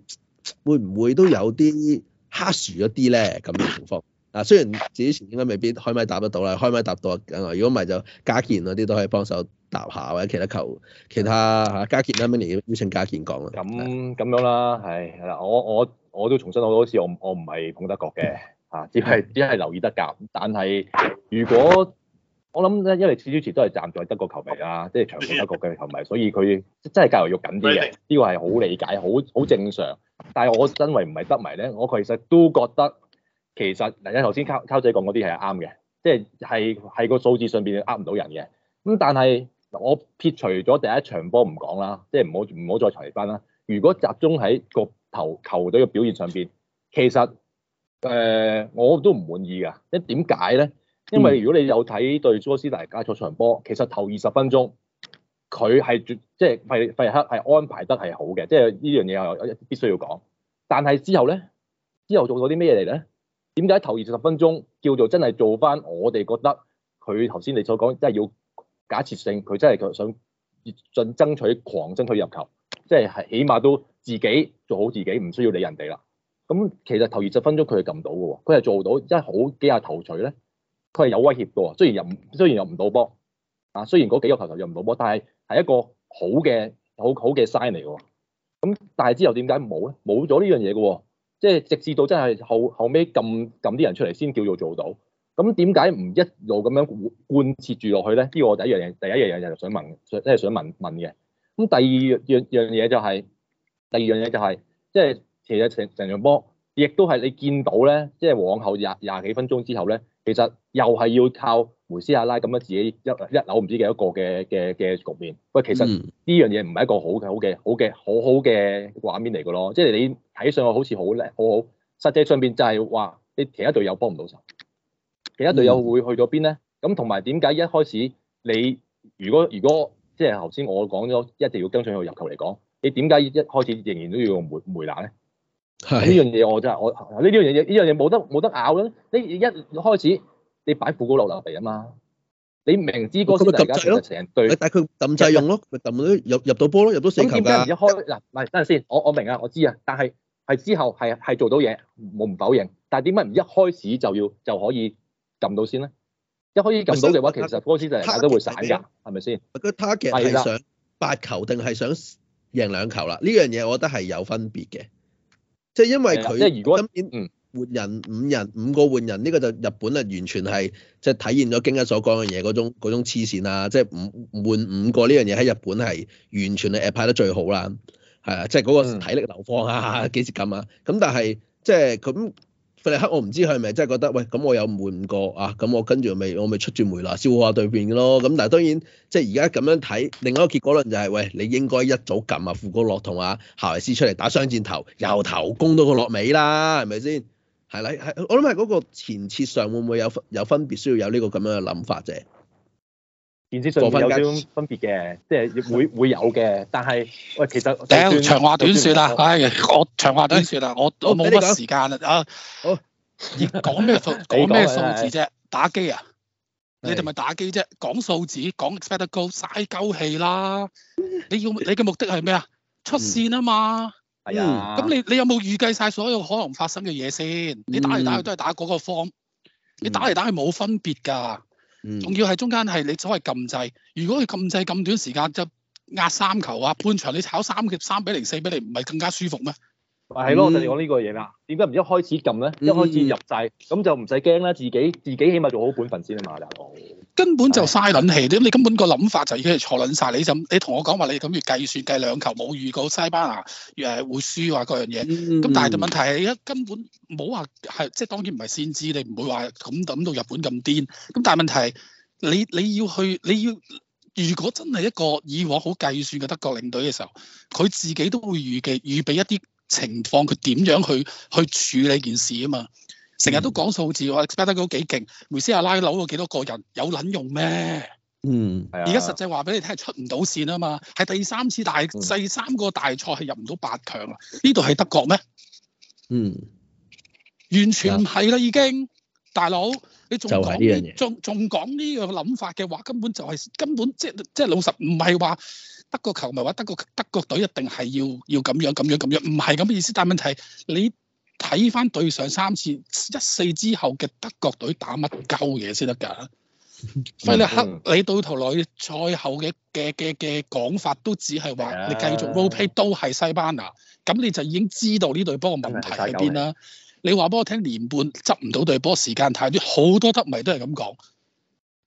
會唔會都有啲黑樹咗啲咧咁嘅情況？啊，雖然之前應該未必開咪答得到啦，開咪答到啊！如果唔係就家健嗰啲都可以幫手答下或者其他球其他嚇家健啊，明年邀請家健講啊。咁咁樣啦，係啦的，我我我都重新好多次，我我唔係捧德國嘅啊，只係只係留意德甲。但係如果我諗咧，因為始終都係站在德國球迷啦，即係長期德國嘅球迷，所以佢真係較為肉緊啲嘅。呢個係好理解，好好正常。但係我身為唔係德迷咧，我其實都覺得。其實嗱，你頭先 Karl 仔講嗰啲係啱嘅，即係係係個數字上邊呃唔到人嘅。咁但係我撇除咗第一場波唔講啦，即係唔好唔好再提翻啦。如果集中喺個頭球隊嘅表現上邊，其實誒、呃、我都唔滿意㗎。點解咧？因為如果你有睇對蘇斯大加錯場波，其實頭二十分鐘佢係絕即係費費歷克係安排得係好嘅，即係呢樣嘢係必須要講。但係之後咧，之後做到啲咩嘢嚟咧？點解頭二十分鐘叫做真係做翻我哋覺得佢頭先你所講，真係要假設性，佢真係想想爭取狂爭取入球，即係係起碼都自己做好自己，唔需要理人哋啦。咁其實頭二十分鐘佢係撳到嘅，佢係做到，即係好幾下頭槌咧，佢係有威脅嘅喎。雖然入雖然入唔到波啊，雖然嗰幾個球入唔到波，但係係一個好嘅好好嘅 sign 嚟嘅。咁但係之後點解冇咧？冇咗呢樣嘢嘅喎。即係直至到真係後後尾撳撳啲人出嚟先叫做做到，咁點解唔一路咁樣貫貫徹住落去咧？呢個我第一樣嘢，第一樣嘢就係想問，即係想問問嘅。咁第二樣樣嘢就係第二樣嘢就係，即係其實成成場波亦都係你見到咧，即係往後廿廿幾分鐘之後咧。其實又係要靠梅斯阿拉咁樣自己一一扭唔知幾多個嘅嘅嘅局面喂，其實呢、嗯、樣嘢唔係一個好嘅好嘅好嘅好好嘅畫面嚟噶咯，即係你睇上去好似好叻好好，實際上邊就係、是、話你其他隊友幫唔到手，其他隊友會去到邊咧？咁同埋點解一開始你如果如果即係頭先我講咗一定要跟上去入球嚟講，你點解一開始仍然都要用梅梅拿咧？呢是樣嘢我真係我呢啲樣嘢，呢樣嘢冇得冇得拗嘅。你一開始你擺副高流落嚟啊嘛，你明知哥斯達尼加成隊，但佢撳掣用咯，咪撳到入入到波咯，入到四球，點解唔一開嗱，咪等陣先，我我明啊，我知啊，但係係之後係係做到嘢，我唔否認。但係點解唔一開始就要就可以撳到先咧？一開始撳到嘅話，其實哥斯達尼加都會散噶，係咪先？佢打嘅係想八球定係想贏兩球啦？呢的樣嘢我覺得係有分別嘅。即係因為佢今年換人五人五個換人呢、這個就日本啊完全係即係體現咗京一所講嘅嘢嗰種嗰種黐線啊即係、就是、五換五個呢樣嘢喺日本係完全係 apply 得最好啦係啊即係嗰個體力流放啊幾時咁啊咁但係即係咁。就是弗克我唔知佢係咪真係覺得，喂咁我有梅唔過啊，咁我跟住咪我咪出住梅拿笑下對面嘅咯。咁但係當然即係而家咁樣睇，另外一個結果咧就係、是，喂你應該一早撳啊富古諾同阿夏維斯出嚟打雙箭頭，由頭攻到個落尾啦，係咪先？係啦，係我諗係嗰個前切上會唔會有分有分別，需要有這個這呢個咁樣嘅諗法啫。電子信面有分別嘅，即係會會有嘅。但係喂，其實，頂長話短説啦，我長話短説啦，我我冇乜時間啦說啊！好，講咩數咩數字啫？打機啊？是你哋咪打機啫、啊？講數字講 expect the go 曬鳩氣啦！你要你嘅目的係咩啊？出線啊嘛！係啊！咁你你有冇預計晒所有可能發生嘅嘢先？你打嚟打去都係打嗰個方，你打嚟打去冇分別㗎。仲、嗯、要係中間係你所謂撳掣，如果佢撳掣咁短時間就壓三球啊，半場你炒三嘅三比零四比零，唔係更加舒服咩？咪咯，我哋係講呢個嘢啦。點解唔一開始撳咧？一開始入債，咁就唔使驚啦。自己自己起碼做好本分先啊嘛。根本就嘥卵氣，你的你根本個諗法就已經係錯卵晒，嗯、你咁你同我講話，你咁樣計算、嗯、計算計兩球冇預告西班牙誒會輸話、啊、嗰樣嘢。咁、嗯、但係嘅問題你一根本冇話係，即、就、係、是、當然唔係先知，你唔會話咁咁到日本咁癲。咁但係問題係你你要去你要，如果真係一個以往好計算嘅德國領隊嘅時候，佢自己都會預計預備一啲。情況佢點樣去去處理件事啊嘛？成日都講數字、嗯、我 expect 話，西班牙嗰幾勁，梅西阿拉攞有幾多個人，有撚用咩？嗯，係啊。而家實際話俾你聽，係出唔到線啊嘛，係第三次大，嗯、第三次大賽係入唔到八強啊！呢度係德國咩？嗯，完全唔係啦，已經，嗯、大佬，你仲講呢？仲仲講呢個諗法嘅話，根本就係、是、根本即即，即老實，唔係話。德國球迷係話德國德國隊一定係要要咁樣咁樣咁樣，唔係咁嘅意思。但問題係你睇翻對上三次一四之後嘅德國隊打乜鳩嘢先得㗎？費力克，你到頭來賽後嘅嘅嘅嘅講法都只係話你繼續 role play 都係西班牙，咁的你就已經知道呢隊波嘅問題喺邊啦。你話俾我聽年半執唔到隊波，時間太短，好多德迷都係咁講。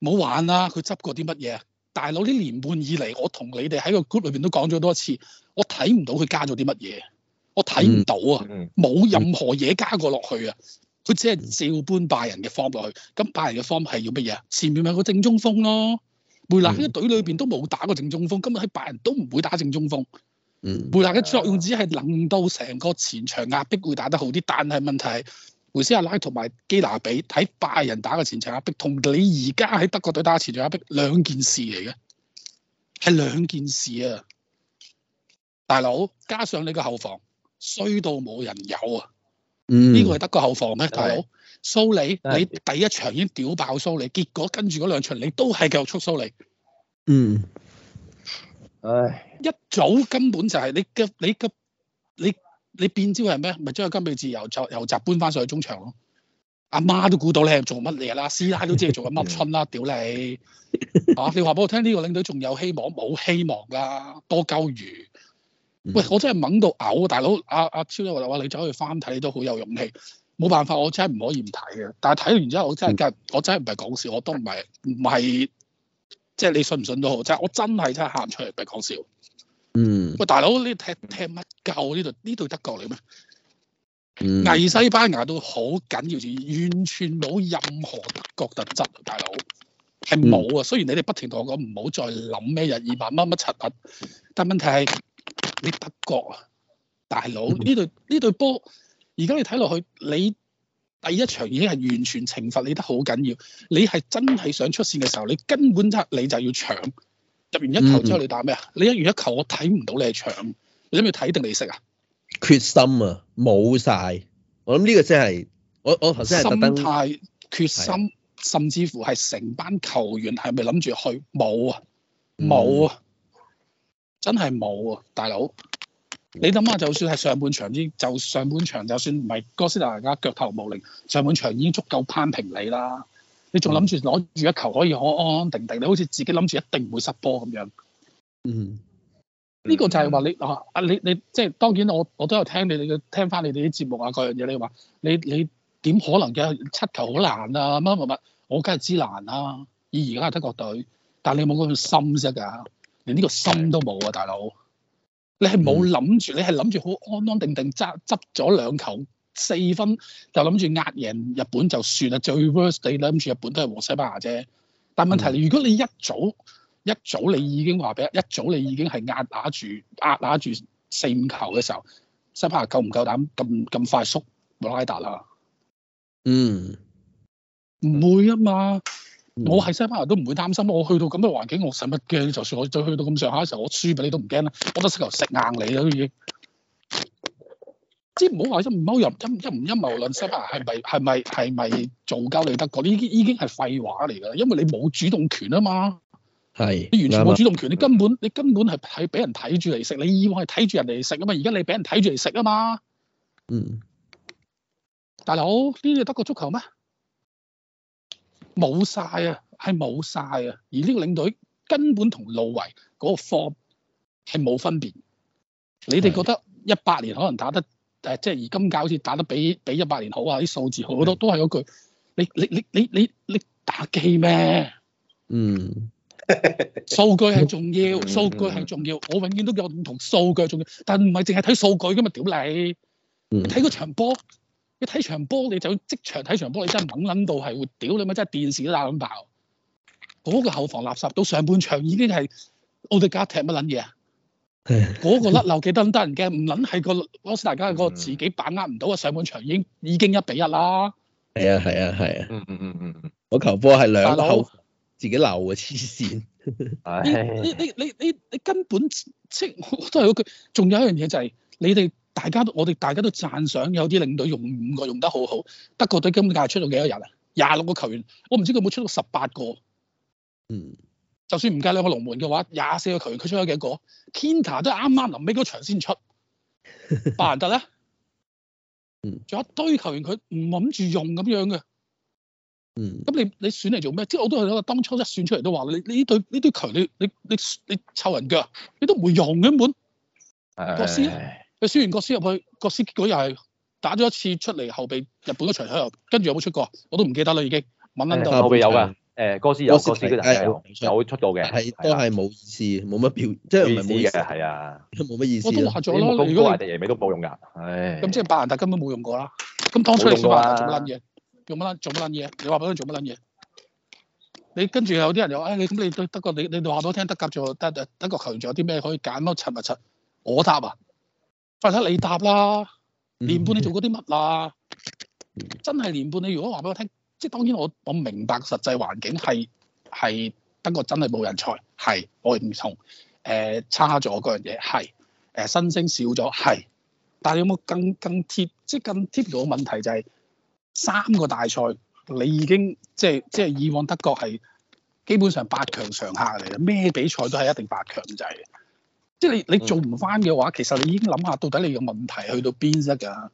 冇玩啦，佢執過啲乜嘢？大佬，呢年半以嚟，我同你哋喺個 group 裏邊都講咗多次，我睇唔到佢加咗啲乜嘢，我睇唔到啊，冇任何嘢加過落去啊，佢只係照搬拜仁嘅 form 落去。咁拜仁嘅 form 係要乜嘢啊？前面咪個正中鋒咯，梅蘭喺隊裏邊都冇打過正中鋒，今日喺拜仁都唔會打正中鋒。梅蘭嘅作用只係令到成個前場壓迫會打得好啲，但係問題係。維斯阿拉同埋基拿比喺拜仁打嘅前場壓迫，同你而家喺德國隊打嘅前場壓迫，兩件事嚟嘅，係兩件事啊，大佬，加上你嘅後防衰到冇人有啊，呢、嗯、個係德國後防咩大佬？蘇你，你第一場已經屌爆蘇你，結果跟住嗰兩場你都係繼續促蘇你，嗯，唉、哎，一早根本就係你你嘅你。你你變招係咩？咪將個金幣自由就由閘搬翻上去中場咯。阿媽都估到你係做乜嘢啦。師奶都知你做緊乜春啦！屌 你啊！你話俾我聽，呢、呢個領隊仲有希望？冇希望啦、啊，多鳩餘。喂，我真係懵到嘔，大佬，阿阿超都話你走去翻睇，你都好有勇氣。冇辦法，我真係唔可以唔睇嘅。但係睇完之後我，我真係今我真係唔係講笑，我都唔係唔係即係你信唔信都好，真係我真係真係喊出嚟，唔係講笑。嗯，喂，大佬，你踢踢乜球？呢對呢對德國嚟咩？危、嗯、西班牙都好緊要住，完全冇任何德國特質，大佬係冇啊。雖然你哋不停同我講唔好再諗咩日耳曼乜七物，但問題係你德國啊，大佬呢、嗯、對呢對波，而家你睇落去，你第一場已經係完全懲罰你得好緊要。你係真係想出線嘅時候，你根本真你就要搶。入完一球之後你打咩啊？嗯、你一完一球我睇唔到你係場，你諗住睇定你息啊？決心啊，冇晒！我諗呢個真、就、係、是、我我頭先係覺得決心，是甚至乎係成班球員係咪諗住去冇啊？冇啊！嗯、真係冇啊，大佬！你諗下，就算係上半場先，就上半場就算唔係哥斯達黎加腳頭無靈，上半場已經足夠攀平你啦。你仲諗住攞住一球可以好安安定定，你好似自己諗住一定唔會失波咁樣。嗯、mm，呢、hmm. 個就係話你啊，啊你你即係、就是、當然我，我我都有聽你你聽翻你哋啲節目啊，各樣嘢。你話你你點可能嘅七球好難啊？乜乜乜？我梗係知難啦、啊。而而家係德國隊，但係你冇嗰樣心先得噶，連呢個心都冇啊，大佬。你係冇諗住，mm hmm. 你係諗住好安安定定執執咗兩球。四分就諗住壓贏日本就算啦，最 worst 你諗住日本都係和西班牙啫。但問題係如果你一早一早你已經話俾一早你已經係壓打住壓打住四五球嘅時候，西班牙夠唔夠膽咁咁快速莫拉達啊？嗯，唔會啊嘛，我係西班牙都唔會擔心，我去到咁嘅環境我使乜驚？就算我再去到咁上下嘅時候，我輸俾你都唔驚啦，我得識球食硬你啦已經。即係唔好話陰謀論，陰唔陰謀論，西班牙係咪係咪係咪做鳩你德國？呢啲已經係廢話嚟㗎，因為你冇主動權啊嘛。係是。你完全冇主動權，是你根本是你根本係睇俾人睇住嚟食，你以往係睇住人哋食啊嘛，而家你俾人睇住嚟食啊嘛。嗯。大佬，呢啲德國足球咩？冇晒啊，係冇晒啊！而呢個領隊根本同路維嗰個 form 係冇分別。你哋覺得一八年可能打得？誒，即係而今屆好似打得比比一八年好啊！啲數字好多，多都係嗰句，你你你你你你打機咩？嗯。數據係重要，數據係重要，我永遠都有唔同數據重要，但唔係淨係睇數據噶嘛？屌你！睇嗰場波，你睇場波，你就即場睇場波，你真係猛撚到係會屌你咪真係電視都打撚爆。嗰、嗰個後防垃圾到上半場已經係奧迪加踢乜撚嘢啊！嗰 個甩漏嘅得唔得人驚？唔捻係個羅斯、嗯、大家個自己把握唔到啊！上半場已經已經一比一啦。係啊係啊係啊！嗯嗯嗯嗯，嗯嗯我球波係兩後弟弟自己漏嘅黐線。唉， 你你你你你根本即、就是、都係嗰句。仲有一樣嘢就係、是，你哋大家都我哋大家都讚賞，有啲領隊用五個用得好好。德國隊今屆出咗幾多人？啊？廿六個球員，我唔知佢會唔會出到十八個。嗯。就算唔計兩個龍門嘅話，廿四個球員佢出咗幾多個 k e n 都啱啱臨尾嗰場先出，白蘭特咧？嗯，仲有一堆球員佢唔諗住用咁樣嘅，嗯， 咁你你選嚟做咩？即係我都係喺當初一選出嚟都話啦，你呢隊呢隊球你你你你湊人腳，你都唔會用嘅本。國師， 你選完國師入去，國師結果又係打咗一次出嚟後備，日本嗰場喺度，跟住有冇出過？我都唔記得啦，已經問到。啊， 後備有噶。誒歌詩有歌詩嗰陣有出到嘅，係都係冇意思，冇乜表，即係唔係冇意思嘅，係啊，冇乜意思。我都話咗咯，你如果話第 year 尾都冇用嘅，唉，咁即係白萬大根本冇用過啦。咁當初你話做乜撚嘢？做乜撚做乜撚嘢？你話俾佢做乜撚嘢？你跟住有啲人又誒，你咁你對德國你你話俾我聽德甲仲得德國球員仲有啲咩可以揀咯？七咪七，我答啊，快啲睇你答啦。年半你做過啲乜啊？真係年半你如果話俾我聽。即係當然我，我我明白實際環境係係德國真係冇人才，係我認同。誒、呃、差咗嗰樣嘢，係誒新星少咗，係。但係有冇更更貼，即係更貼到嘅問題就係、是、三個大賽，你已經即係即係以往德國係基本上八強上下嚟嘅，咩比賽都係一定八強就係。即係你你做唔翻嘅話，其實你已經諗下到底你嘅問題去到邊先得㗎？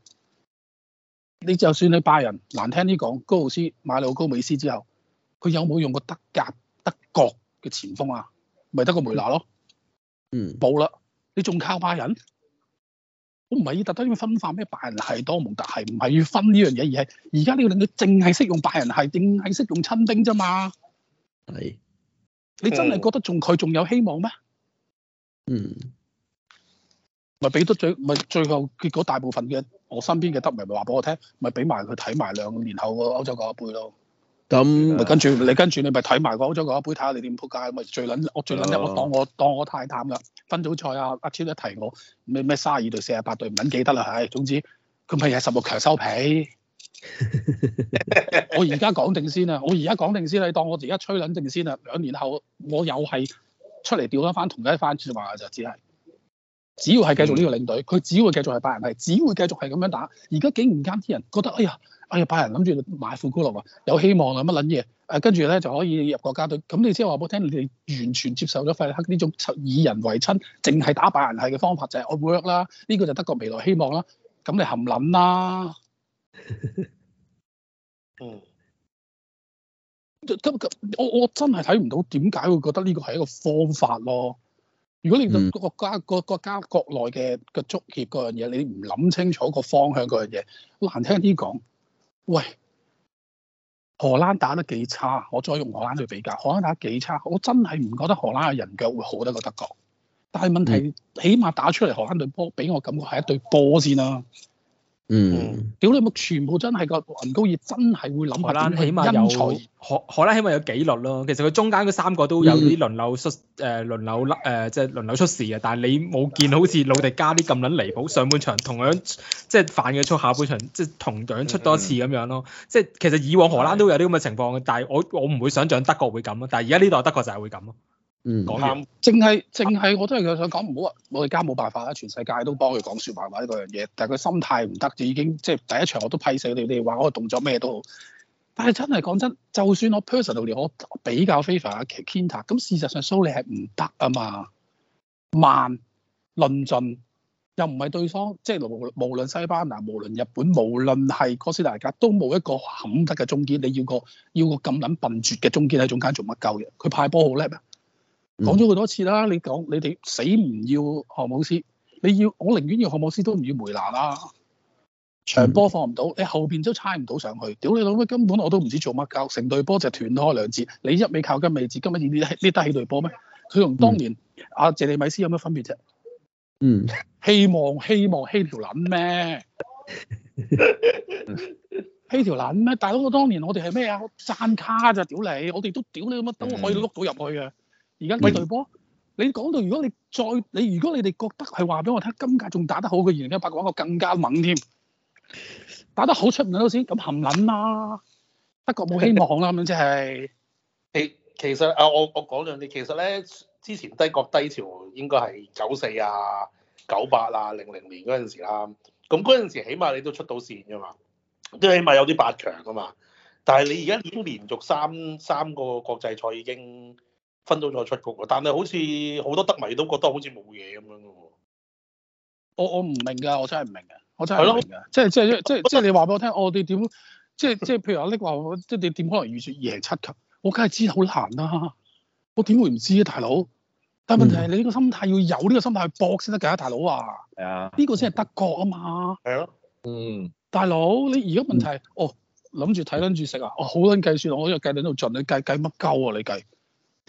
你就算你拜仁難聽啲講，高盧斯馬里奧高美斯之後，佢有冇用過德格、德國嘅前鋒啊？咪得個梅拿咯，嗯，冇啦。你仲靠拜仁？我唔係要特登要分化咩拜仁係多蒙特係，唔係要分呢樣嘢，而係而家你要令佢淨係識用拜仁係，淨係識用親兵啫嘛。係。你真係覺得仲佢仲有希望咩？嗯，嗯。咪俾得最咪最後結果大部分嘅我身邊嘅德迷咪話俾我聽咪俾埋佢睇埋兩年後歐個歐洲國杯咯。咁咪、嗯、跟住、嗯、你跟住你咪睇埋個歐洲國杯睇下你點扑街咪最捻我最捻、哦、我當我當我太淡啦。分組賽啊阿超、哦、一提我咩咩卅二對四十八對唔捻記得啦唉總之佢咪又係十六強收皮。 我而家講定先啊我而家講定先你當我而家吹捻定先啊兩年後我又係出嚟釣一翻同一番說話就只係。只要係繼續呢個領隊，佢只會繼續係拜仁系，只會繼續係咁樣打。而家竟然間啲人覺得，哎呀，哎呀，拜仁諗住買庫庫洛，有希望啦乜撚嘢？誒、啊，跟住咧就可以入國家隊。咁你即係話俾我聽，你哋完全接受咗費利克呢種以人為親，淨係打拜仁系嘅方法就係、是、work 啦。呢、這個就德國未來希望啦。咁你含撚啦？嗯。 我我真係睇唔到點解會覺得呢個係一個方法咯？如果你個國家個國家國內嘅個足協嗰樣嘢，你唔諗清楚個方向嗰樣嘢，好難聽啲講。喂，荷蘭打得幾差？我再用荷蘭去比較，荷蘭打得幾差？我真係唔覺得荷蘭嘅人腳會好得過德國。但係問題，嗯、起碼打出嚟荷蘭隊波，俾我感覺係一隊波先啦、啊。嗯，屌你！全部真係個雲高爾真係會諗荷蘭起碼有荷荷蘭起碼有紀律咯。其實佢中間嗰三個都有啲輪流出，誒、嗯呃、輪流誒即係輪流出事啊。但係你冇見好似魯迪加啲咁撚離譜，上半場同樣即係、就是、犯嘅錯，下半場即係同樣出多次咁樣咯。即係、嗯嗯、其實以往荷蘭都有啲咁嘅情況，但係我我唔會想象德國會咁咯。但係而家呢度德國就係會咁咯。嗯，講啱。淨係淨係，我都係想講唔好啊！我哋家冇辦法啦，全世界都幫佢講說話話呢個樣嘢。但係佢心態唔得，就已經即係第一場我都批死你。你話嗰個動作咩都好，但係真係講真，就算我 personal 嚟，我比較 favor 阿 Kinta。咁事實上 S、So，你係唔得啊嘛，慢論進又唔係對方，即係無論西班牙、無論日本、無論係哥斯達黎加，都冇一個肯得嘅中堅。你要個要個咁撚笨拙嘅中堅喺中間做乜鳩嘅？佢派波好叻咩？嗯、講咗好多次啦！你講你哋死唔要何慕斯，你要我寧願要何慕斯都唔要梅拿啦、啊。場波放唔到，你後邊都猜唔到上去。屌你老味，根本我都唔知做乜鳩，成隊波就斷開兩截。你一味靠近位置，根本你你得起隊波咩？佢同當年阿、嗯啊、謝利米斯有乜分別啫？嗯，希望希望希條撚咩？希條撚咩？ 大佬，我當年我哋係咩啊？攢卡咋？屌你！我哋都屌你咁樣都可以碌到入去嘅。而家呢隊波，你講到如果你再你如果你哋覺得係話畀我聽，今屆仲打得好嘅二零一八個話更加猛添，打得好出唔到線，咁含撚啦，德國冇希望啦，咁樣即係。其其實啊，我我講兩點，其實咧之前低國低潮應該係九四啊、九八啊、零零年嗰陣時啦，咁嗰陣時起碼你都出到線㗎嘛，即係起碼有啲八強㗎嘛。但係你而家已經連續三三個國際賽已經。分到再出局啊！但係好似好多德迷都覺得好似冇嘢咁樣噶喎。我我唔明噶，我真係唔明啊！我真係唔明噶的，即係 即係即係、哦、即係你話俾我聽，我哋點即係即係譬如阿 Nick 話， 即係你點可能遇住贏七級？我梗係知好難啊，我點會唔知啊，大佬？但係問題係你呢個心態要有呢個心態搏先得噶，大佬啊！係啊的，呢個先係德國啊嘛。係咯的。嗯。大佬，你而家問題係，哦，諗住睇跟住食啊！哦，好捻計算，我呢度計你度盡，你計計乜鳩啊？你計？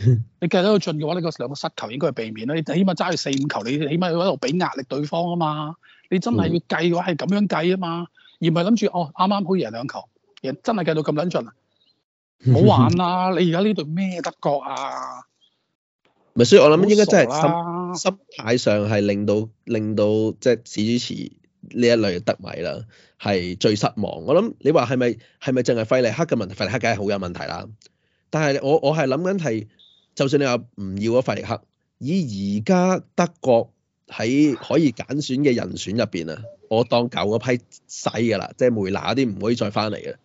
你計到咁盡嘅話，你個兩個失球應該係避免啦。你起碼揸住四五球，你起碼要喺度俾壓力對方啊嘛。你真係要計嘅話，係咁樣計啊嘛，而唔係諗住哦啱啱好以贏兩球，真係計到咁捻盡，啊？好玩啊！你而家呢隊咩德國啊？咪 所以我諗應該真係心 心態上係令到令到即係史主持呢一類嘅德迷啦，係最失望。我諗你話係咪係咪淨係費利克嘅問題？費利克梗係好有問題啦。但係我我係諗緊係。就算你話唔要咗費力克，以而家德國喺可以揀選嘅人選入邊啊，我當舊嗰批使㗎啦，即係梅拿啲唔可以再翻嚟嘅。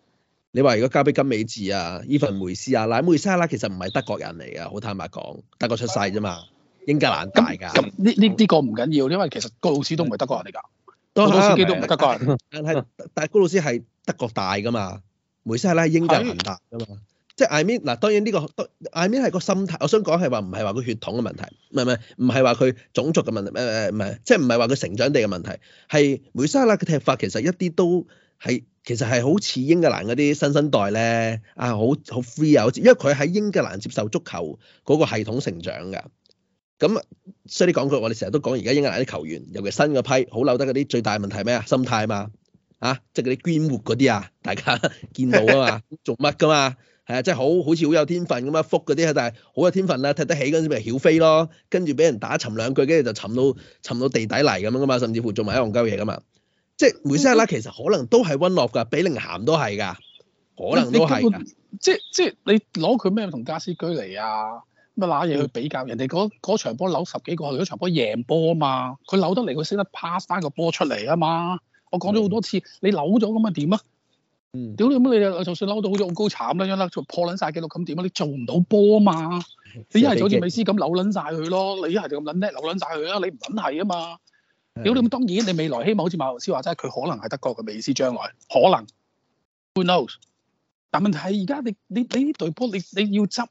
你話如果交俾金美治啊、伊份梅斯啊、拉梅沙拉，拉其實唔係德國人嚟嘅，好坦白講，德國出世啫嘛，英格蘭大㗎。咁呢呢呢個唔緊要，因為其實高老師都唔係德國人嚟㗎， 高老師基都唔係德國人，但係但係高老師係德國大㗎嘛，梅沙拉係英格蘭大㗎嘛。 即係 I mean 嗱，當然呢個 I mean 係個心態。我想講係話唔係話佢血統嘅問題，唔係唔係唔係話佢種族嘅問題，誒誒唔係，即係唔係話佢成長地嘅問題。係梅沙拉嘅踢法其實一啲都係其實係好似英格蘭嗰啲新生代咧啊，好好 free 啊，好似因為佢喺英格蘭接受足球嗰個系統成長㗎。咁所以你講句話，我哋成日都講而家英格蘭啲球員，尤其新嗰批好扭得嗰啲最大嘅問題咩啊？心態嘛啊，即係嗰啲 Greenwood 嗰啲啊，大家見到啊嘛， 做乜㗎嘛？係啊，即係好好似好有天分咁啊，福嗰啲但係好有天分啦，踢得起嗰陣時咪曉飛咯，跟住俾人打沉兩句，跟住就沉到沉到地底嚟咁樣噶嘛，甚至乎做埋一籮鳩嘢噶嘛。即係梅西拉其實可能都係溫諾噶，比凌鹹都係噶，可能都係、嗯嗯、即係即係你攞佢咩同加斯居嚟啊？乜揦嘢去比較？人哋嗰、那個、場波扭十幾個，嗰場波贏波啊嘛。佢扭得嚟，佢識得 pass 翻個波出嚟啊嘛。我講咗好多次，嗯、你扭咗咁啊點啊？屌你咁你就算扭到好似好高慘啦樣啦，就破捻晒紀錄咁點啊？你做唔到波啊嘛？你一係就好似美斯咁扭捻晒佢咯，你一係就咁捻叻扭捻晒佢啦，你唔捻係啊嘛？屌你咁當然，你未來希望好似馬豪斯話齋，佢可能係德國嘅美斯，將來可能，Who knows？但問題係而家你你你呢隊波你你要執，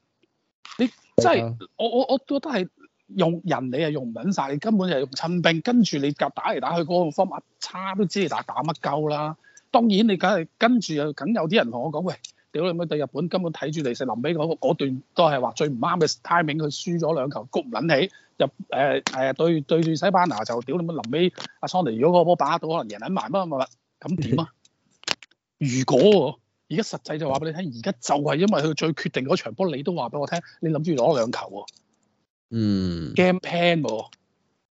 你即係吧我我我覺得係用人你又用唔捻晒，你根本就係用親兵，跟住你夾打嚟打去嗰個方法，差都知你打打乜鳩啦。當然你梗係跟住又梗有啲人同我講，喂，屌你咪對日本根本睇住嚟，成臨尾嗰段都係話最唔啱嘅，Timing 佢輸咗兩球，谷唔撚起入誒誒對對住西班牙就屌你咪臨尾阿桑尼如果個波把握到，可能贏撚埋乜乜乜咁點啊？ 如果而家實際就話俾你聽，而家就係因為佢最決定嗰場波，你都話俾我聽，你諗住攞兩球喎、嗯、game plan 喎、嗯，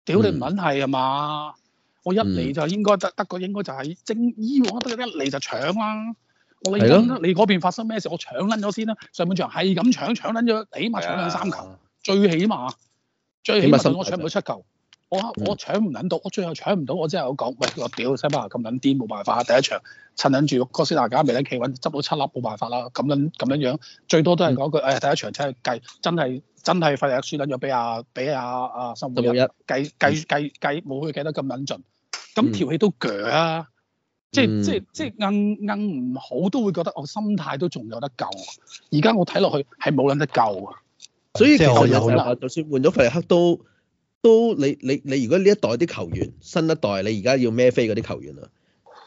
屌你唔撚係係嘛？我一嚟就應該得，德國應該就係正醫，伊朗一嚟就搶啦、啊。我是、啊、你講你嗰邊發生咩事？我搶撚咗先啦、啊。上半場係咁搶搶撚咗，起碼搶兩三球。最起碼，最起碼，最起碼我搶唔到七球，我我搶唔撚到，我最後搶唔到，我之後講。喂，我屌西班牙咁撚癲，冇辦法啊！第一場趁撚住哥斯達加未撚企穩，執到七粒，冇辦法啦。咁樣咁樣樣，最多都係講句誒，第一場真係計，真係真係費力輸撚咗俾阿俾阿阿森。六一、啊啊、計計計計冇佢計，計，計，計得咁撚盡。咁、嗯、條氣都鋸啊！即係即係即係奀奀唔好，都會覺得我心態都仲有得救、啊。而家我睇落去係冇撚得救。啊，嗯、所以其實、嗯、就係就算換咗弗里克都都你你你，你你你如果呢一代啲球員，新一代你而家要孭飛嗰啲球員啊？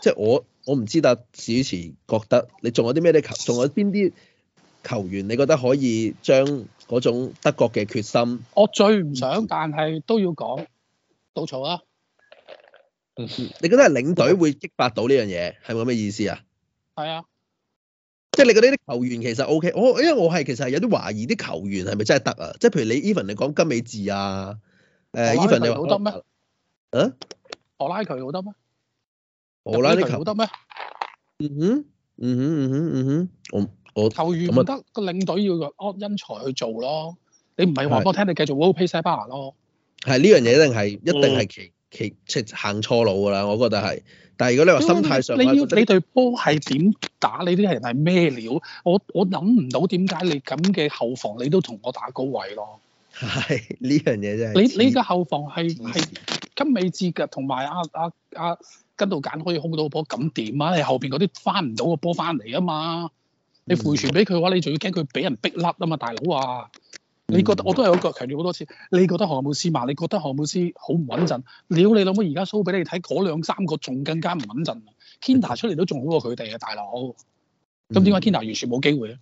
即、就、係、是、我我唔知，但係史主持覺得你仲有啲咩啲球，仲有邊啲球員，你覺得可以將嗰種德國嘅決心？我最唔想，但係都要講，吐槽啊！你覺得係領隊會激發到呢樣嘢，係咪咁嘅意思是啊？係啊，即係你覺得啲球員其實 O K，我因為我係其實係有啲懷疑啲球員係咪真係得啊？即係譬如你 Even 你講金美智啊，誒、呃、Even 你話好得咩？啊？何拉佢好得咩？何拉你球得咩？嗯哼，嗯哼，嗯哼，嗯哼，我我球員唔得，個領隊要用挖人才去做咯。你唔係話我是聽你繼續 load pay 西班牙咯？係呢樣嘢一定係一定係奇。嗯其即行錯路㗎啦，我覺得係。但係如果你話心態上，你，你要你，你對波係點打？你啲人係咩料？我我諗唔到點解你咁嘅後防你都同我打高位咯。係呢樣嘢啫。係。你你嘅後防係係金美至嘅，同埋啊啊啊根度簡可以控到波咁點啊？你後邊嗰啲翻唔到個波翻嚟啊嘛？你回傳俾佢嘅話，你仲要驚佢俾人逼甩啊嘛，大佬啊！你覺得我都係有個強調好多次。你覺得何姆斯嘛？你覺得何姆斯好唔穩陣。屌你老母，而家 show 俾你睇嗰兩三個仲更加唔穩陣。Kenta 出嚟都仲好過佢哋啊，大佬。咁點解 Kenta 完全冇機會咧？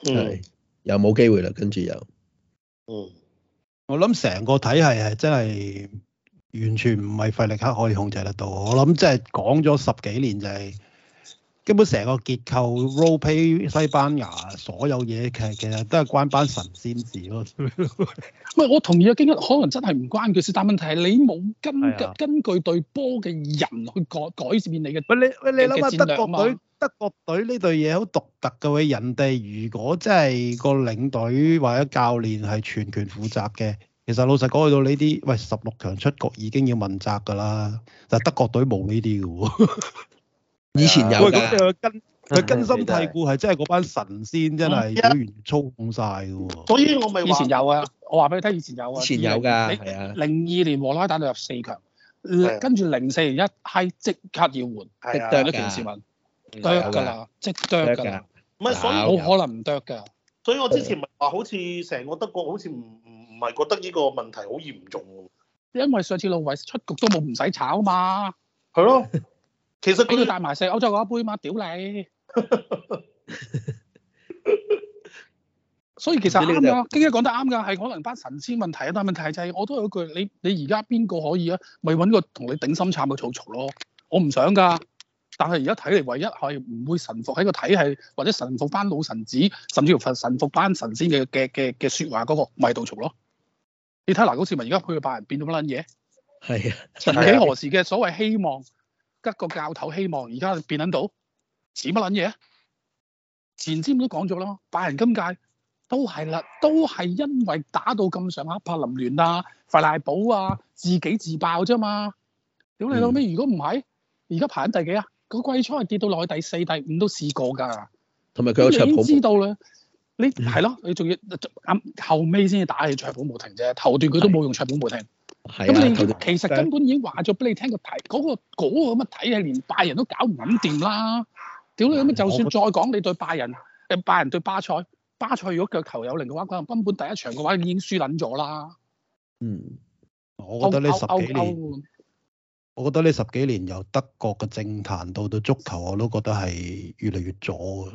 係又冇機會啦，跟住又。嗯，我諗成個體系係真係完全唔係費力克可以控制得到。我諗即係講咗十幾年就係、是。根本成個結構 r a 西班牙所有嘢，其實其實都係關班神仙事咯。唔 我同意啊，今日可能真係唔關佢事，但問題係你冇、啊、根據根據隊波嘅人去改改善你嘅你戰略啊嘛德隊。德國隊德國隊呢對嘢好獨特嘅喎，人哋如果真係個領隊或者教練係全權負責嘅，其實老實講去到呢啲，喂十六強出局已經要問責㗎啦。但德國隊冇呢啲嘅喎。 以前有喂，咁佢跟佢根深蒂固係真係嗰班神仙真係有完操控晒噶，所以我咪以前有啊，我話俾你聽以前有啊，以前有噶係啊，零二年和拉打到入四強，跟住零四年一嗨即刻要換，即啄啲電視民，都有噶啦，即啄噶，唔係所以好可能唔啄噶，所以我之前咪話好似成個德國好似唔唔係覺得呢個問題好嚴重，因為上次路維出局都冇唔使炒嘛，係咯。其實俾、那、佢、個、帶埋四歐洲嗰一杯嘛，屌你！ 所以其實啱噶，京一講得啱噶，係可能班神仙問題啊。但問題就係，我都有一句，你你而家邊個可以啊？咪揾個同你頂心插個草草咯。我唔想噶，但係而家睇嚟，唯一係唔會臣服喺個體系，或者臣服班老臣子，甚至乎臣服班神仙嘅嘅嘅嘅説話嗰、那個，咪係道藏咯。你睇嗱嗰次文，而家佢個拜仁變到乜撚嘢？係啊，曾幾何時嘅所謂希望？吉個教頭希望而家變捻到，似乜捻嘢啊？前瞻都講咗啦，拜仁今屆都係啦，都係因為打到咁上下柏林聯啊、費拉堡啊，自己自爆啫嘛。屌你老味，嗯、如果唔係，而家排緊第幾啊？個季初係跌到落去第四、第五都試過噶。同埋佢有卓普、嗯。你已經知道啦，你係咯，你仲要後尾先至打起卓普無停啫，頭段佢都冇用卓普無停。咁你、啊、其實根本已經話咗俾你聽、啊、個題嗰個嗰咁嘅睇，係連拜仁都搞唔撚掂啦！屌你咁啊！就算再講你對拜仁，誒拜仁對巴塞，巴塞如果腳球有靈嘅話，可能根本，本第一場嘅話已經輸撚咗啦。嗯，我覺得呢十幾年，歐歐歐歐我覺得呢十幾年由德國嘅政壇到到足球，我都覺得係越嚟越左嘅，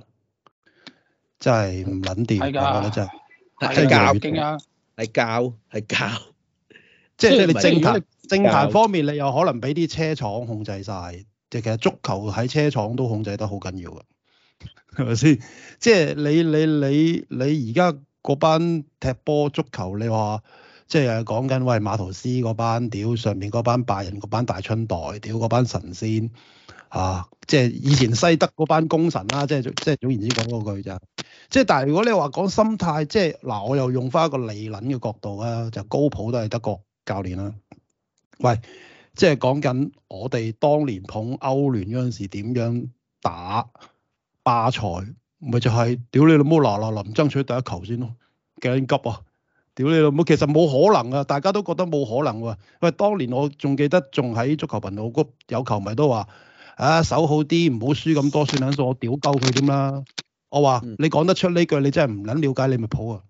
真係唔撚掂。係㗎、啊，真係係教係教係教。即係你政壇，政壇方面你又可能俾啲車廠控制晒。即係其實足球喺車廠都控制得好緊要嘅，係咪先？即係你你你你而家嗰班踢波足球，你話即係講緊喂馬圖斯嗰班屌上面嗰班拜仁嗰班大春代屌嗰班神仙啊！即係以前西德嗰班功臣啦，即係即係總言之講嗰句咋。即係但係如果你話講心態，即係嗱我又用翻一個理論嘅角度啊，就高普都係德國。教練啦、啊，喂，即係講緊我哋當年捧歐聯嗰陣時，點樣打巴塞？咪就係、是、屌你老母嗱嗱臨，爭取第一球先咯，幾緊急啊！屌你老母，其實冇可能啊，大家都覺得冇可能喎、啊。喂，當年我仲記得，仲喺足球頻道嗰有球迷都話，啊，守好啲，唔好輸咁多，算數。我屌鳩佢點啦？我話你講得出呢句，你真係唔捻了解，你咪抱啊！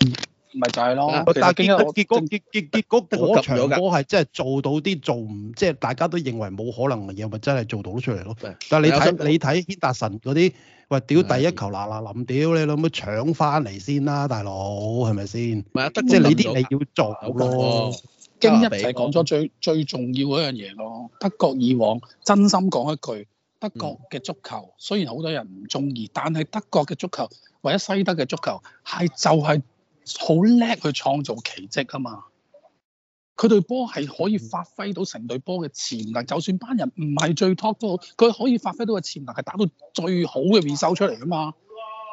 嗯咪就係咯，但係結結果結結結果嗰場波係真係做到啲做唔即係大家都認為冇可能嘅嘢，咪真係做到出嚟咯。但係你睇你睇希達神嗰啲，喂屌第一球嗱嗱臨，屌你老母搶翻嚟先啦，大佬係咪先？唔係啊，即係你啲你要做到咯。京一齊講咗最最重要嗰樣嘢咯。德國以往真心講一句，德國嘅足球雖然好多人唔中意，但係德國嘅足球或者西德嘅足球係就係。好叻去創造奇蹟啊嘛！佢隊波係可以發揮到成隊波嘅潛能，就算班人唔係最 top 都好，佢可以發揮到個潛能，係打到最好嘅防守出嚟啊嘛！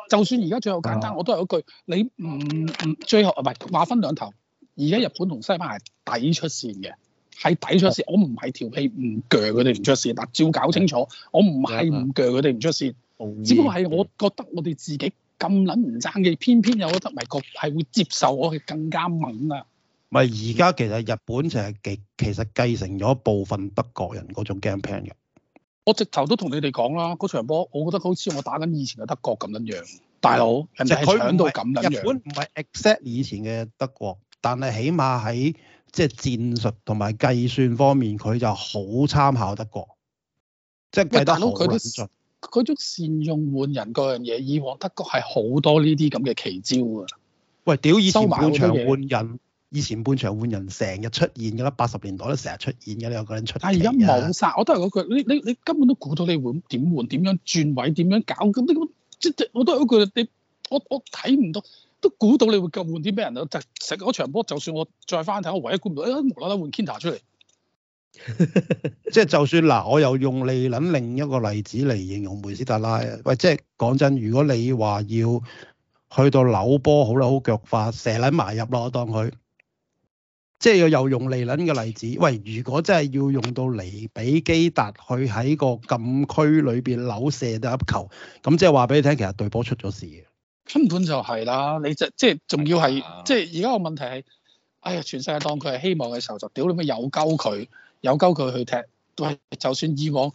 就算而家最後簡單，啊、我都係嗰句，你唔唔最後啊？唔係話分兩頭，而家日本同西班牙係抵出線嘅，係抵出線。啊、我唔係調戲唔鋸佢哋唔出線，嗱照搞清楚，啊、我唔係唔鋸佢哋唔出線，啊、只不過係我覺得我哋自己。咁撚唔爭嘅，偏偏有得咪個係會接受我嘅更加猛啊！咪而家其實日本就係繼其實繼承咗部分德國人嗰種 game plan 嘅。我直頭都同你哋講啦，嗰場波我覺得好似我打緊以前嘅德國咁樣。大佬，人哋係搶到咁樣。日本唔係 except 以前嘅德國，但係起碼喺即係戰術同埋計算方面，佢就好參考德國，即係計得好穩嗰種善用換人嗰樣嘢，以往德國係好多呢啲咁嘅奇招啊！喂，屌以前半場換人，以前半場換人成日出現噶啦，八十年代都成日出現噶，你有個人出、啊。但係而家冇曬，我都係嗰句，你你你根本都估到你會點換、點樣轉位、點樣搞咁你咁，即係我都係嗰句，你我我睇唔到，都估到你會夠換啲咩人咯？就成嗰場波，就算我再翻睇，我唯一估唔到，哎呀，無啦啦換 Kinta 出嚟。 即係就算嗱，我又用利捻另一個例子嚟形容梅斯特拉。喂，即係講真，如果你話要去到扭波好啦，好腳法射捻埋入咯，當佢即係又用利捻嘅例子。喂，如果真係要用到利比基達，去喺個禁區裏邊扭射得入球，咁、呃、即係話俾你聽，其實隊波出咗事嘅。根本就係啦，你即即係仲要係、啊、即係而家個問題係，哎呀，全世界當佢係希望嘅時候，就屌你咪有鳩佢。有鳩佢去踢，都係就算以往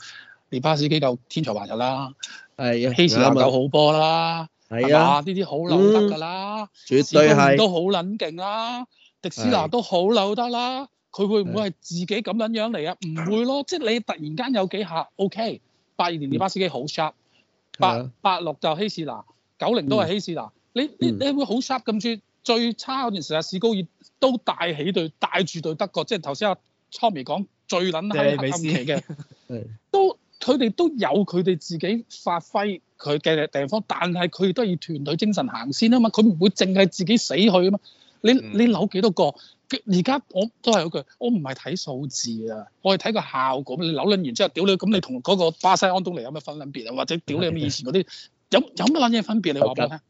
列巴斯基夠天才還入啦，係希士拿好波啦，係啊呢啲好扭得㗎啦，主隊都好撚勁，勁啦，嗯、迪斯拿都好扭得啦，佢、嗯、會唔會係自己咁樣樣嚟啊？唔會咯，即係你突然間有幾下 OK，八二年列巴斯基好 sharp，八八六就希士拿，九零都係希士拿，你你你會好 sharp 咁住，最差嗰段時間史高爾都帶起隊帶住隊德國，即係頭先阿。Tommy 講最撚係美思期嘅， 都佢哋都有佢哋自己發揮佢嘅地方，但係佢都要團隊精神行先啊嘛。佢唔會淨係自己死去啊嘛。你你扭幾多個？而家我都係嗰句，我唔係睇數字啊，我係睇個效果。你扭撚完之後，屌你咁，你同嗰個巴西安東尼有咩分撚別啊？或者屌你咁以前嗰啲 有有乜撚嘢分別？家你話俾我聽，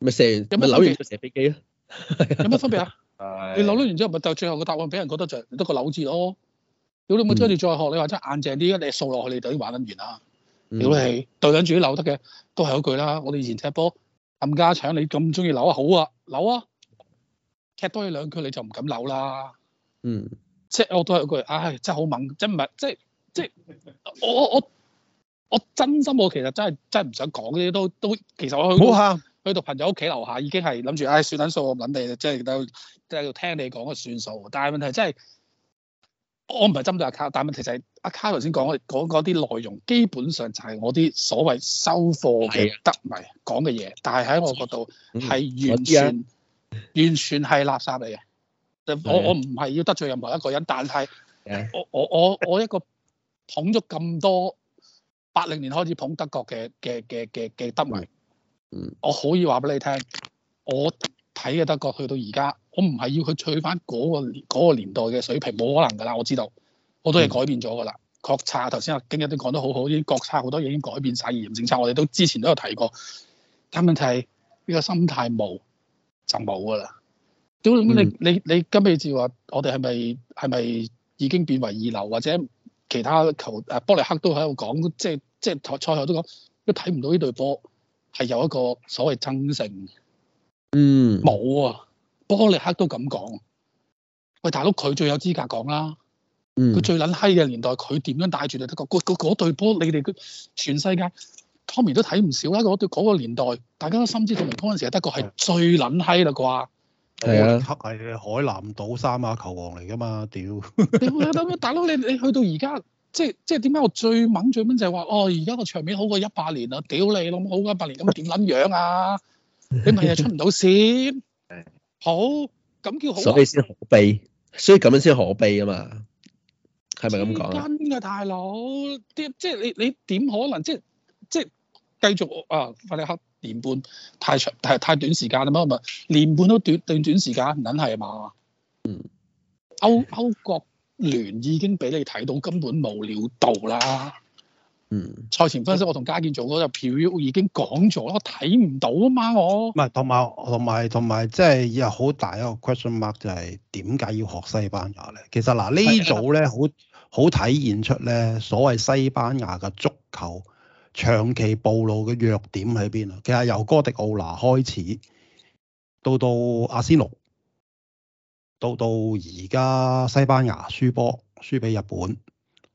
咪射完咪扭完再射飛機啊！是 有乜分別啊？是你扭捻完之後咪就最後個答案俾人覺得就係得個扭字咯。如果你冇將你再學，你話真係硬淨啲，你掃落去你就已玩得完啦。如果是你對緊住啲扭得嘅，都係嗰句啦。我哋以前踢波冚家搶，你咁中意扭啊，好啊，扭啊。踢多你兩句你就唔敢扭啦。嗯。即是係我都係嗰句，唉，真係好猛，真唔係，即係即係我我我,我真心我其實真係真係唔想講呢啲，都都其實我去。好啊。去到朋友屋企樓下，已經係諗住，唉、哎，算捻數，我諗你，即係都喺度聽你講嘅算數。但係問題真係，我唔係針對阿卡，但係問題就係阿卡頭先講嗰啲內容，基本上就係我啲所謂收貨嘅德迷講嘅嘢。但係喺我角度係完全、嗯、完全係垃圾嚟嘅。我我唔係要得罪任何一個人，但係我我我我一個捧咗咁多八零年開始捧德國嘅嘅嘅嘅嘅德迷。我可以話俾你聽，我睇嘅德國去到而家，我唔係要佢取翻嗰個年、嗰個年代嘅水平，冇可能噶啦。我知道好多嘢改變咗噶啦，國策頭先阿京一都講得好好，已啲國策好多嘢已經改變晒，移民政策我哋都之前都有提過。但係問題呢個心態冇就冇噶啦。咁你你你金美志話我哋係咪係咪已經變為二流或者其他球誒？波尼克都喺度講，即係即係賽後都講都睇唔到呢隊波。係有一個所謂爭勝，嗯，冇啊，波利克都咁講，喂大，大佬佢最有資格講啦，嗯，佢最撚閪嘅年代，佢點樣帶住你？德國，個個嗰隊波，你哋全世界，Tommy 都睇唔少啦，嗰對嗰個年代，大家都心知肚明，嗰陣時嘅德國係最撚閪啦啩，係啊的，波利克係海南島三亞球王嚟㗎嘛，屌是的 你話得咩？大佬你你去到而家。即係即係點解我最猛最猛就係話哦，而家個場面好過一百年啦！屌你， 諗好過一百年咁點撚樣啊？你咪又出唔到線。好咁叫好。所以先可悲，所以咁樣先可悲啊嘛。係咪咁講？真㗎，大佬，啲即係你你點可能即係即係繼續啊？法啲黑年半太長，太太短時間啦嘛係咪？年半都短短短時間，撚係嘛？嗯。歐歐國聯已經俾你睇到，根本冇料到啦。嗯。賽前分析我同家健做嗰個評估已經講咗啦，睇唔到啊嘛我。唔係，同埋同埋同埋，即係有好大一個 question mark 就係點解要學西班牙咧？其實嗱、呃、呢組咧，的好好體現出咧所謂西班牙嘅足球長期暴露嘅弱點喺邊啊！其實由哥迪奧拿開始到到阿仙奴。到到而家西班牙輸波輸俾日本，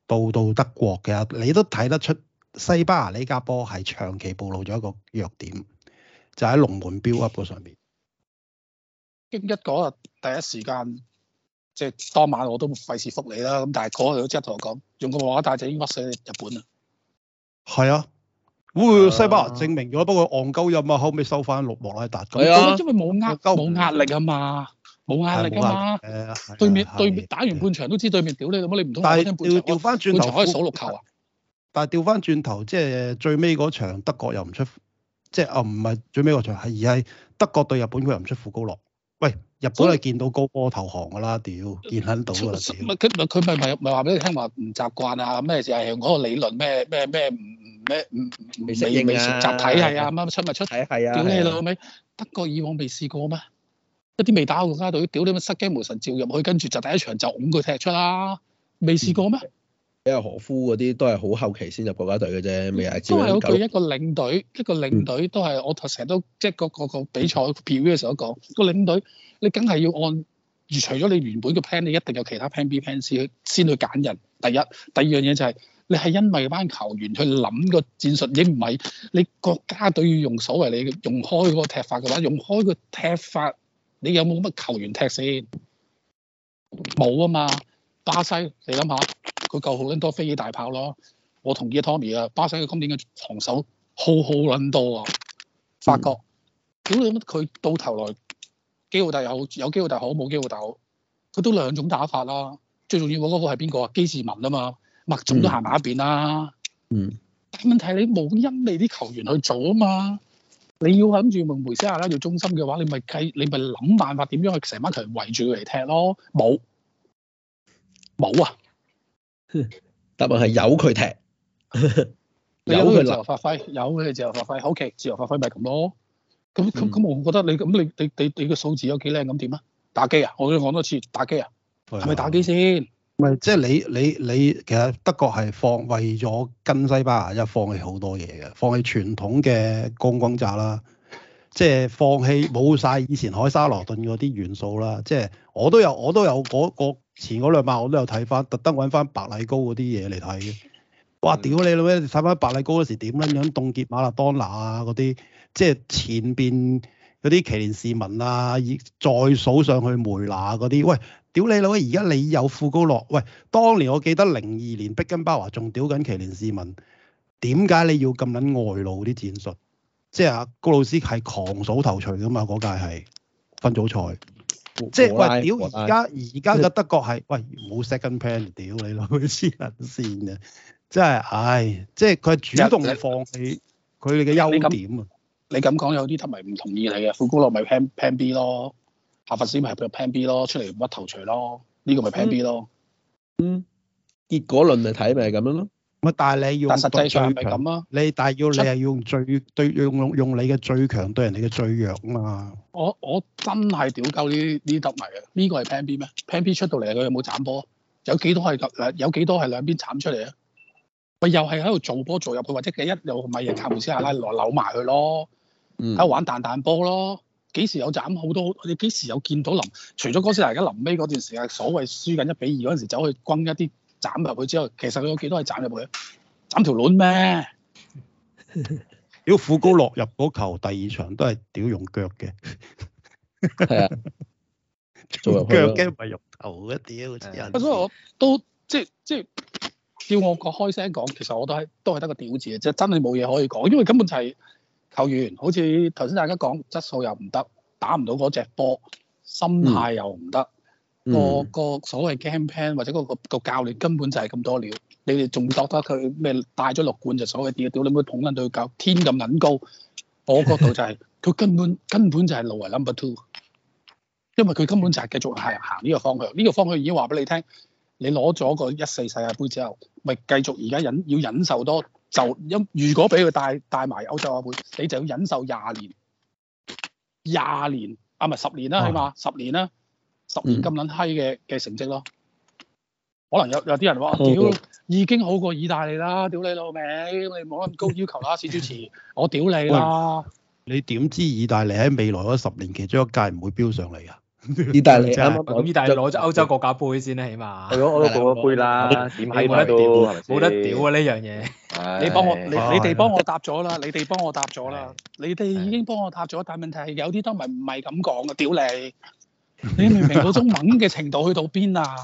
到到德國嘅，你都睇得出西班牙呢家波係長期暴露咗一個弱點，就喺、是、龍門 build up 上面。京一嗰日第一時間，即係當晚我都費事覆你啦。咁但係嗰日都即係同我講，用個娃娃帶就已經屈死日本啦。係啊，會唔會西班牙證明咗，不過戇鳩音啊，可唔可以收翻六莫拉達？係啊，因為冇壓冇壓力啊嘛。冇壓力噶嘛，對面對面打完半場都知對面屌你，咁你唔通掉聽半場可以數六球啊？但係調翻轉頭，即係最尾嗰場德國又唔出，即係啊，唔係最尾嗰場係，而係德國對日本佢又唔出富高洛。喂，日本係見到高波投降噶啦，屌見肯到㗎啦，佢咪佢咪咪咪話俾你聽話唔習慣啊咩事係嗰個理論咩咩咩唔唔咩唔未未熟悉體係啊？啱出咪出體係啊？屌你老味，德國以往未試過咩？一啲未打過國家隊，屌你咪失驚無神照入去，跟住就第一場就咁佢踢出啦，未試過咩？比如何夫嗰啲都係好後期先入國家隊嘅啫，未係。都係嗰佢一個領隊，一個領隊、嗯、都係我成日都即係、就是個個個、個比賽表嘅時候講、個領隊，你梗係要按除咗你原本嘅 plan，你一定有其他 plan B、plan C 去先去揀人。第一，第二樣嘢就係、是、你係因為班球員去諗個戰術，而唔係你國家隊要用所謂你用開嗰個踢法嘅話，用開個踢法。你有冇乜球員踢先？冇啊嘛，巴西，你諗下佢夠好撚多飛機大炮咯。我同意啊，Tommy 啊，巴西佢今年嘅防守好好撚多啊。法國、嗯、屌你乜？佢到頭來機會大又好，有機會大，大好，冇機會大好，佢都兩種打法啦、啊。最重要嗰個係邊個啊？基士文啊嘛，麥總都行埋一邊啦、啊。嗯。但問題你冇因你啲球員去做啊嘛。你要諗住用梅西拉做中心嘅話，你咪計，你咪諗辦法點樣去成班人圍住佢嚟踢咯。冇，冇啊， 答案係由佢踢， 有佢自由發揮，有佢自由發揮，OK，自由發揮咪咁咯，咁咁咁，我覺得你咁你你你你個數字有幾靚咁點啊？打機啊，我再講多次，打機啊，係咪 打機先？唔係，即係你你你，其實德國係放為咗跟西班牙，一放棄好多嘢嘅，放棄傳統嘅轟轟炸啦，即係放棄冇晒以前海沙羅頓嗰啲元素啦。即係我都有，我都有嗰個前嗰兩晚，我都有睇翻，特登揾翻白禮高嗰啲嘢嚟睇嘅。哇！屌你老味，睇翻白禮高嗰時點樣樣凍結馬拉多拿啊嗰啲，即係前邊嗰啲奇連士文啊，再數上去梅拿嗰啲，喂。屌你老！而家你有富高樂？喂，當年我記得零二年碧根巴華仲屌緊奇連士文，點解你要咁撚外露啲戰術？即係啊，高老師係狂數頭槌㗎嘛，嗰屆係分組賽，即係喂屌！而家而家嘅德國係、就是、喂冇 second plan，屌你老！黐撚線啊！即係唉，即係佢係主動放棄佢哋嘅優點啊！你咁講有啲同埋唔同意你啊！富高樂咪 plan plan B 咯。下法先咪係佢 plan B 咯，出嚟屈頭除咯，呢、這個咪 plan B 咯，嗯。嗯，結果論嚟睇咪係咁樣咯。咪但係你要，但實際上係咪咁啊？你但係要你係用最對用用用你嘅最強對人哋嘅最弱啊嘛。我我真係屌鳩呢呢執迷啊！呢、這個係 plan B 咩？plan B 出到嚟佢有冇斬波？有幾多係兩有幾多係兩邊斬出嚟啊？咪又係喺度做波做入去，或者一路咪嘢客唔之下啦，攞扭埋佢咯。喺度玩彈彈波咯。嗯幾時有斬好多？你幾時有見到林？除咗嗰時，大家臨尾嗰段時間，所謂輸緊一比二嗰陣時，走去均一啲斬入去之外，其實佢有幾多係斬入去？斬條卵咩？屌富 高落入嗰球，第二場都係屌用腳嘅。係 啊，用腳嘅唔係用頭嘅屌字人。 所以我都即即叫我講開聲講，其實我都係都係得個屌字嘅，即、就係、真係冇嘢可以講，因為根本就係、係。球員好似頭先大家講質素，又唔得，打唔到嗰隻波，心態又唔得，個個所謂 campaign 或者嗰個個教練根本就係咁多料。你哋仲覺得佢咩帶咗六冠就所謂屌屌，你唔好捧撚到佢搞天咁撚高。我覺得就係佢根本根本就係路為 number two，因為佢根本就係繼續係行呢個方向。呢個方向已經話俾你聽，你攞咗個一四世界盃之後，咪繼續而家忍要忍受多。就因如果俾佢帶帶埋歐洲阿妹，你就要忍受廿年，廿年，廿年，廿年啊咪十年啦起碼，十年啦，十年咁撚閪嘅嘅成績咯。可能有有啲人話：，屌 Okay. 已經好過意大利啦，屌你老命，你冇咁高要求啦，史主持，我屌 你啦。你點知意大利喺未來嗰十年其中一屆唔會飆上嚟啊？意大利就啱啱，意大利攞咗歐洲國家杯先啦，起碼。係咯，歐洲國家杯啦，冇得屌啊呢樣嘢！你幫我，你哋幫我答咗啦，你哋幫我答咗啦，你哋已經幫我答咗，但係問題係有啲都唔係唔係咁講嘅，屌你！你明唔明嗰種猛嘅程度去到邊啊？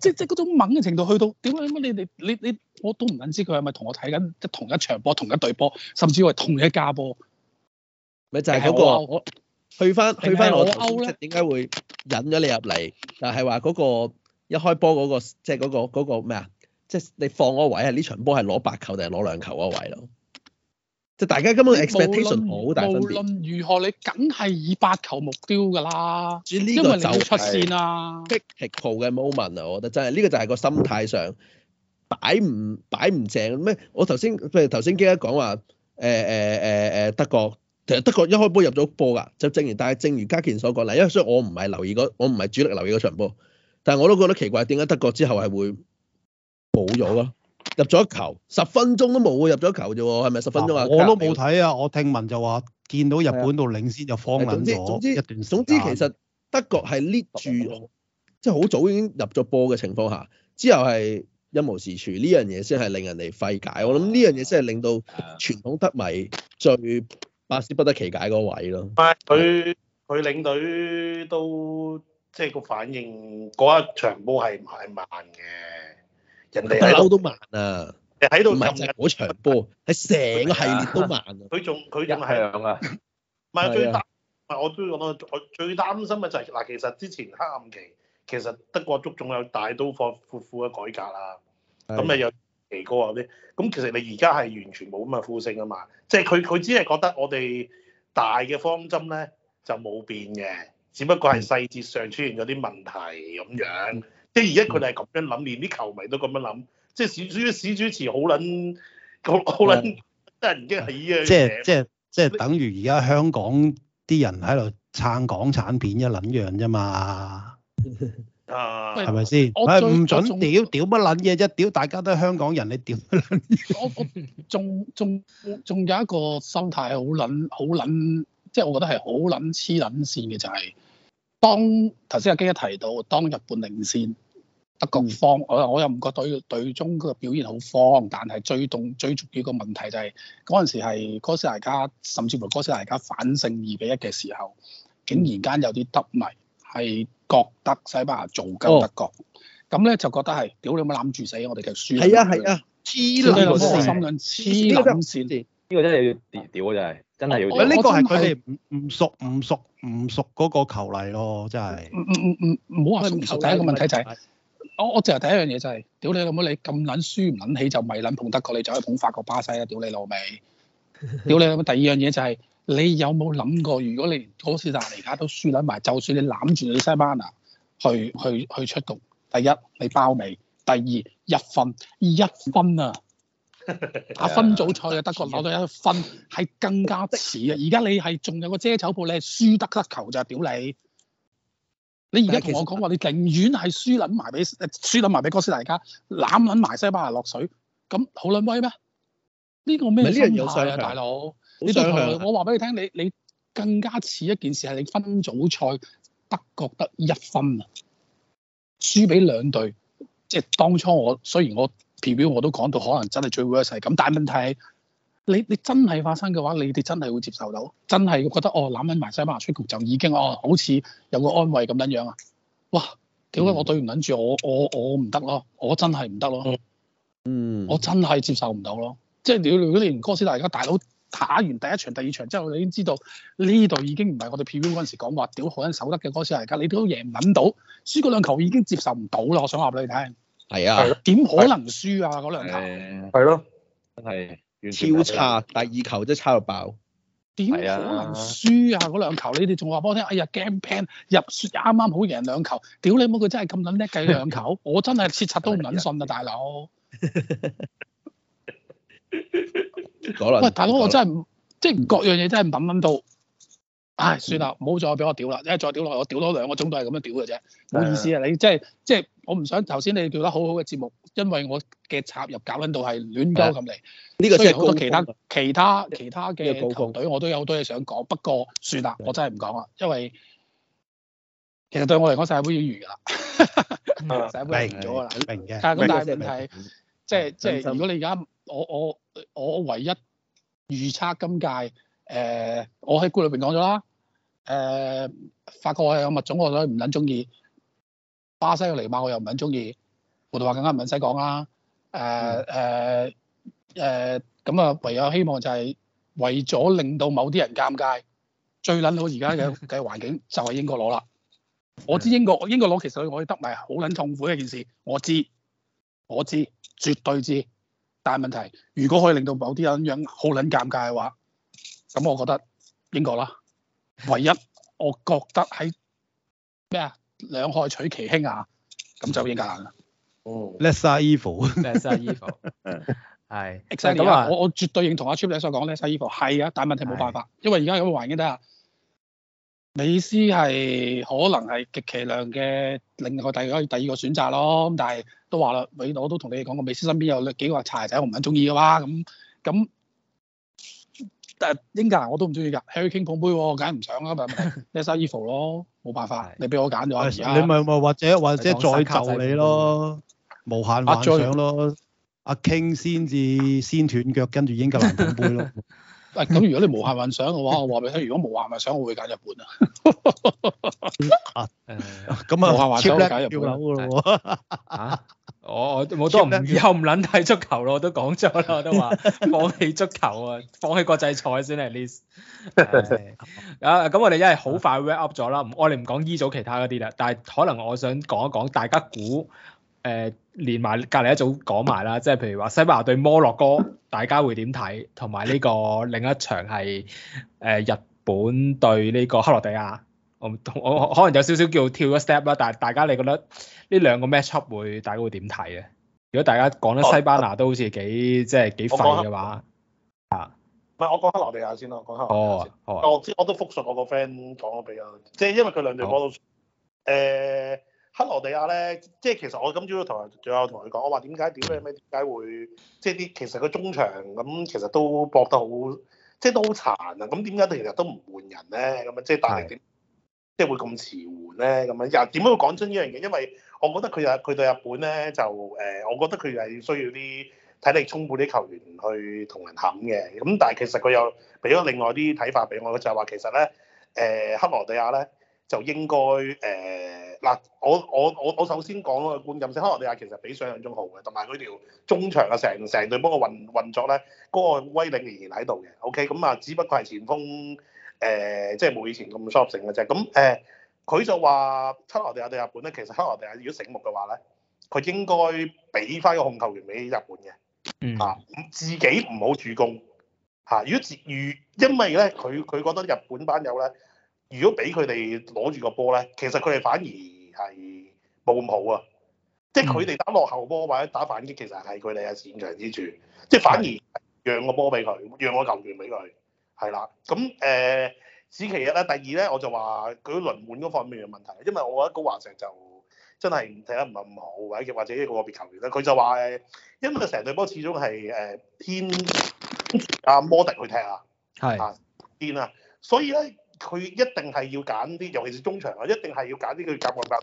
即即嗰種猛嘅程度去到點樣你你你你我都唔撚知佢係咪同我睇緊同一場波同一隊波，甚至係同一家波。咪就係嗰個。去翻去翻我頭先，即點解會引咗你入嚟？但係話嗰個一開波嗰個，即係嗰個嗰個咩啊？即係你放嗰個位啊！呢場波係攞八球定係攞兩球嗰個位咯？即係大家根本 expectation 好大分別。無論如何，你梗係以八球目標㗎啦。即係呢個走出線啦。逼旗號嘅 moment 啊！我覺得真係呢個就係個心態上擺唔擺唔正咩？我頭先譬如頭先記得講話誒誒誒誒德國。其實德國一開波入咗波㗎，就正如但係正如家健所講嗱，因為雖然我唔係留意我唔係主力留意嗰場波，但係我都覺得奇怪點解德國之後係會冇咗咯？入咗球，十分鐘都冇喎，入咗球啫喎，係咪十分鐘啊？我都冇睇啊，我聽聞就話見到日本度領先就慌緊咗，總之總之，總之其實德國係 lead 住，即係好早已經入咗波嘅情況下，之後係一無是處，呢樣嘢先係令人哋費解。我諗呢樣嘢先係令到傳統德迷最。巴斯不得其解嗰位咯，佢佢領隊都即係個反應嗰一場波係係慢嘅，人哋睇到都慢啊！係睇到唔係就嗰場波，係成、啊、個系列都慢啊！佢仲佢仲係啊 唔係最擔，唔我都覺得，最最擔心嘅就係、是、嗱，其實之前黑暗期，其實德國足總有大刀闊闊斧嘅改革啦，咁咪又。嚟哥啊啲，咁其實你而家係完全冇咁嘅呼聲啊嘛，即係佢佢只係覺得我哋大嘅方針咧就冇變嘅，只不過係細節上出現咗啲問題咁樣，即係而家佢哋係咁樣諗，連啲球迷都咁樣諗，即係史主史主持好撚好撚真係唔知係依樣即係即係即係等於而家香港啲人喺度撐港產片一撚樣啫嘛。啊係咪，係咪先？唔不准最！屌屌乜撚嘢一屌大家都係香港人，你屌乜撚嘢仲仲仲有一個心態好撚好撚，即係、就是、我覺得係好撚黐撚線嘅就係、是，當頭先阿基一提到當日本領先得咁慌，我我又唔覺得隊隊中嘅表現好慌。但係最動最主要個問題就係嗰陣時係哥斯達黎加甚至乎哥斯達黎加反勝二比一嘅時候，竟然間有啲得迷,迷。嗯係覺得西班牙做緊德國，咁咧就覺得係，屌你冇攬住死，我哋其實輸係啊係啊，黐撚，死心撚黐撚線，呢個真係要屌啊，真係，真係要。呢個係佢哋唔熟唔熟唔熟嗰個球例咯，真係。唔好話熟唔熟。第一個問題就係，我我淨係第一樣嘢就係，屌你老母你咁撚輸唔撚起就咪撚捧德國，你走去捧法國巴西啊，屌你老味！屌你老母，第二樣嘢就係。你有冇諗過？如果你連哥斯達黎加都輸捻埋，就算你攬住你西班牙去去去出局，第一你包尾，第二一分一分啊！打分組賽嘅德國攞到一分係更加似啊！而家你係仲有個遮醜布，你係輸得甩球就屌你！你而家同我講話，你寧願係輸捻埋俾輸捻埋俾哥斯達黎加，攬捻埋西班牙落水，咁好捻威咩？呢個咩心態啊，大佬？你對抗、啊、我話俾你聽，你你更加似一件事係你分組賽德國得一分啊，輸俾兩隊，即係當初我雖然我表表我都講到可能真係最 worst 係咁，但係問題係你你真係發生嘅話，你哋真係會接受到，真係覺得哦攬緊埋西班牙出局就已經哦，好似有個安慰咁樣樣啊！哇！屌我對唔撚住我我我唔得咯，我真係唔得咯，嗯，我真係、嗯、接受唔到咯，即係屌！如果你連哥斯達加大佬，打完第一場、第二場之後，你已經知道呢度已經唔係我哋 preview 嗰陣時講話，屌好人守得嘅歌詞嚟㗎，你都贏唔撚到，輸嗰兩球已經接受唔到啦。我想話畀你聽，係啊，點可能輸啊嗰兩球？係咯、啊，真係超差，第二球真係差到爆。點可能輸啊嗰兩球？你哋仲話畀我聽，哎呀 game plan 入雪啱啱好贏兩球，屌你冇佢真係咁撚叻計兩球，我真係切測都唔撚信啊，大佬。 喂，大佬，我真係即係各樣嘢真係抌抌到，唉，算啦，唔好再俾我屌啦，一再屌落嚟，我屌多兩個鐘都係咁樣屌嘅啫，冇意思啊！嗯、你真即係即係，我唔想頭先你做得好好嘅節目，因為我嘅插入搞緊到係亂鳩咁嚟。呢、嗯這個真係好多其他其他其他嘅球隊，我都有好多嘢想講，不過算啦，我真係唔講啦，因為其實對我嚟講，世界杯已經完噶啦，世界杯完咗啦，明嘅白。但係咁，但係問題。即係即係，如果你而家我我我唯一預測今屆誒、呃，我喺 group 入邊講咗啦。誒、呃，法國又有物種，我唔撚中意；巴西個尼瑪我又唔撚中意。葡萄牙更加唔撚使講啦。誒誒誒，咁、呃、啊，呃呃、唯有希望就係為咗令到某啲人尷尬，最撚好而家嘅設計環境就係英國佬啦。我知英國，我英國佬其實我得埋好撚痛苦一件事，我知，我知。絕對知，大係問題，如果可以令到某啲人樣好卵尷尬嘅話，咁我覺得英國啦，唯一我覺得喺咩啊兩害取其輕啊，咁就英格蘭啦。哦。Lesser evil。Lesser evil。係。咁啊！我我絕對認同阿 Chief 咧所講，less evil 係啊，但係問題冇辦法，因為而家有嘅環境底下。美斯係可能係極其量嘅另外第個第二個選擇咯，咁但係都話啦，美我都同你哋講過，美斯身邊有幾廿個柴仔，我唔肯鍾意噶嘛，咁、嗯、咁，誒、嗯，英格蘭我都唔鍾意噶，Harry King 捧杯，梗係唔想啦，咪 lesser evil 咯，冇辦法， 你俾我揀咗，你咪咪或者或者再求你咯，無限幻想咯，阿、 啊、King 先至先斷腳，跟住英格蘭捧杯咯。 喂，咁如果你無限幻想嘅話，我話俾你聽，如果無限幻想，我限想，我會揀日本啊、 嗯！啊，咁啊，無限幻想揀日本啊！ 啊，我我冇唔以後唔撚睇足球咯，我都講咗啦，我都話放棄足球啊， 放棄國際賽先啦，list。啊、 哎，咁我哋一係好快 wrap up 咗啦，我哋唔講 E 組其他嗰啲啦，但係可能我想講一講大家估。誒、呃、連埋隔離一早講埋啦，即係譬如話西班牙對摩洛哥，大家會點睇？同埋呢個另一場係誒、呃、日本對呢個克羅地亞，嗯、我我可能有少少叫跳咗 step 啦，但係大家你覺得呢兩個 matchup 會大家會點睇啊？如果大家講得西班牙都好似幾即係、哦、幾廢嘅話，嚇唔係我講克羅地亞先咯，講克羅地亞、哦、我都覆、嗯、述我個 friend 講個比較，即係因為佢兩隊波都誒。克羅地亞咧，即係其實我今朝都同仲有同佢講，我話點解點樣點解會即係啲其實佢中場咁其實都搏得好，即係都好殘啊！咁點解佢成日都唔換人咧？咁樣即係但係點即係會咁遲換咧？咁樣又點解會講真呢樣嘢？因為我覺得佢日佢對日本咧就誒，我覺得佢係需要啲體力充沛啲球員去同人冚嘅。咁但係其實佢又俾咗另外啲睇法俾我，就係話其實咧誒克羅地亞咧。就應該誒嗱、呃，我我我我首先講個冠軍先，克羅地亞其實比想像中好嘅，同埋佢條中場嘅成成隊嗰個運運作咧，嗰、那個威脅仍然喺度嘅。O K，咁啊，只不過係前鋒誒、呃，即係冇以前咁 shop 性嘅啫。咁、嗯、誒，佢、呃、就話出克羅地亞對日本咧，其實克羅地亞如果醒目嘅話咧，佢應該俾翻個控球員俾日本嘅，啊，自己唔好主攻嚇。如果自如，因為咧，佢佢覺得日本班友咧。如果俾佢哋攞住個波咧，其實佢哋反而係冇咁好啊！即係佢哋打落後波或者打反擊，其實係佢哋嘅擅長之處。即係反而讓個波俾佢，讓個球員俾佢，係啦的。咁誒，此其一咧，第二咧，我就話佢輪換嗰方面嘅問題，因為我覺得高華石就真係踢得唔係咁好，或者或者個別球員咧，佢就話誒，因為佢成隊波始終係誒偏阿摩迪去踢啊，係啊偏啊，所以咧。佢一定係要揀啲，尤其是中場啊！一定係要揀啲佢夾運夾。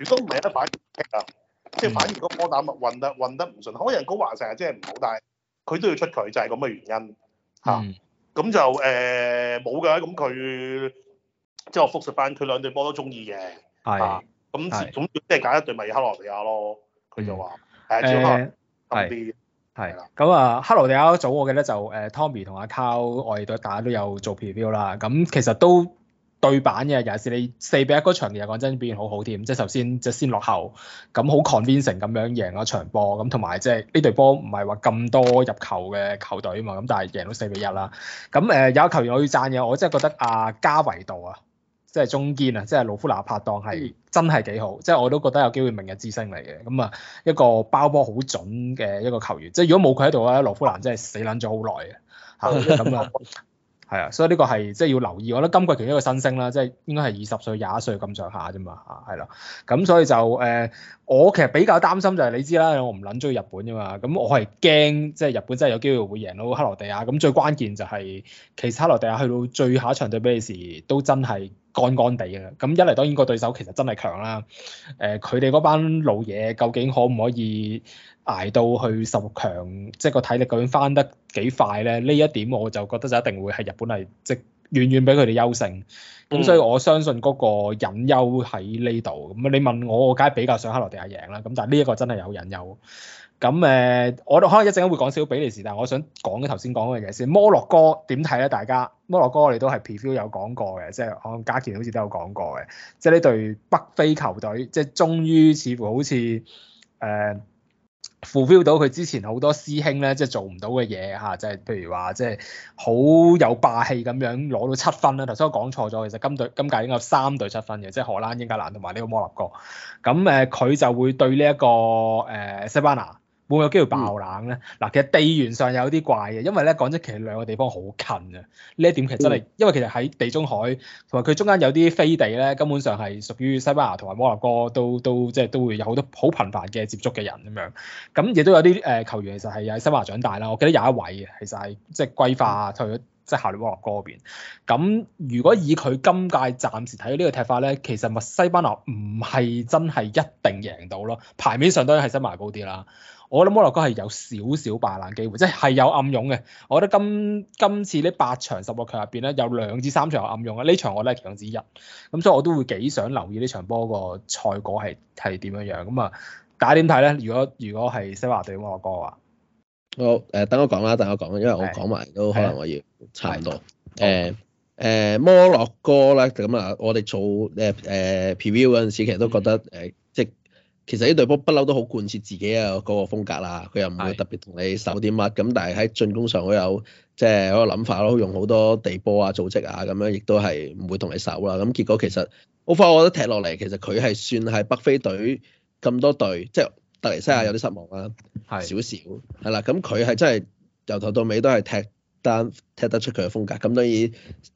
如果唔係咧，反、嗯、即係反而個波打唔運得，運得唔順。可能高華成日即係唔好，但係佢都要出佢就係咁嘅原因嚇。咁、嗯啊、就誒冇㗎，咁、呃、佢即係我復述翻，佢兩隊波都中意嘅。係、啊。咁總即係揀一隊咪克羅地亞咯？佢、嗯、就話誒，主要、嗯係啦，咁啊，Hello，uh，大家早。第一組我嘅咧就誒 Tommy 同阿 Carl，我哋大家都有做 preview 啦，咁其實都對板嘅，尤其是你四比一嗰場，其實講真表現好好添，即係首先即係先落後，咁好 convincing 咁樣贏咗場波，咁同埋即係呢隊波唔係話咁多入球嘅球隊啊嘛，咁但係贏到四比一啦，咁誒有球員我要讚嘅，我真係覺得阿加維度啊。即係中堅啊！即係羅夫拿拍檔係真係幾好，嗯、即係我都覺得有機會明日之星嚟嘅。咁啊，一個包波好準嘅一個球員。即係如果冇佢喺度咧，羅夫蘭真係死撚咗好耐嘅嚇咁啊。係啊，所以呢個係即係要留意。我覺得金貴權一個新星啦，即係應該係二十歲、廿一歲咁上下啫嘛。嚇係啦。咁所以就誒、呃，我其實比較擔心就係、是、你知啦，我唔撚中意日本啫嘛。咁我係驚即係日本真係有機會會贏到克羅地亞。咁最關鍵就係、是、其實克羅地亞去到最後一場對比利時都真係。乾乾地嘅。咁一嚟當然個對手其實真係強啦，誒佢哋嗰班老嘢究竟可唔可以捱到去十六強，即係個體力究竟翻得幾快咧？呢一點我就覺得就一定會係日本係即係遠遠比佢哋優勝，咁所以我相信嗰個隱憂喺呢度，咁你問我，我梗係比較想克羅地亞贏啦，咁但係呢一個真係有隱憂。咁誒、嗯，我都可能一陣間會講少比利時，但係我想講頭先講嘅嘢先。摩洛哥點睇咧？大家摩洛哥我哋都係 preview 有講過嘅，即係康家健好似都有講過嘅，即係呢隊北非球隊，即係終於似乎好似誒 fulfill 到佢之前好多師兄咧，即係做唔到嘅嘢嚇，即係譬如話即係好有霸氣咁樣攞到七分啦。頭先我講錯咗，其實今隊今屆應該有三隊七分嘅，即係荷蘭、英格蘭同埋呢個摩洛哥。咁誒佢就會對呢、這、一個誒、呃、西班牙。會，會有機會爆冷咧嗱，其實地緣上有啲怪嘅，因為咧講真，其實兩個地方好近啊。呢一點其實真係因為其實喺地中海同埋佢中間有啲飛地咧，根本上係屬於西班牙同埋摩洛哥都都即係都會有好多好頻繁嘅接觸嘅人咁樣咁，亦都有啲誒球員其實係喺西班牙長大啦。我記得有一位嘅其實係即係歸化去即係效力摩洛哥嗰邊咁。如果以佢今屆暫時睇到呢個踢法咧，其實咪西班牙唔係真係一定贏到咯，牌面上當然係西班牙高啲啦。我諗摩洛哥係有少少爆冷機會，即係係有暗湧嘅。我覺得今今次呢八場十六強入邊咧，有兩至三場有暗湧嘅。呢場我都係其中之一，咁所以我都會幾想留意呢場波個賽果係係點樣樣。咁啊，大家點睇咧？如果如果係西班牙對摩洛哥啊，我誒、呃、等我講啦，等我講，因為我講埋都可能我要差唔多。誒誒、呃，摩洛哥咧咁啊，我哋做誒誒 preview 嗰陣時，其實都覺得誒。嗯其實呢隊波不嬲都好貫徹自己啊嗰個風格啦，佢又唔會特別同你守啲乜，咁的但係喺進攻上都有即係我個諗法咯，用好多地波啊組織啊咁樣，亦都係唔會同你守啦。咁結果其實奧法，我覺得踢落嚟其實佢係算係北非隊咁多隊，即係突尼西亞有啲失望啊，的少少係啦。咁佢係真係由頭到尾都係踢得踢得出佢嘅風格，咁當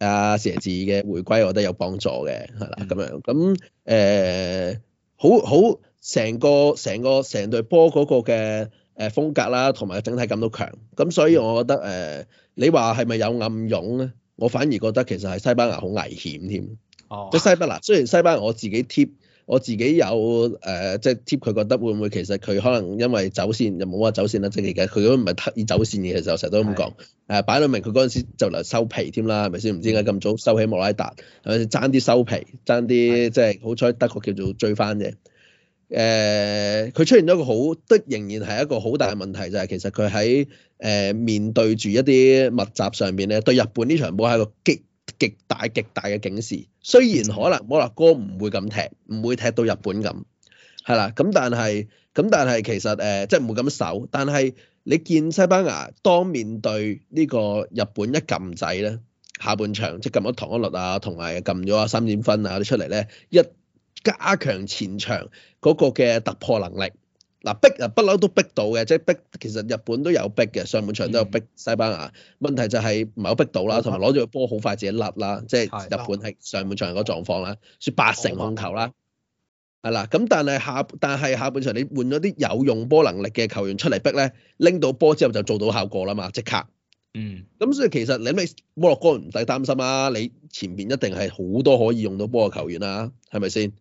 然阿蛇字嘅回歸我覺得有幫助嘅，係啦咁樣咁誒好好。好好成個成個成隊波嗰個嘅誒風格啦，同埋整體感都強。咁所以我覺得誒、嗯呃，你話係咪有暗湧咧？我反而覺得其實係西班牙好危險添。哦，即係西班牙雖然西班牙我自己 tip，我自己有誒，即係 tip 佢覺得會唔會其實佢可能因為走線又冇話走線啦，即係其實佢都唔係特意走線嘅。其實我成日都咁講誒，擺到明佢嗰陣時就嚟收皮添啦，係咪先？唔知點解咁早收起莫拉達，係爭啲收皮？爭啲即係好彩，德國，德國叫做追翻啫。誒，佢、呃、出現咗一個好，都仍然係一個好大嘅問題就係、是、其實佢喺誒面對住一啲密集上邊咧，對日本呢場波係一個極極大極大嘅警示。雖然可能摩洛哥唔會咁踢，唔會踢到日本咁，係啦。咁但係，咁但係其實誒，即係唔會咁守。但係你見西班牙當面對呢個日本一撳仔咧，下半場即撳咗堂安律啊，同埋撳咗三點分啊啲出嚟咧，一。加強前場嗰個嘅突破能力，嗱逼啊不嬲都逼到嘅，即係逼，其實日本都有逼嘅，上半場都有逼西班牙，問題就係唔係好逼到啦，同埋攞住個波好快自己甩啦，多即係日本係上半場個狀況啦，輸八成控球啦，係啦，咁但係下但係下半場你換咗啲有用波能力嘅球員出嚟逼咧，拎到波之後就做到效果啦嘛，即刻，嗯，咁所以其實你咪，摩洛哥唔使擔心啦啊，你前邊一定係好多可以用到波嘅球員啊，係咪先？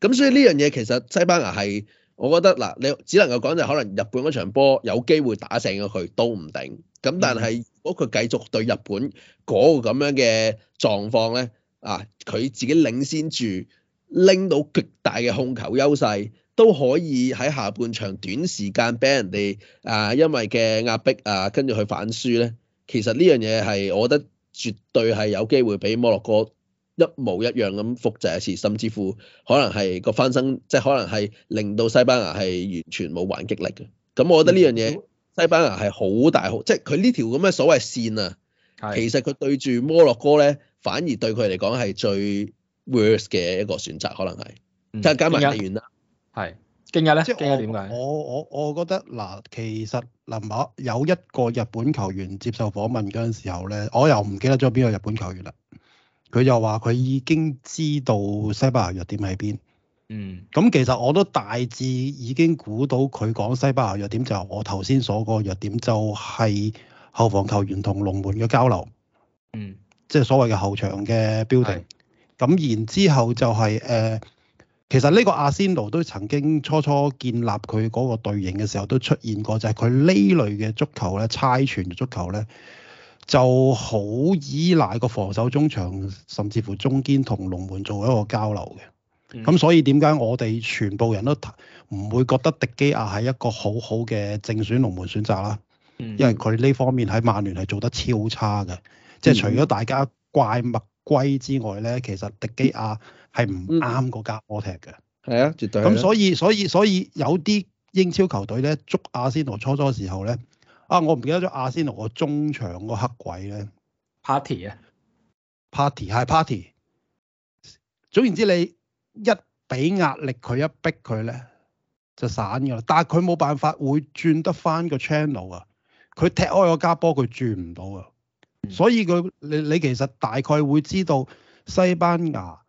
咁所以呢樣嘢其實西班牙係我覺得嗱，你只能夠講就可能日本嗰場波有機會打醒咗佢都唔定。咁但係如果佢繼續對日本嗰個咁樣嘅狀況咧，啊佢自己領先住拎到極大嘅控球優勢，都可以喺下半場短時間俾人哋啊因為嘅壓迫啊，跟住去反輸咧。其實呢樣嘢係我覺得絕對係有機會俾摩洛哥。一模一樣咁複製一次，甚至乎可能係個翻身，即係可能係令到西班牙係完全冇還擊力嘅。咁我覺得呢樣嘢，嗯、西班牙係好大好，即係佢呢條咁嘅所謂線啊，是其實佢對住摩洛哥咧，反而對佢嚟講係最 worse 嘅一個選擇，可能係、嗯、即係加埋地緣啦。係，京一咧，即係京一點解？我我我覺得嗱，其實林柏有一個日本球員接受訪問嗰陣時候咧，我又唔記得咗邊個日本球員啦。佢又話佢已經知道西班牙弱點喺邊。嗯。咁其實我都大致已經估到佢講西班牙弱點就係我頭先所講弱點，就係後防球員同龍門嘅交流。嗯。即係所謂嘅後場嘅標題。咁、嗯、然之後就係、是、誒、呃，其實呢個阿仙奴都曾經初初建立佢嗰個隊形嘅時候都出現過，就係佢呢類嘅足球咧、猜傳嘅足球咧。就好依賴個防守中場，甚至乎中堅同龍門做一個交流嘅。咁、嗯、所以點解我哋全部人都唔會覺得迪基亞係一個好好嘅正選龍門選擇啦？嗯、因為佢呢方面喺曼聯係做得超差嘅，嗯、即係除咗大家怪物圭之外咧，其實迪基亞係唔啱嗰家波踢嘅。係、嗯、啊，絕對。咁所以所以所以，所以有啲英超球隊咧，捉阿仙奴初初時候咧。啊！我唔記得咗阿仙奴個中場個黑鬼咧，Party 啊，Party 係 Party。總言之，你一俾壓力佢一逼佢咧，就散噶啦。但係佢冇辦法會轉得返個 channel 啊！佢踢開個加波，佢轉唔到啊。所以佢你、嗯、你其實大概會知道西班牙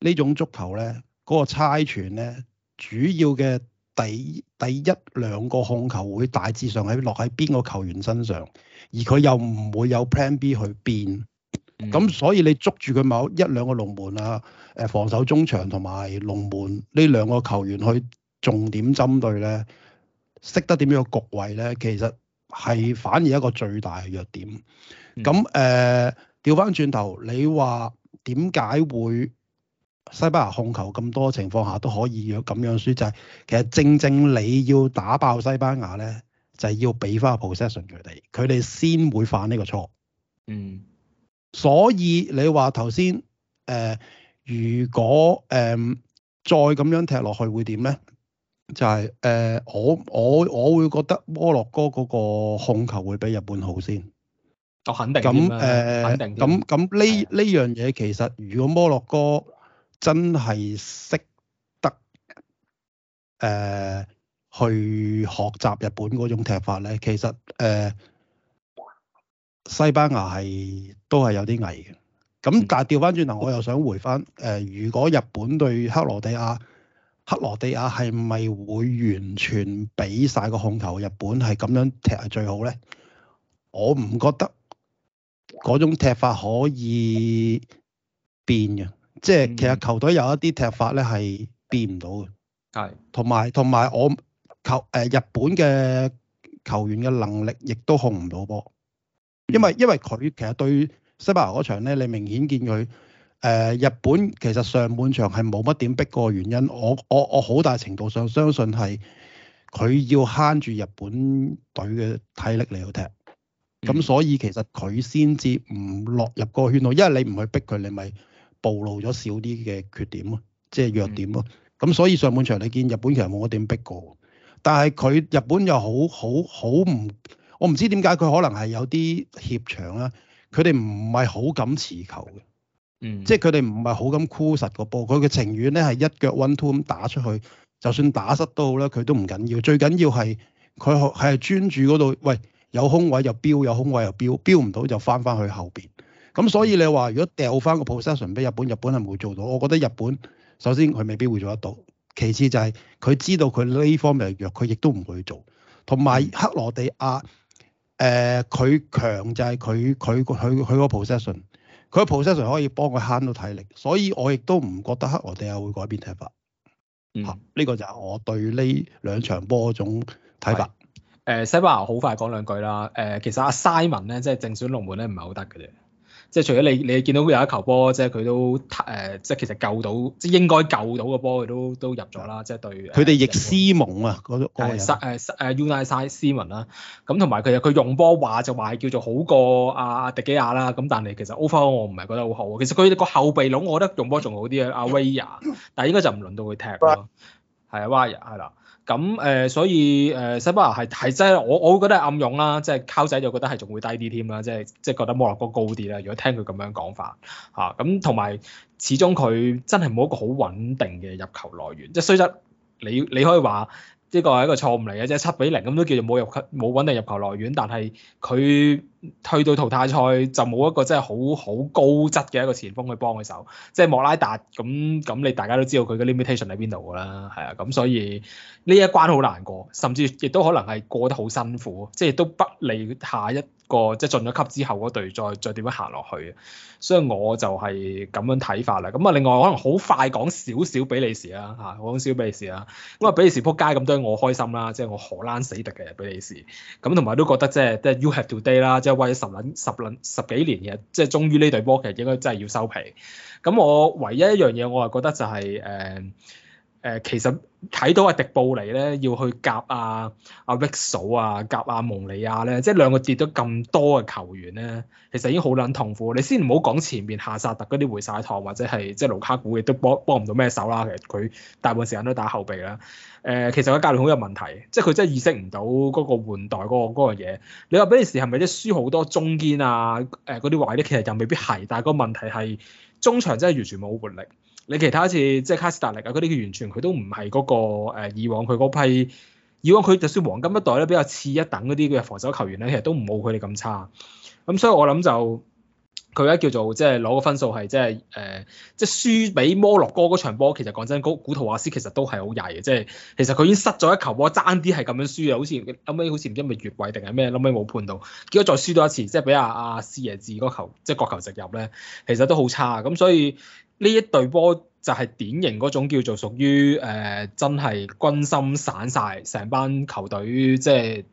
呢種足球咧，嗰、那個猜傳咧，主要嘅。第第一兩個控球會大致上喺落喺邊個球員身上，而佢又唔會有 Plan B 去變。咁、嗯、所以你捉住佢某一兩個龍門啊，誒防守中場同埋龍門呢兩個球員去重點針對咧，識得點樣個局位咧，其實係反而一個最大嘅弱點。咁誒、嗯，調翻轉頭，你話點解會？西班牙控球咁多情況下都可以若咁樣輸，就係其實正正你要打爆西班牙咧，就係要俾翻個 possession 佢哋，佢哋先會犯呢個錯。嗯。所以你話頭先誒，如果誒再咁樣踢落去會點咧？就係誒我我我會覺得摩洛哥嗰個控球會比日本好先。我肯定。咁誒，咁咁呢呢樣嘢其實如果摩洛哥。真係識得誒、呃、去學習日本嗰種踢法咧，其實誒、呃、西班牙係都係有啲危嘅。咁但係調翻轉頭，我又想回翻誒、呃，如果日本對克羅地亞，克羅地亞係咪會完全俾晒個控球？日本係咁樣踢係最好咧？我唔覺得嗰種踢法可以變嘅。即係其實球隊有一啲踢法咧係變唔到嘅，係同埋同埋我球誒、呃、日本嘅球員嘅能力亦都控唔到波，因為因為佢其實對西班牙嗰場咧，你明顯見佢誒、呃、日本其實上半場係冇乜點逼過，原因我我我好大程度上相信係佢要慳住日本隊嘅體力嚟去踢，咁、嗯、所以其實佢先至唔落入個圈咯，因為你唔去逼佢，你咪暴露咗少啲嘅缺點咯，即係弱點咯。咁，嗯，所以上半場你見日本其實冇乜點逼過，但係佢日本又好好好唔，我唔知點解佢可能係有啲怯場啦。佢哋唔係好敢持球嘅，嗯，即係佢哋唔係好敢箍實個波。佢嘅情願咧係一腳 one two 咁打出去，就算打失都好啦，佢都唔緊要。最緊要係佢係專注嗰度，喂，有空位就標，有空位又就標，標唔到就翻翻去後邊。咁、嗯、所以你話如果掉翻個 possession 俾日本，日本係冇做到。我覺得日本首先佢未必會做得到，其次就係、是、佢知道佢呢方面弱，佢亦都唔會做。同埋克羅地亞，誒、呃、佢強就係佢佢佢佢個 possession，佢個 possession 可以幫佢慳到體力，所以我亦都唔覺得克羅地亞會改變踢法。嗯，呢、啊這個就係我對呢兩場波種睇法。誒、呃，西班牙好快講兩句啦。誒、呃，其實阿 Simon 咧，即係正選龍門咧，唔係好得嘅啫。即係除咗你，你見到有一球波，即係佢都誒，即係其實救到，即係應該救到個波，佢都都入咗啦。即係對佢哋亦施蒙啊，嗰個 Unai Simon 啦。咁同埋其實佢用波話就話叫做好過阿迪基亞啦。咁但係其實 Ofer 我唔係覺得好好喎。其實佢個後備龍，我覺得用波仲好啲啊，阿威亞。但係應該就唔輪到佢踢咯。係啊，威亞啦。咁誒、呃，所以誒、呃，西班牙係係真係我我會覺得係暗湧啦，即係 Karl 仔就覺得係仲會低啲添啦，即係即係覺得摩洛哥高啲啦。如果聽佢咁樣講法吓，咁同埋始終佢真係冇一個好穩定嘅入球來源，即係雖則你你可以話。呢個係一個錯誤嚟嘅啫，七比零，咁都叫做冇入球，冇穩定入球來源。但係佢去到淘汰賽就冇一個真係好好高質嘅一個前鋒去幫佢手，即係莫拉達咁咁，你大家都知道佢嘅 limitation 喺邊度㗎啦，係啊，咁所以呢一關好難過，甚至亦都可能係過得好辛苦，即係都不利下一個即係進咗級之後嗰隊再再點樣行落去，所以我就係咁樣睇法啦。咁啊，另外可能好快講少少比利時啦，嚇講少比利時啦。咁啊，比利時仆街咁多，我開心啦，即係我荷蘭死敵嘅比利時。咁同埋都覺得即係即係 You have today 啦，即係屈咗十撚十撚十幾年嘅，即係終於呢隊波其實應該真係要收皮。咁我唯一一樣嘢，我係覺得就係、是、誒。Uh, 誒其實睇到阿迪布尼咧，要去夾啊阿威索啊，夾阿、啊、蒙里亞咧，即係兩個跌咗咁多嘅球員咧，其實已經好撚痛苦。你先唔好講前面夏薩特嗰啲回晒堂，或者係即係盧卡古亦都幫幫唔到咩手啦。其實佢大部分時間都打後備啦。誒、呃，其實個教練好有問題，即係佢真係意識唔到嗰個換代嗰、嗰個嘢、嗰個。你話比利時係咪都係輸好多中堅啊？誒嗰啲位咧，其實又未必係，但係個問題係中場真係完全冇活力。你其他一次即係卡斯達力啊，嗰啲佢完全佢都唔係嗰個、呃、以往佢嗰批以往佢就算黃金一代咧比較次一等嗰啲嘅防守球員咧，其實都唔冇佢哋咁差。咁、嗯、所以我諗就佢而家叫做即係攞個分數係即係誒、呃、即係輸俾摩洛哥嗰場波，其實講真，古圖亞斯其實都係好曳嘅，即係其實佢已經失咗一球波，爭啲係咁樣輸啊！好似後尾好似唔知咪越位定係咩，後尾冇判到，結果再輸多一次，即係俾阿阿斯耶治嗰球即係角球直入咧，其實都好差。咁所以。呢一隊波就係典型嗰種叫做屬於誒、呃、真係軍心散晒，成班球隊即係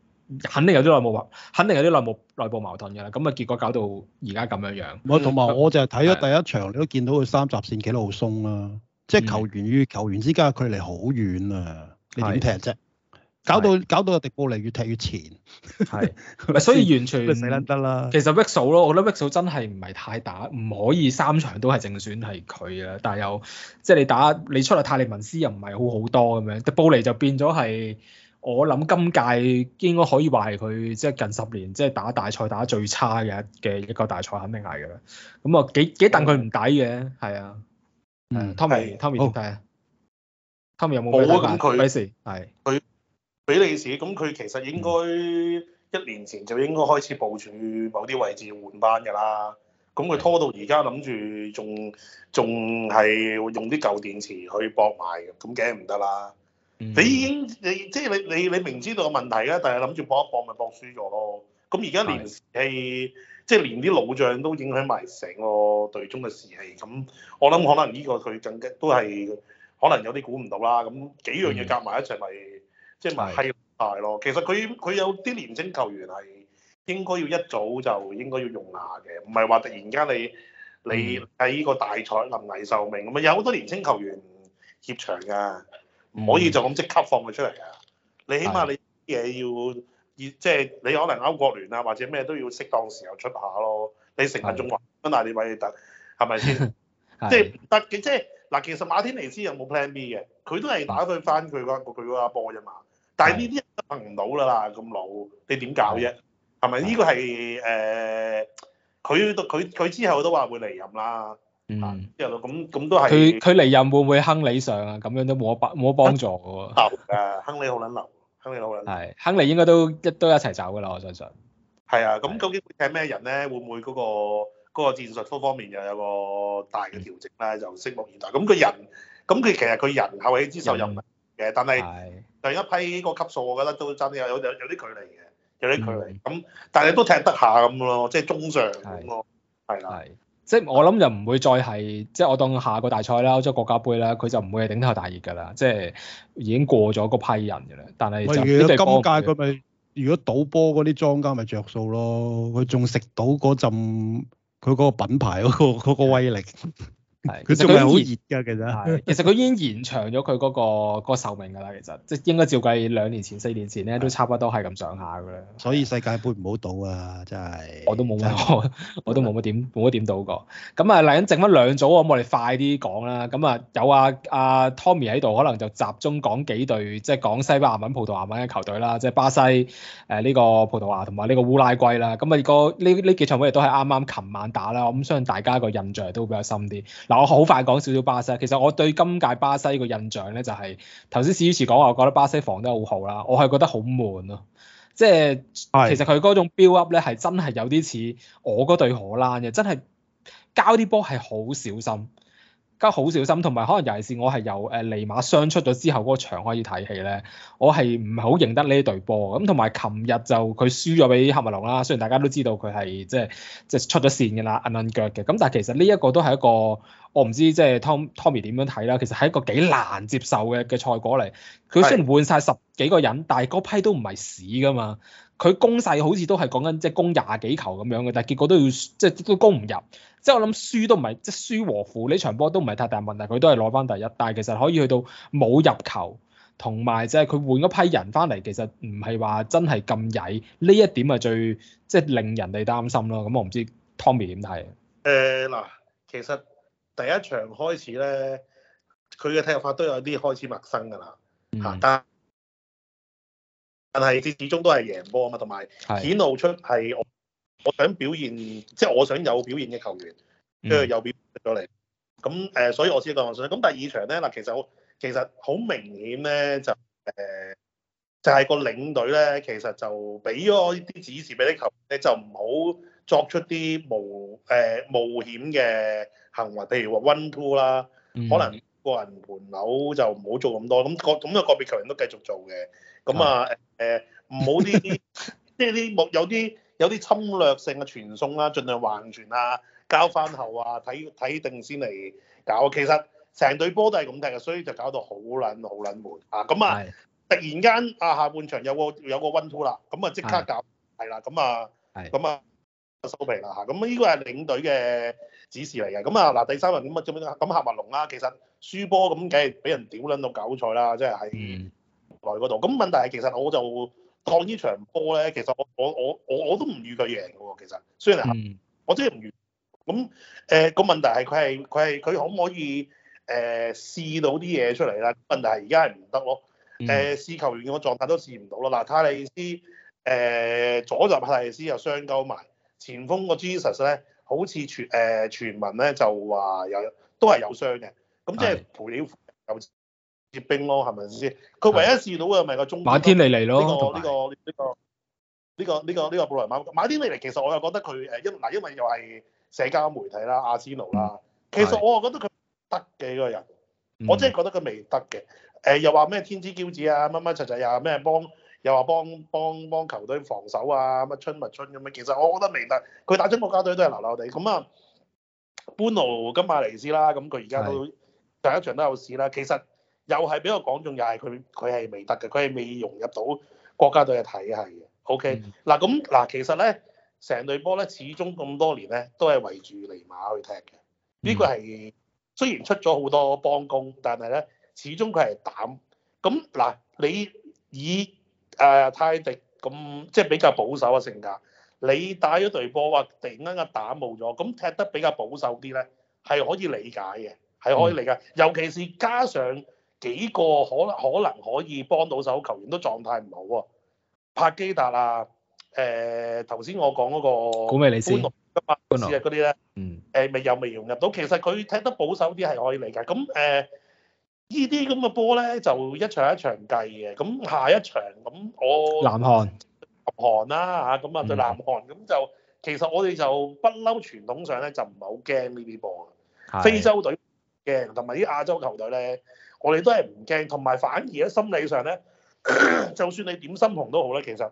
肯定有啲內幕，肯定有啲內部內部矛盾㗎啦。咁啊，結果搞到而家咁樣樣。有嗯、我同埋我就係睇咗第一場，嗯、你都見到佢三閘線幾度鬆啦、啊，即係球員與球員之間嘅距離好遠啊，你點踢啫、啊？搞到搞到迪布尼越踢越前， 係所以完全死甩得啦。其實威素咯，我諗威素真係唔係太大，唔可以三場都係正選係佢啊。但係又即係、就是、你打你出嚟泰利文斯又唔係好好多咁樣，迪布尼就變咗係我諗今屆應該可以話係佢即係近十年即係打大賽打得最差嘅嘅一個大賽，肯定係噶啦。咁啊幾幾戥佢唔抵嘅，係啊。嗯，湯米湯米點睇啊？湯米有冇咩意見？冇佢他，冇事，係佢。比利時咁，佢其實應該一年前就應該開始部署某啲位置換班噶啦。咁佢拖到而家諗住仲仲係用啲舊電池去搏埋嘅，咁梗係唔得啦。Mm hmm. 你已經你即係你你你明知道個問題啦，但係諗住搏一搏咪搏輸咗咯。咁而家士氣即係連啲老將都影響埋成個隊中嘅士氣。咁我諗可能呢個佢更加都係可能有啲估唔到啦。咁幾樣嘢夾埋一齊咪、就是。Mm hmm. 即係咪大咯？是是的 其實佢佢有啲年青球員係應該要一早就應該要用吓嘅，唔係話突然間你你喺依個大賽臨危受命咁啊！有好多年青球員怯場㗎，唔可以就咁即刻放佢出嚟㗎。你起碼你嘢要熱，即係你可能歐國聯啊，或者咩都要適當時候出下咯。你成日仲話咁大你位，要等係咪先？即係唔得嘅，即係嗱，其實馬天尼斯有冇 plan B 嘅？佢都係打佢翻佢嗰佢嗰波啫嘛。但係呢啲都行唔到啦，咁老你點搞啫？係咪呢個係誒？佢都佢佢之後都話會離任啦。嗯。之後咁咁都係。佢佢離任會唔會亨利上啊？咁樣都冇乜幫冇乜幫助喎。流 亨利好撚流，亨利好撚。係 。亨利應該都一都一齊走㗎啦，我相信。係啊，咁究竟係咩人咧？會唔會嗰、那個嗰、那個戰術方方面又有個大嘅調整啊？就拭目以待。咁個人，咁佢其實佢人後起之受任。嘅，但係。第一批個級數，我覺得都爭啲有有有啲距離嘅，有啲距離。咁但係都踢得下咁咯，即係中上咁咯，係啦。即係我諗就唔會再係，即係我當下個大賽啦，即係國家杯啦，佢就唔會係頂頭大熱㗎啦。即係已經過咗嗰批人嘅啦。但係如果今屆佢咪，如果賭波嗰啲莊家咪着數咯，佢仲食到嗰陣佢嗰個品牌嗰個嗰個威力。係，其實佢好熱㗎，其實。係。其實佢已經延長咗佢嗰個嗰個壽命㗎啦， 其實，即係應該照計兩年前、四年前咧都差不多係咁上下㗎啦。所以世界盃唔好賭啊，真係。我都冇乜，我都冇乜點，冇乜點賭過。咁啊，嚟緊剩翻兩組，咁我哋快啲講啦。咁啊，有啊阿 Tommy 喺度，可能就集中講幾隊，即係講西班牙文、葡萄牙文嘅球隊啦，即係巴西、誒、呃、呢、呢個葡萄牙同埋呢個烏拉圭啦。咁啊，呢個呢呢幾場比賽都係啱啱琴晚打啦，咁相信大家個印象都比較深啲。嗱，我好快講少少巴西。其實我對今屆巴西個印象咧、就是，就係頭先史主持講話，我覺得巴西防得好好啦。我係覺得好悶咯，即係其實佢嗰種 build up 咧，係真係有啲似我嗰隊荷蘭嘅，真係交啲波係好小心。家好小心，同埋可能尤其是我係由誒尼馬傷出咗之後嗰場開始睇戲咧，我係唔係好認得呢隊波咁，同埋琴日就佢輸咗俾喀麥隆啦。雖然大家都知道佢係即係即係出咗線嘅啦，韌韌腳嘅，咁但係其實呢一個都係一個我唔知即係 Tom Tommy 點樣睇啦，其實係一個幾難接受嘅嘅賽果嚟。佢雖然換晒十幾個人，但係嗰批都唔係屎噶嘛。佢攻勢好似都係講緊即係攻廿幾球咁樣嘅，但係結果都要即係都攻唔入。即係我諗輸都唔係即係輸和負呢場波都唔係太大問題，佢都係攞翻第一。但係其實可以去到冇入球，同埋即係佢換一批人翻嚟，其實唔係話真係咁曳呢一點係最，即係令人哋擔心咯。咁我唔知 Tommy 點睇啊？嗱、呃，其實第一場開始咧，佢嘅踢法都有啲開始陌生㗎啦嚇，但、嗯但係佢始終都係贏波啊嘛，同埋顯露出係我我想表現，的即係我想有表現嘅球員，跟住、嗯、有表咗嚟。咁誒，所以我先講我想咁第二場咧嗱，其實其實好明顯咧，就誒就係、是、個領隊咧，其實就俾咗啲指示俾啲球員咧，就唔好作出啲冒誒冒險嘅行為，譬如話 one two 啦，嗯、可能。個人盤扭就唔好做咁多，咁、咁個咁個、咁個別球員都繼續做嘅，咁啊誒唔是的、欸、好啲啲，即係啲冇有啲有啲侵略性嘅傳送啦，盡量橫傳啊，交翻後啊，睇睇定先嚟搞。其實成隊波都係咁踢嘅，所以就搞到好撚好撚悶啊！咁啊，是的 突然間啊，下半場有個有個 one two 啦，咁是的 的啊即刻搞係啦，咁啊咁啊收皮啦嚇！咁呢個係領隊嘅。指示嚟嘅咁啊嗱，第三輪咁啊做咁喀麥隆啦，其實輸波咁梗係俾人屌撚到九彩啦，即係喺內嗰度。咁問題係其實我就抗呢場波咧，其實我我我我我都唔預佢贏嘅喎，其實雖然係我，、嗯、我真係唔預。咁誒個問題係佢係佢係佢可唔可以誒試到啲嘢出嚟咧？問題係而家係唔得咯。誒、呃試，呃、試球員嘅狀態都試唔到咯。嗱、呃，泰利斯誒、呃、左入泰利斯又雙交埋前鋒個 Jesus 咧。好似傳誒傳聞咧，就話有都係有傷嘅，咁即係陪了有接兵咯，係咪先？佢唯一試到嘅咪個中馬天尼利咯，呢個呢、呢個呢、呢個呢、呢個呢、呢個呢、呢個布萊馬馬天尼利。其實我又覺得佢誒一嗱，因為又係社交媒體啦、阿仙奴啦，其實我又覺得佢得嘅呢個人，我真係覺得佢未得嘅。誒又話咩天之驕子啊，乜乜柒柒又咩幫？又話幫幫幫球隊防守啊，乜春乜春咁樣。其實我覺得未得，佢打中國家隊都係流流地。咁啊，班奴金馬尼斯啦，咁佢而家都第是一場都有事啦。其實又係俾我講中，又係佢佢係未得嘅，佢係未融入到國家隊嘅體系。嘅、OK? 嗯。O K，嗱咁嗱，其實咧成隊波咧，始終咁多年咧，都係圍住尼馬去踢嘅。呢、這個係、嗯、雖然出咗好多幫攻，但係咧始終佢係膽。咁嗱，你以，以，以，以，以，以，以，以，以誒、呃、泰迪咁即係比較保守嘅性格。你帶咗隊波話突然間打冇咗，咁踢得比較保守啲咧，係可以理解嘅，係可以理解。嗯、尤其是加上幾個可能可能可以幫到手球員都狀態唔好喎，帕基達啊，誒頭先我講嗰、那個古美尼斯，古諾啊嗰啲咧，呢嗯，誒咪又未融入到，其實佢踢得保守啲係可以理解，咁誒。這這呢啲咁嘅波咧，就一場一場計嘅。咁下一場咁我南韓、韓啦嚇，咁啊對南韓咁就，嗯、其實我哋就不嬲傳統上咧，就唔係好驚呢啲波。非洲隊驚，同埋啲亞洲球隊咧，我哋都係唔驚，同埋反而喺心理上咧， 就算你點心痛都好咧，其實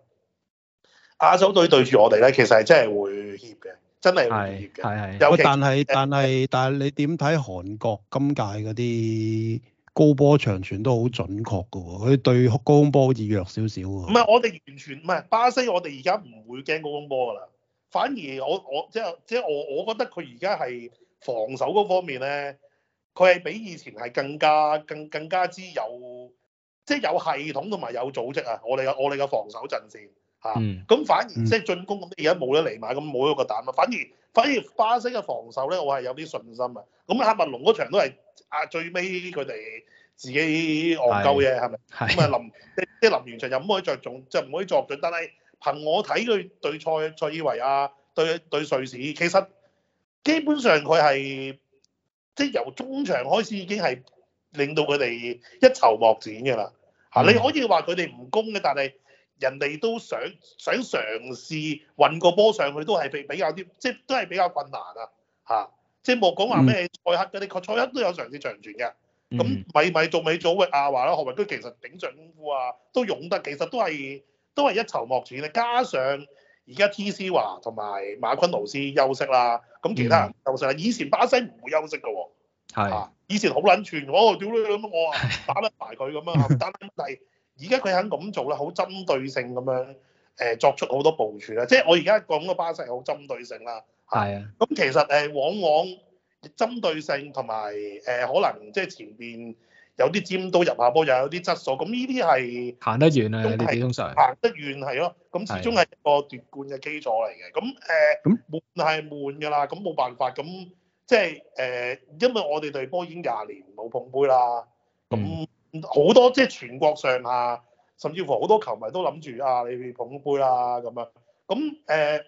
亞洲隊對住我哋咧，其實係真係會怯嘅，真係會怯嘅。係的尤其但係是但係是但係你點睇韓國今屆嗰啲？高波長傳都好準確㗎喎，佢對高空波好似弱少少喎。唔係我哋完全唔係巴西，我哋而家唔會驚高空波㗎啦。反而我我即係即係我我覺得佢而家係防守嗰方面咧，佢係比以前係更加更更加之有即係有系統同埋有組織啊！我哋我哋嘅防守陣線。嚇，咁、嗯、反而即係進攻咁，而家冇咗尼馬，咁冇咗個膽啊！反而反而巴西嘅防守咧，我係有啲信心啊。咁啊，喀麥隆嗰場都係啊，最尾佢哋自己戇鳩嘅係咪？咁啊林即係林完場又唔可以着重，就唔可以作準。但係憑我睇佢對賽塞爾維亞、啊、對對，對瑞士，其實基本上佢係即係由中場開始已經係令到佢哋一籌莫展㗎啦。嚇是的 的，你可以話佢哋唔攻嘅，的但係。人哋都想想嘗試運個波上去，都係比比較啲，即係都係比較困難啊嚇、啊！即係冇講話咩賽黑嘅，你、嗯、確賽黑都有嘗試長傳嘅。咁咪咪做米嘅阿華啦，何文軒其實頂上功夫啊，都勇得，其實都係都係一籌莫展啊！加上而家 T.C. 華同埋馬昆奴斯休息啦，咁其他人休息啦。嗯、以前巴西唔會休息嘅喎、啊，係是以前好撚串喎，屌你咁我啊打得埋佢咁樣啊，唔而家佢肯咁做啦，好針對性咁樣誒作出好多部署啦。即係我而家講個巴西好針對性啦。係是啊，啊。咁其實誒，往往針對性同埋誒，可能即係前面有啲尖刀入下波，又有啲質素。咁呢啲係行得遠啊，始終上行是、啊、得遠係咯。咁、啊、始終係個奪冠嘅基礎嚟嘅。咁、啊、誒，呃嗯、悶係悶㗎啦。咁冇辦法。咁即係誒，因為我哋隊波已經廿年冇捧杯啦。咁好多即係全國上下，甚至乎好多球迷都諗住啊，你捧杯啊咁樣。咁誒，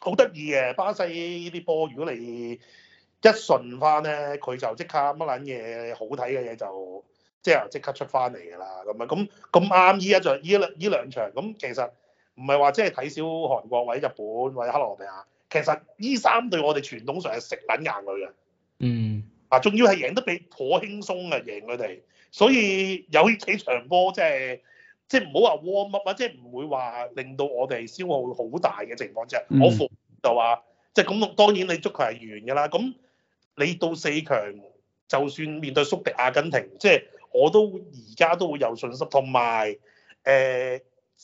好得意嘅巴西呢啲波，如果你一順翻咧，佢就即刻乜撚嘢好睇嘅嘢就即係即刻出翻嚟㗎啦。咁啊咁咁啱依一場依兩依兩場咁，其實唔係話即係睇小韓國或者日本或者克羅地亞，其實呢三隊我哋傳統上係食撚硬佢嘅。嗯。啊，仲要係贏得比頗輕鬆嘅贏佢哋。所以有幾場波即係即係唔好話 warm up 啊，即係唔會話令到我哋消耗好大嘅情況之下。嗯、我副就話即係咁，當然你足球係圓㗎啦。咁你到四強就算面對宿敵阿根廷，即係我都而家都會有信心。同埋誒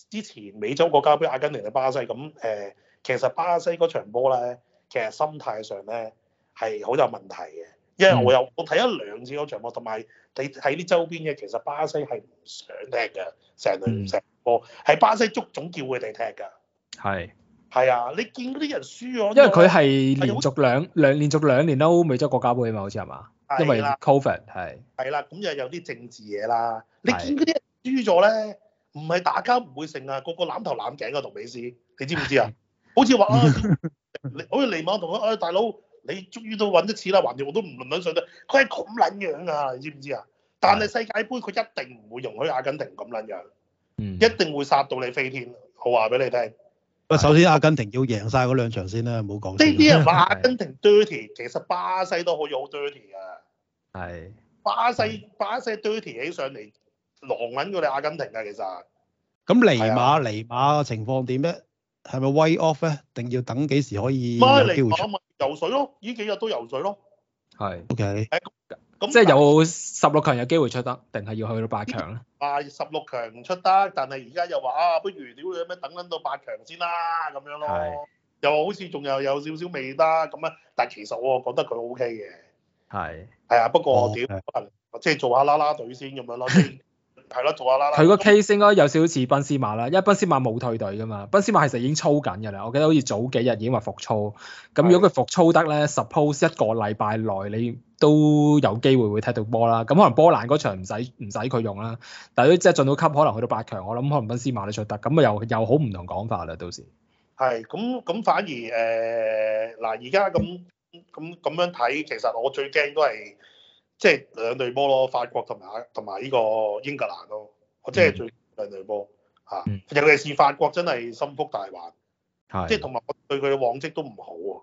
之前美洲國家杯阿根廷對巴西，咁誒、呃、其實巴西嗰場波咧，其實心態上咧係好有問題嘅。因為、嗯、我有我睇咗兩次嗰場波，同埋你睇啲周邊嘅，其實巴西係唔想踢嘅，成隊唔成波，係、嗯、巴西足總叫佢哋踢㗎。係是。係啊，你見嗰啲人輸咗。因為佢係連續兩兩連續兩年歐美洲國家杯嘛，好似係嘛？的因為 Covid 係。係啦，咁又有啲政治嘢啦。你見嗰啲人輸咗咧，唔係打交唔會成啊，個個攬頭攬頸嗰度比試，你知唔知啊？好似話啊，好似尼馬同佢大佬。你終於都揾得錢啦，橫掂我都唔論上得，佢係咁撚樣啊，你知唔知啊？但係世界盃佢一定唔會容許阿根廷咁撚樣，樣，嗯，一定會殺到你飛天，我話俾你聽。不過首先阿根廷要贏晒嗰兩場先啦，冇講。呢啲人話阿根廷 dirty， 其實巴西都可以好 dirty 㗎。係是。巴西是巴西 dirty 起上嚟，狼撚過你阿根廷啊。其實。咁尼馬尼、啊、馬嘅情況點咧？係咪 way off 咧？定要等幾時可以有機會出？咪嚟講咪游水咯，呢幾日都游水咯。係是。O Okay . K、欸。咁，即係有十六強有機會出得，定係要去到八強咧？啊，十六強唔出得，但係而家又話啊，不如屌你咩等緊到八強先啦咁樣咯。是又好似仲又有少少未得咁啊！但係其實我覺得佢 O K 嘅。係是。係啊，不過屌，即係做下啦啦隊先咁樣咯，有冇拉係咯，做下啦。拉。佢個 case 應該有少少似賓斯馬啦，因為賓斯馬冇退隊噶嘛，賓斯馬其實已經操緊噶啦，我記得好似早幾日已經話復操。咁如果佢復操得咧，suppose 是的一個禮拜內你都有機會會踢到波啦。咁可能波蘭嗰場唔使唔使佢用啦，但係都即係進到級可能去到八強，我諗可能賓斯馬都出得，咁又又好唔同講法啦，到時。係，咁咁反而誒嗱，而家咁咁咁樣睇，其實我最驚都係。即係兩隊波咯，法國同埋同埋呢個英格蘭咯，我即係最兩隊波嚇，嗯、尤其是法國真係心腹大患，即係同埋我對佢嘅往績都唔好喎。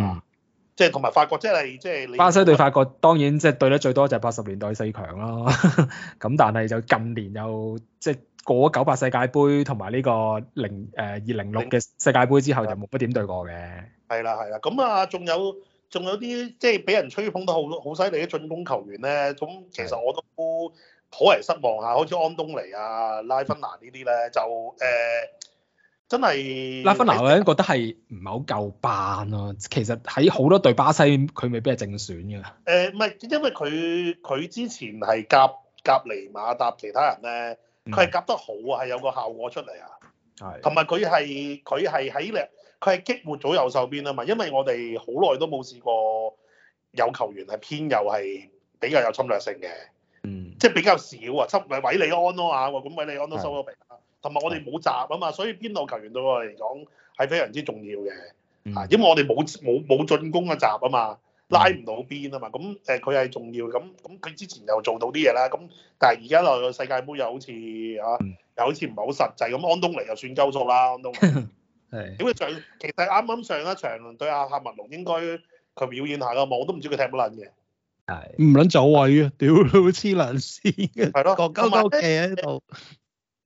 嗯，即係同埋法國即係即係巴西對法國當然即係對得最多就係八十年代四強啦，咁 但係就近年又即係、就是、過咗九八世界盃同埋呢個零誒二零六嘅世界盃之後就冇乜點對過嘅。係啦係啦，咁啊仲有。仲有啲即係俾人吹捧得好好犀利嘅進攻球員咧，咁其實我都頗為失望嚇，好似安東尼啊、拉芬拿呢啲咧，就誒、呃、真係拉芬拿咧在覺得係唔係好夠班咯、啊。其實喺好多隊巴西，佢未必係正選㗎。誒唔係，因為佢佢之前係夾夾尼馬搭其他人咧，佢係夾得好啊，係的有個效果出嚟啊。係的。同埋佢係佢係喺佢係激活咗右手邊啊嘛，因為我哋好耐都冇試過有球員係偏右係比較有侵略性嘅，嗯，即係比較少啊，差唔係韋利安咯啊，咁韋利安都收咗皮啊，同埋的我哋冇閘啊嘛，所以邊度球員對我哋嚟講係非常之重要嘅，嚇、嗯，因為我哋冇冇冇進攻嘅閘啊嘛，拉唔到邊啊嘛，咁誒佢係重要，咁咁佢之前又做到啲嘢啦，咁但係而家落世界盃又好似嚇又好似唔係好實際，咁安東尼又算鳩數啦，安東。 係點解上？其實啱啱上一場對阿夏文龍，應該佢表現下個望，我都唔知佢踢乜撚嘅。係唔撚走位嘅？屌黐撚線嘅。係咯，講鳩鳩嘅喺度。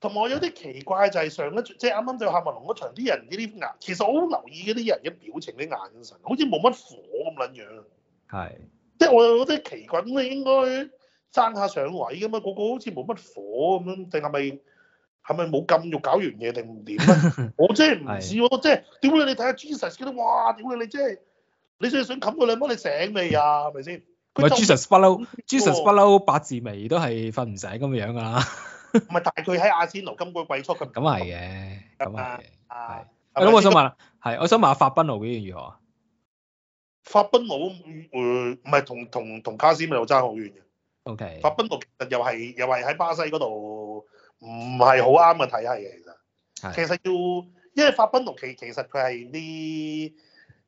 同埋有啲奇怪就係上一，即係啱啱對夏文龍嗰場，啲人啲眼，其實我好留意嗰啲人嘅表情啲眼神，好似冇乜火咁撚樣。係，即係我有啲奇怪，咁你應該爭下上位㗎嘛？個個好似冇乜火咁樣，定係咪？係咪冇咁肉搞完嘢定唔掂？我真係唔知喎，即係點解你睇下 Jesus 嗰啲，哇！點解你即係你想想冚佢兩波，你醒未啊，係咪先？唔係 Jesus 不嬲，Jesus 不嬲八字眉都係瞓唔醒咁嘅樣㗎啦。唔係，但係佢喺阿仙奴今個季初咁。咁係嘅，咁係係。咁我想問下，係我想問下法賓奴呢樣如何啊？法賓奴誒唔係同同同卡斯米路差好遠嘅。O K。法賓奴其實又係又係喺巴西嗰度。唔係好啱嘅體系嘅，其實，其實要，因為法賓奴其其實佢係啲，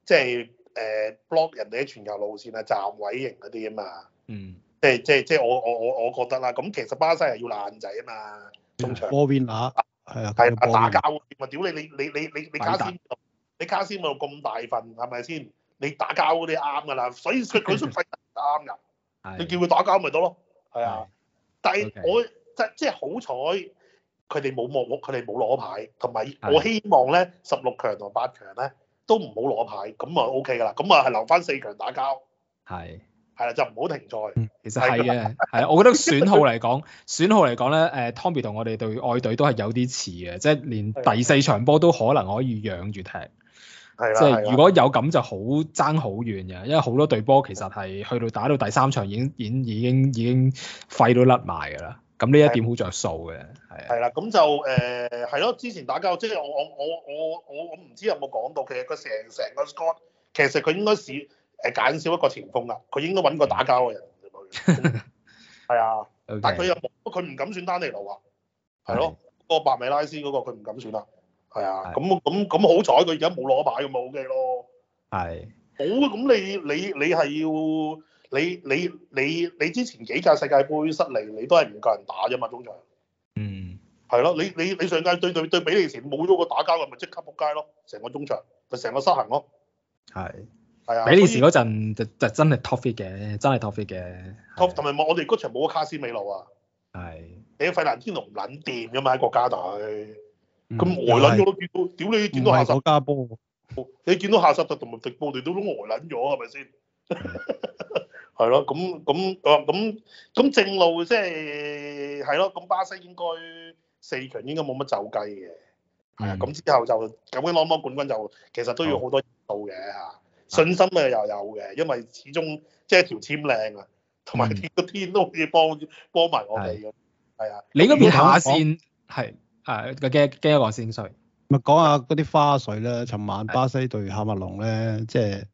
即係誒 block 人哋啲全球路線啊，站位型嗰啲啊嘛，嗯，即係即係即係我我我我覺得啦，咁其實巴西係要爛仔啊嘛，中場，波邊打，係啊，但係打交，我屌你你你你你卡斯，你卡斯冇咁大份係咪先？你打交嗰啲啱噶啦，所以佢佢出費啱噶，係，你叫佢打交咪得咯，係啊，但係我。即即係好彩，佢哋冇冇冇，佢哋冇攞牌，同埋我希望咧，十六強同八強咧都唔好攞牌，咁啊 O K 噶啦，咁啊係留翻四強打交。係是。係啦，就唔好停賽。嗯、其實係嘅，係 我覺得損耗嚟講，損耗嚟講咧，誒、uh, Tommy 同我哋對外隊都係有啲似嘅，即係連第四場波都可能可以養住踢。係啦的。即係如果有咁就好爭好遠嘅，因為好多隊波其實係去到打到第三場已經已已經已經肺都甩埋㗎啦。咁呢一點好著數嘅，係啊，係啦，咁就誒係咯。之前打交即係我我我我我唔知有冇講到，其實佢成成個 score，其實佢應該試誒減少一個前鋒啦。佢應該搵個打交嘅人，係啊。但係佢又冇，佢唔敢選丹尼路啊。係咯，的個百米拉斯嗰個佢唔敢選啦。係啊，咁咁咁好彩，佢而家冇攞牌嘅武基咯。係的，的好咁你你你係要，要。你你你你之前幾屆世界盃失利，你都係唔夠人打啫嘛，中場。嗯。係咯，你你你上屆對對對比利時冇咗個打交嘅，咪即刻仆街咯，成個中場咪成個失衡咯。係。係啊。比利時嗰陣就就真係 top i t 嘅，真係 top i t 嘅。top 同埋我哋嗰場冇阿卡斯美路啊。係。你喺費蘭天龍唔撚掂㗎嘛，喺國家隊。咁呆撚咗都見到屌你見到下手加波。你見到夏薩特同埋迪布尼都呆撚咗係咪先？係咯，咁咁咁咁正路即係係咯，咁巴西應該四強應該冇乜走雞嘅。係啊、嗯，咁之後就咁樣攞攞冠軍就其實都要好多度嘅嚇，信心啊又有嘅，因為始終即係條簽靚啊，同埋個天都可以幫幫埋我哋咁，係啊的，的你嗰邊下線係係嘅嘅一個線碎，咪講下嗰啲花絮啦，尋晚巴西對喀麥隆咧即係。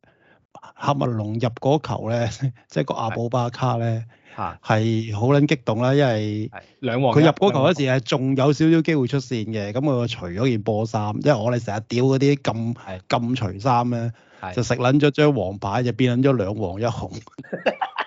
喀麥隆入嗰球咧，即係個阿布巴卡咧，係好捻激動啦，因為兩黃佢入嗰球嗰時係仲有少少機會出線嘅，咁佢除咗件波衫，因為我哋成日屌嗰啲咁咁除衫咧，就食捻咗張黃牌，就變捻咗兩黃一紅。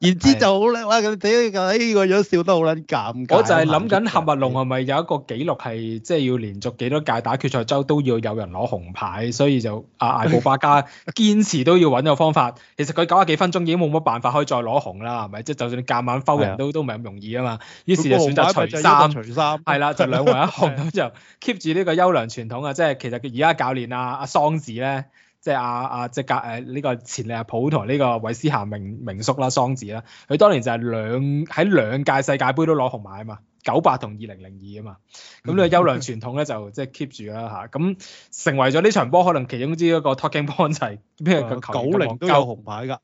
然之就好啦，哇！咁睇佢個樣笑得好撚尷尬。我就係諗緊合物龍係咪有一個紀錄係即係要連續幾多屆打決賽周都要有人攞紅牌，所以就阿、啊、艾布巴加堅持都要揾個方法。其實佢九十幾分鐘已經冇乜辦法可以再攞紅啦，係咪？即係就算你夾硬 foul 人都的都唔係咁容易啊嘛。於是就選擇除衫，係啦，就兩個人一紅咗之後 keep 住呢個優良傳統啊！即係其實佢而家教練阿阿桑子咧。即係阿阿即係格誒呢個前利物浦同呢個韋斯咸明明宿啦桑子啦，佢當年就係兩喺兩屆世界盃都攞紅牌啊嘛，九八同二零零二啊嘛，咁呢個優良傳統咧就即係 keep 住啦嚇，咁成為咗呢場波可能其中之一個 talking point 就係咩？九零都有紅牌㗎，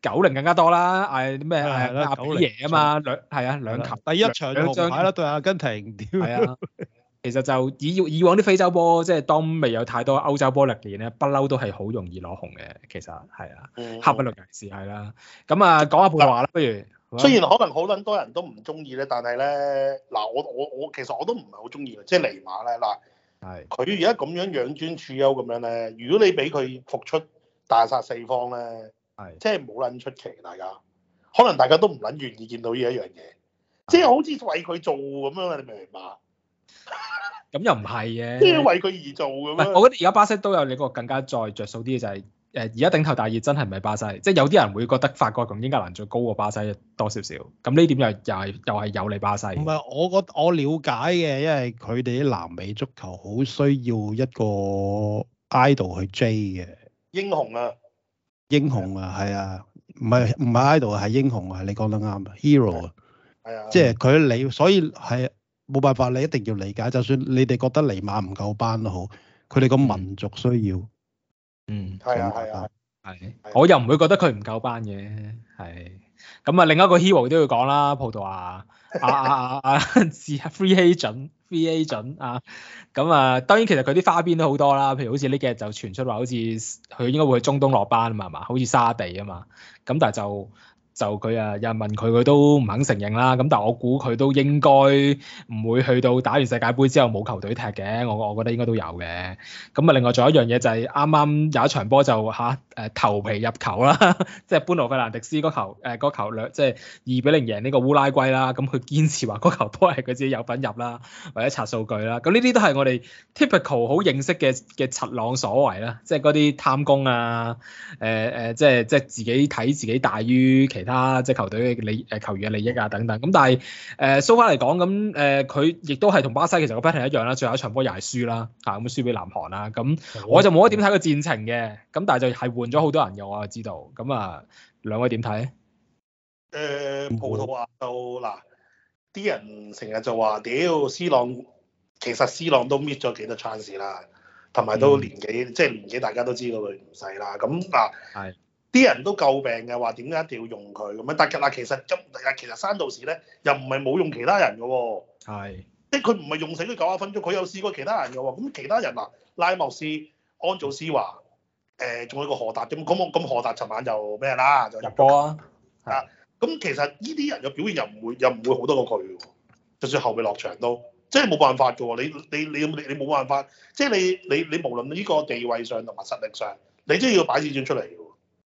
九零更加多啦，係咩？係阿皮耶啊嘛，兩係啊兩球，第一場兩張牌啦對阿根廷屌。其實就以以往啲非洲波，即係當未有太多歐洲波力面咧，不嬲都係好容易攞紅嘅。其實係啊，黑不律人士係啦。咁啊，啊，講下背話啦，不如，雖然可能好撚多人都唔中意咧，但係咧嗱，我我我其實我都唔係好中意，即係尼馬咧嗱，係佢而家咁樣養尊處優咁樣咧，如果你俾佢復出大殺四方咧，係是即係冇撚出奇，大家可能大家都唔撚願意見到呢一樣嘢，即係是好似為佢做咁樣，你明唔明白？咁 又唔係嘅，即係為佢而做嘅，我覺得而家巴西都有你個更加再着數啲嘅就係、是、誒，而家頂頭大熱真係唔係巴西，即、就、係、是、有啲人會覺得法國同英格蘭最高過巴西多少少。咁呢點又係又係又係有利巴西。唔係，我覺我了解嘅，因為佢哋啲南美足球好需要一個 idol 去追嘅英雄啊，英雄啊，係啊，唔係唔係 idol 啊，係英雄啊，你講得啱啊，hero 啊，係啊，即係佢你所以係。冇辦法，你一定要理解。就算你哋覺得尼馬唔夠班都好，佢哋個民族需要。嗯，係啊，係啊，係、啊。啊、我又唔會覺得佢唔夠班嘅，係。咁啊，另一個 hero 都要講啦，葡萄牙啊啊啊啊，啊，是、啊、 free agent，free agent 啊。咁啊，當然其實佢啲花邊都好多啦。譬如好似呢幾日就傳出話，好似佢應該會去中東落班啊嘛，係嘛，好似沙地啊嘛。咁但係就。就佢啊，有人問佢，佢都唔肯承認啦。咁但我估佢都應該唔會去到打完世界盃之後冇球隊踢嘅。我我覺得應該都有嘅。咁啊，另外仲有一樣嘢就係啱啱有一場波就嚇誒頭皮入球啦， 即係般奴費蘭迪斯嗰球誒、呃、球兩即係二比零贏呢個烏拉圭啦。咁、嗯、佢堅持話嗰球波係佢自己有份入啦，或者刷數據啦。咁呢啲都係我哋 typical 好認識嘅嘅 C 朗所為啦，即係嗰啲貪功啊誒誒、呃呃、即係即係自己睇自己大於其。其他隻球隊嘅利誒球員嘅利益啊等等咁，但係誒蘇卡嚟講咁誒，佢、呃、亦都係同巴西其實個 pattern 一樣啦，最後一場波又係輸啦嚇，咁、啊、輸俾南韓啦。咁、啊、我就冇乜點睇佢戰情嘅，咁但係就係換咗好多人嘅，我知道。咁啊，兩位點睇？誒、呃、葡萄牙就嗱，啲人成日就話屌 C 朗，其實 C 朗都搣咗幾多 c h a n 啦，同埋都年紀、嗯、即係年紀，大家都知個佢唔細啦。咁啊，係。啲人都詬病嘅話，點解一定要用佢咁樣？但係嗱，其實咁其實山道士咧又唔係冇用其他人嘅喎、哦，即係佢唔係用死咗九十分鐘，佢有試過其他人嘅喎。咁其他人嗱，拉莫斯、安祖斯華，誒、呃、仲有個何達啫。咁我咁何達尋晚就咩啦，就入波啊。啊，咁其實呢啲人嘅表現又唔會又唔會好多過佢喎。就算後備落場都即係冇辦法嘅，你你你你冇辦法，即係你你你，你，你無論呢個地位上同埋實力上，你都要擺字轉出嚟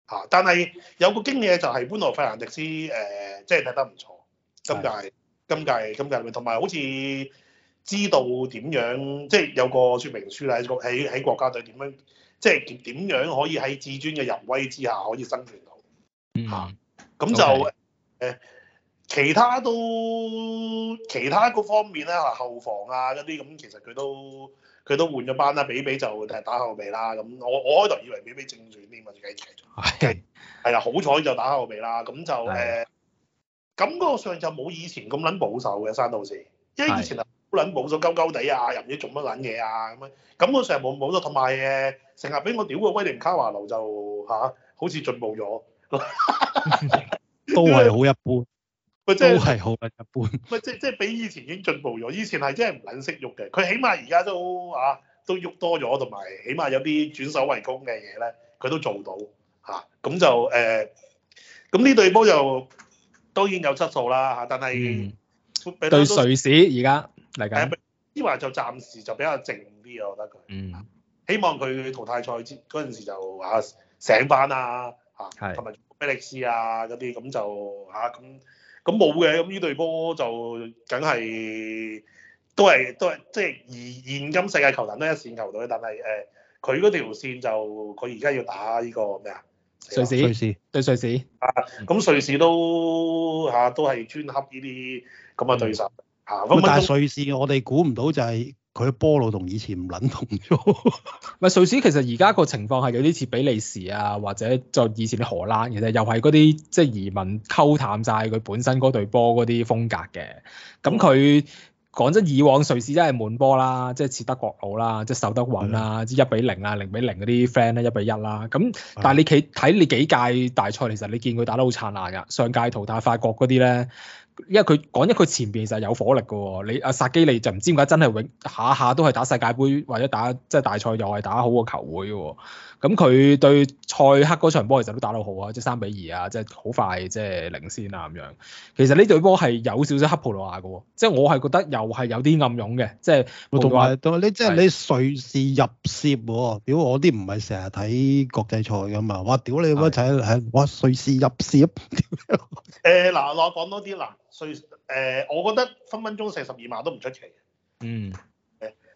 吓，但係有個經驗就係的，本來費蘭迪斯誒，即係睇得唔錯，今屆、今屆、今屆裡面同埋好似知道點樣，即係有個說明書啦，喺國喺喺國家隊點樣，即係點樣可以喺至尊嘅淫威之下可以生存到。吓，咁就誒 Okay.，其他都其他個方面咧，吓後防啊嗰啲，咁其實佢都。佢都換咗班啦，比比就誒打後備啦。咁我我開頭以為比比正選啲乜嘢計嘅，係係啦，好彩 就打後備啦。咁就誒感覺上就冇以前咁撚保守嘅山道士，因為以前啊好撚保守鳩鳩地啊，又唔知做乜撚嘢啊咁樣。感覺上冇冇咗，同埋誒成日俾我屌個威廉卡華流就嚇、啊、好似進步咗， 都係好一般。都係好啊，一般。喂，即係即係比以前已經進步咗。以前係真係唔捻識喐嘅，佢起碼而家都啊，都喐多咗，同埋起碼有啲轉守為攻嘅嘢咧，佢都做到吓。咁、啊、就誒，咁、啊、呢隊波就當然有質素啦吓、啊，但係、嗯、對瑞士而家嚟緊。誒，施華就暫時就比較靜啲我覺得佢。啊、嗯。希望佢淘汰賽之嗰陣時就醒啊醒翻的啊吓，同埋費力斯啊嗰啲咁就吓咁。啊咁冇嘅，咁呢隊波就梗係都係都係即係現現今世界球壇都一線球隊，但係誒佢嗰條線就佢而家要打呢個咩啊？瑞士瑞士，對瑞士啊，咁瑞士都嚇、啊、都係專恰呢啲咁嘅對手嚇。咁但係瑞士我哋估唔到就係、是。佢波路同以前唔撚同咗，咪 瑞士其實而家個情況係有啲似比利時啊，或者就以前嘅荷蘭，其實又係嗰啲即係移民溝淡晒佢本身嗰隊波嗰啲風格嘅。咁佢講真，以往瑞士真係悶波啦，即係似德國佬啦，即係守得穩啦，即一的比零啊、零比零嗰啲 friend 咧，一比一啦。咁但係你睇你幾屆大賽，其實你見佢打得好燦爛噶，上屆淘汰法國嗰啲咧。因為佢講一句前邊就係有火力噶喎、哦，你阿、啊、薩基利就唔知點解真係永下下都係打世界杯，或者打即係大賽，又係打好個球會嘅喎、哦。咁佢對塞克嗰場波其實都打得好啊，即三比二啊，即係好快，即係領先啊咁樣。其實呢隊波係有少少黑葡萄牙嘅，即係我係覺得又係有啲暗湧嘅，即係同埋同埋你即係你瑞士入蝕喎，屌我啲唔係成日睇國際賽嘅嘛，哇！屌你乜柒，係哇瑞士入蝕？誒嗱，我講多啲嗱，瑞誒我覺得分分鐘射十二碼都唔出奇。嗯。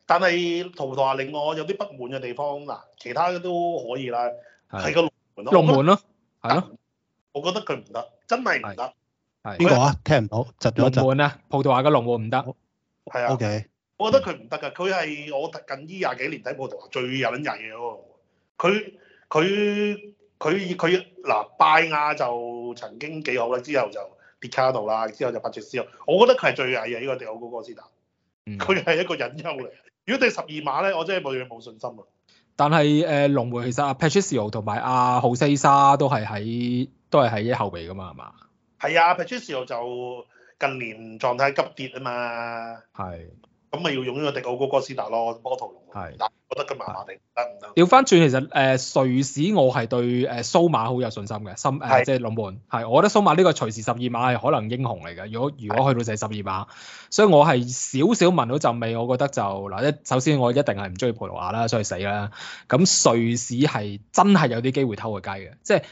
但係葡萄牙令我有啲不滿嘅地方嗱，其他嘅都可以啦，係個龍門咯，龍門咯，係咯，我覺得佢唔得，真係唔得。係邊個啊？聽唔到，龍門啊！葡萄牙嘅龍門唔得。係啊。O K，我覺得佢唔得㗎，佢係我近呢廿幾年睇葡萄牙最隱逸嘅嗰個。佢佢佢佢嗱拜亞就曾經幾好啦，之後就跌卡度啦，之後就法爵斯，我覺得佢係最矮嘅呢個地方嗰個先得。佢係一個隱憂嚟。如果對十二碼咧，我真係對你冇信心、呃、啊！但係誒，龍門其實阿 Patricio 同埋阿浩西沙都係喺都係喺後備噶嘛，係嘛？係啊，Patricio 就近年狀態急跌啊嘛。係。咁咪要用呢個迪奧哥哥斯達咯，摩托用。係。覺得佢麻麻地得唔得？調翻轉，其實誒瑞士我係對誒蘇馬好有信心嘅，新誒即係龍門，係我覺得蘇馬呢個隨時十二碼係可能英雄嚟嘅。如果如果去到就係十二碼，所以我係少少聞到陣味，我覺得就嗱，即首先我一定係唔中意葡萄牙啦，所以死啦。咁瑞士係真係有啲機會偷個雞嘅，即係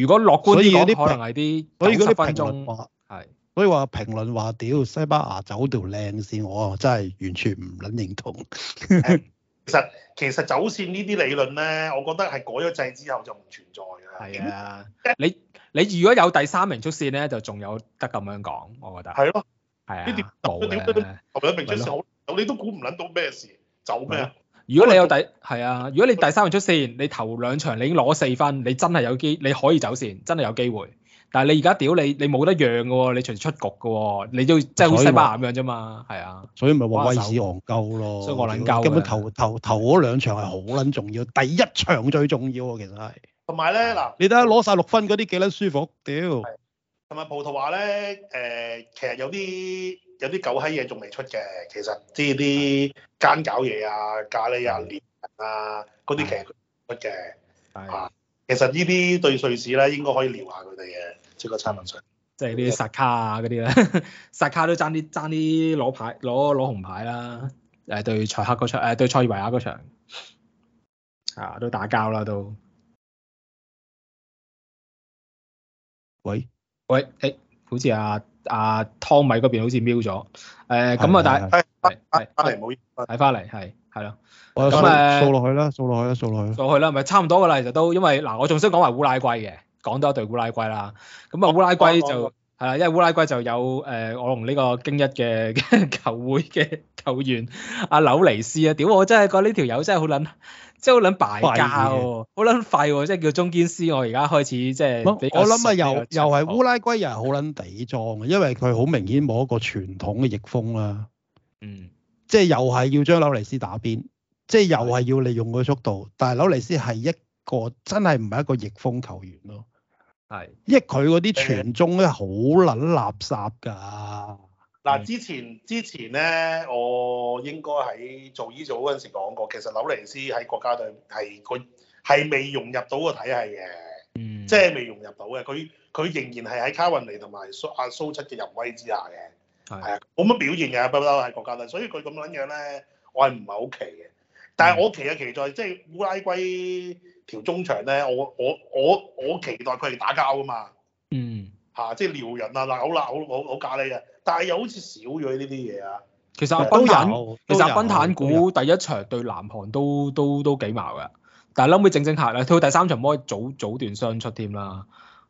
如果樂觀啲啲可能係啲，啲評論係。所以話評論話屌西班牙走條靚線，我真係完全唔撚認同。 其實其實走線呢啲理論咧，我覺得係改咗制之後就唔存在㗎。係啊，嗯、你你如果有第三名出線咧，就仲有得咁樣講。我覺得係咯，係啊，呢啲冇嘅。些啊、頭兩名出線好，啊、你都估唔撚到咩事走咩、啊？如果你有第係啊，如果你第三名出線，你頭兩場你已經攞四分，你真係有機你可以走線，真係有機會。但係你而家屌你，你冇得讓嘅喎、哦，你隨時出局嘅喎、哦，你都真係好似西班牙咁樣啫嘛，係啊。所以咪話瑞士戇鳩咯，根本頭頭頭嗰兩場係好撚重要，第一場最重要喎，其實係。同埋咧嗱，的你睇下攞晒六分嗰啲幾撚舒服？屌的。同埋葡萄牙咧，誒、呃，其實有啲有啲狗閪嘢仲未出嘅，其實即係啲奸搞嘢啊、咖喱啊、獵人啊嗰啲其實出嘅。係。其實呢啲對瑞士咧應該可以撩下佢哋嘅。呢個差唔多，即係啲薩卡啊嗰啲咧，薩卡都爭啲爭啲攞牌攞攞紅牌啦！誒對賽克嗰場誒對塞爾維亞嗰場都打交啦都。喂喂誒，好似阿阿湯米嗰邊好似瞄咗誒，咁啊但係係係翻嚟冇嘢，睇翻嚟係係咯，咁誒掃落去啦，掃落去啦，掃落去，掃落去啦，咪差唔多噶啦，其實都因為嗱，我仲識講埋烏拉圭嘅。講多一隊烏拉圭啦，咁啊烏拉圭就係啦，哦、因為烏拉圭就有誒、呃、我同呢個京一嘅球會嘅球員阿紐尼斯啊，屌我真係覺呢條友真係好撚，真係好撚敗家喎，好撚廢喎，即係叫中堅師。我而家開始即係我諗啊，又又係烏拉圭又係好撚地裝嘅，因為佢好明顯冇一個傳統嘅逆風啦、啊。嗯。即係又係要將紐尼斯打邊，即係又係要利用佢速度，但係紐尼斯係一個真係唔係一個逆風球，球員咯。係，是因為佢嗰啲傳中咧好捻垃圾噶。嗱、嗯，之前之前咧，我應該喺做呢組嗰陣時講過，其實紐尼斯喺國家隊係佢係未融入到個體系嘅，即係、嗯、未融入到嘅。佢佢仍然係喺卡運尼同埋阿蘇七嘅淫威之下嘅，係啊是，冇乜表現嘅不嬲喺國家隊，所以佢咁捻樣咧，我係唔係好奇嘅。但係我奇嘅奇在，即係烏拉圭。條中場咧，我我我我期待佢哋打交噶嘛，嗯嚇，即係撩人啊，好鬧好好好咖喱嘅，但係又好似少咗呢啲嘢啊。其實阿斌坦，有其實阿斌坦古第一場對南韓都都都幾矛嘅，但係諗唔諗正正下咧，佢第三場摩早早段雙出添啦。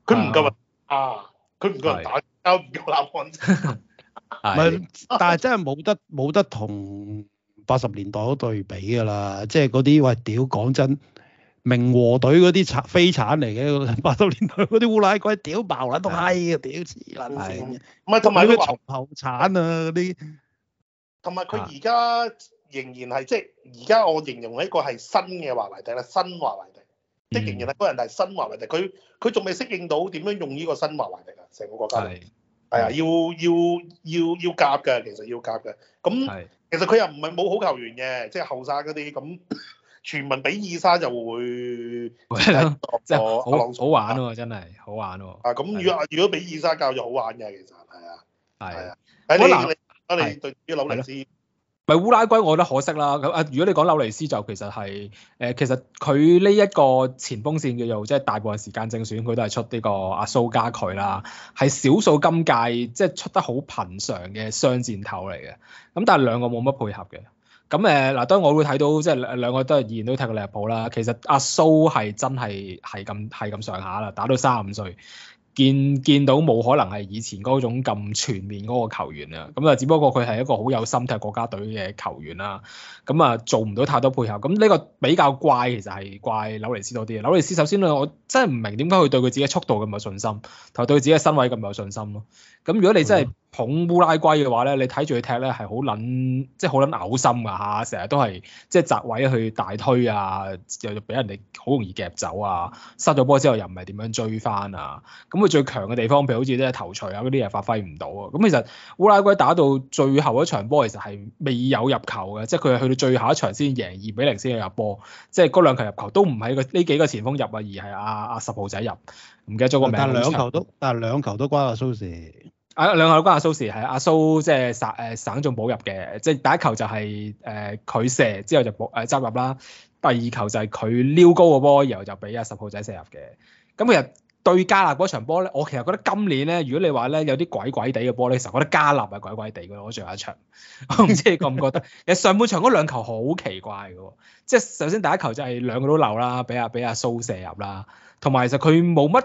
佢唔夠人啊！佢唔夠人、啊、打交，唔是夠南韓。係、啊，是但係真係冇得冇得同八十年代都對比㗎啦，即係嗰啲喂屌，講真。明和隊嗰啲鏟飛鏟嚟嘅，八十年代嗰啲烏拉鬼，屌爆啦都閪啊，屌痴卵線嘅。唔係同埋佢重後鏟啊，嗰啲。同埋佢而家仍然係即係，而家我形容係一個係新嘅華為帝啦，新華為帝，嗯、即係仍然係嗰個人係新華為帝。佢佢仲未適應到點樣用呢個新華為帝啊，成個國家係啊的的，要要要要夾嘅，其實要夾嘅。咁的其實佢又唔係冇好球員嘅，即係後生嗰啲咁。全民俾二沙就會即係、 就係、好、啊、好,好玩喎、啊，真係好玩喎。啊，咁如果如果俾二沙教育好玩嘅，其實係啊，係啊。啊，嗱，啊你對啲紐尼斯咪烏拉圭，我覺得可惜啦。咁啊，如果你講紐尼斯就其實係誒，其實佢呢一個前鋒線嘅又即係大部分時間正選，佢都係出呢個阿蘇加佢啦，係少數今屆即係出得好頻常嘅雙箭頭嚟嘅。咁但係兩個冇乜配合嘅。咁誒嗱，當然我會睇到即係兩個都係以前都踢過利物浦啦。其實阿蘇係真係係咁係咁上下啦，打到三十五歲，見見到冇可能係以前嗰種咁全面嗰個球員啦。咁啊，只不過佢係一個好有心踢國家隊嘅球員啦。咁啊，做唔到太多配合。咁呢個比較怪，其實係怪紐尼斯多啲啊。紐尼斯首先咧，我真係唔明點解佢對佢自己嘅速度咁有信心，同埋對自己嘅身位咁有信心咯。咁如果你真係捧烏拉圭嘅話咧，你睇住佢踢咧係好撚即係好撚嘔心㗎嚇，成日都係即係砸位去大推啊，又又俾人哋好容易夾走啊，失咗波之後又唔係點樣追翻啊。咁、嗯、佢最強嘅地方，譬如好似咧頭槌啊嗰啲嘢發揮唔到啊。咁、嗯、其實烏拉圭打到最後一場波，其實係未有入球嘅，即係佢係去到最後一場先贏二比零先入波，即係嗰兩球入球都唔係呢幾個前鋒入啊，而係阿阿十號仔入，唔記得咗個名。但係兩球都但係兩球都關阿蘇士。啊，兩個老關阿蘇士係阿蘇，即係省誒省眾保入嘅，即係第一球就係誒佢射，之後就保誒執入啦。第二球就係佢撩高個波，然後就俾阿十號仔射入嘅。咁、嗯、其實對加納嗰場波咧，我其實覺得今年咧，如果你話咧有啲鬼鬼地嘅波咧時候，我覺得加納係鬼鬼地嘅。我最後一場，我唔知你覺唔覺得？ 其實上半場嗰兩球好奇怪嘅，即係首先第一球就係兩個都漏啦，俾阿俾阿蘇射入啦，同埋其實佢冇乜。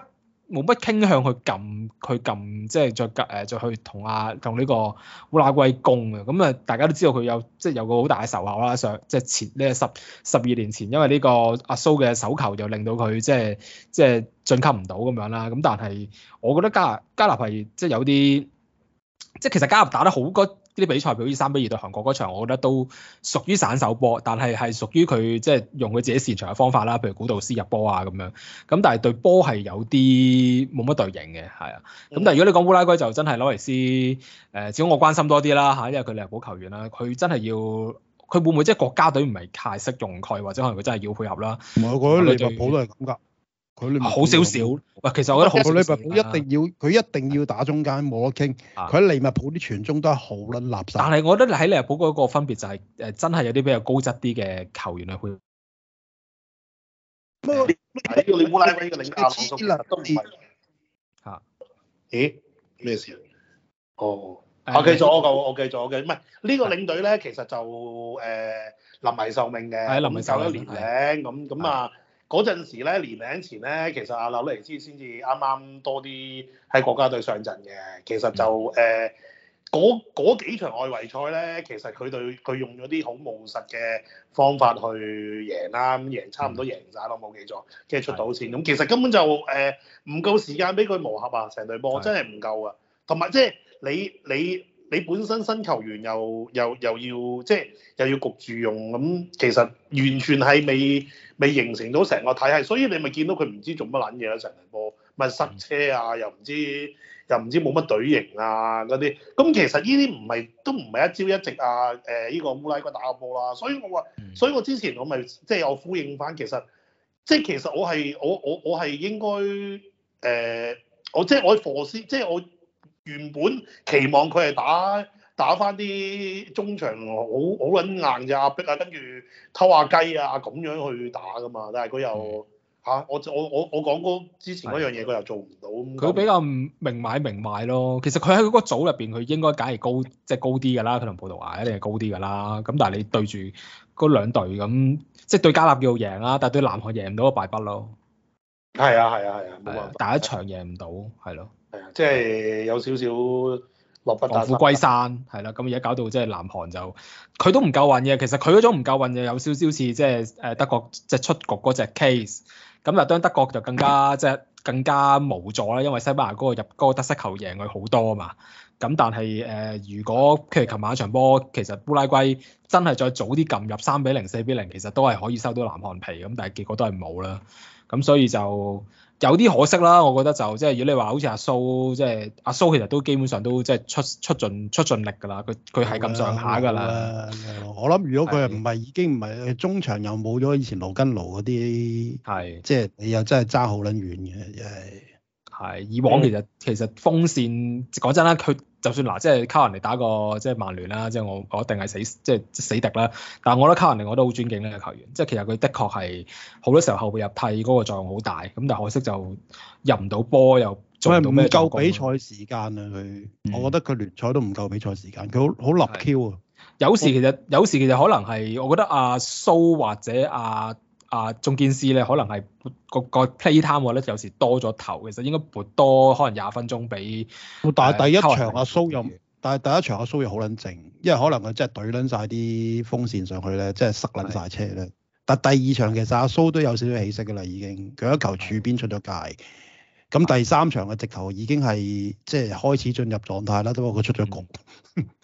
冇乜傾向去撳，去撳即係再格誒、啊，再去同阿同呢個烏拉圭攻啊！咁、嗯、啊，大家都知道佢有即係、就是、有個好大嘅仇口啦。上即係、就是、前呢十十二年前，因為呢個阿蘇嘅手球就令到佢即係即係進級唔到咁樣啦。咁、嗯、但係我覺得加納加納係即係有啲。即係其實加納打得好嗰啲比賽，譬如好似三比二對韓國嗰場，我覺得都屬於散手波，但係係屬於佢即係用佢自己擅長嘅方法啦，譬如古道斯入波啊咁樣。咁但係對波係有啲冇乜隊形嘅，係啊。咁但係如果你講烏拉圭就真係攞維斯，誒、呃，至少我關心多啲啦嚇，因為佢利物浦球員啦，佢真係要佢會唔會即係國家隊唔係太識用佢，或者可能佢真係要配合啦。唔係且，我覺得利物浦都係咁㗎。佢好少少，喂，其實我覺得好。佢利物浦一定要，佢一定要打中間冇得傾。佢喺利物浦啲傳中都係好撚垃圾。但係我覺得喺利物浦嗰個分別就係誒，真係有啲比較高質啲嘅球員去。咁啊，你你要你冇拉佢嘅領隊資歷都唔係。嚇？咦？咩事？哦，我繼續我我我繼續我嘅，唔係呢個領隊咧，其實就誒臨危受命嘅，咁夠一年零咁咁啊。嗰陣時咧年零前咧，其實阿劉黎之先至啱啱多啲喺國家隊上陣嘅，其實就誒嗰嗰幾場外圍賽咧，其實佢對佢用咗啲好務實嘅方法去贏啦，咁贏差唔多贏曬咯，我冇記錯，跟住出到線咁，是的 其實根本就誒唔、呃、夠時間俾佢磨合啊，成隊波真係唔夠啊，同埋即係你你。你你你本身新球員又又又要即係又要焗住用咁，其實完全係未未形成到成個體系。所以你咪見到佢唔知做乜撚嘢啦，成日波咪塞車啊，又唔知又唔知冇乜隊形啊嗰啲，咁其實呢啲唔係都唔係一朝一夕啊，誒、呃、呢、這個烏拉圭打波啦、啊，所以我話，所以我之前我咪即係我呼應翻，其實即係其實我係我我我係應該誒、呃，我即係我係佛師，即係我，我。原本期望佢係打打翻啲中場好好撚硬嘅逼啊，跟住偷下雞啊咁樣去打㗎嘛，但係佢又嚇、嗯啊、我我我我講之前嗰樣嘢，佢的又做唔到。佢比較明買明賣咯。其實佢喺嗰個組入邊，佢應該梗係高即係、就是、高啲㗎啦。佢同葡萄牙一定係高啲㗎啦。咁但係你對住嗰兩隊咁，即係對加納要贏啦，但係對，對、啊、對南韓贏唔到就敗筆咯。係啊係啊係啊，冇辦法。第一場贏唔到，係咯。即係有少少落不歸山，係啦。咁而家搞到即係南韓就佢都唔夠運嘅，其實佢嗰種唔夠運嘅有少少似即係誒德國即係出局嗰隻 case。咁嗱，當德國就更加即係更加無助啦，因為西班牙嗰個入嗰個得失球贏佢好多啊嘛。咁但係誒、呃，如果譬如琴晚場波，其實烏拉圭真係再早啲撳入三比零、四比零，其實都係可以收到南韓皮咁，但係結果都係冇啦。咁所以就～有啲可惜啦，我覺得就即係如果你話好似阿蘇，即係阿蘇其實都基本上都即係出出盡出盡力㗎啦，佢佢係咁上下㗎啦。我諗如果佢又唔係已經唔係中場又冇咗以前勞根勞嗰啲，即係的你又真係揸好撚遠嘅，真係。係以往其實，嗯、其實風扇講真啦，佢就算嗱即係卡倫尼打個即係曼聯啦，即係我我一定係死即係死敵啦。但係我覺得卡倫尼我都好尊敬呢個球員，即係其實佢的確係好多時候後備入替嗰個作用好大。咁但可惜就入唔到波又做唔到咩，唔夠比賽時間啊佢，嗯、我覺得佢聯賽都唔夠比賽時間。佢好好立 Q 啊。有時其實我有時其實可能係我覺得阿蘇或者阿。啊，中間師咧，可能係個個 playtime 咧，有時多咗頭，其實應該撥多可能廿分鐘俾。呃、但係第一場阿蘇又入，但係第一場阿蘇又好撚靜，因為可能佢真係懟撚晒啲風扇上去咧，即係塞撚晒車咧。是的 但第二場其實阿蘇都有少少起色噶啦，已經佢一球處邊出咗界，咁第三場嘅直頭已經係即係開始進入狀態啦，都話佢出咗局，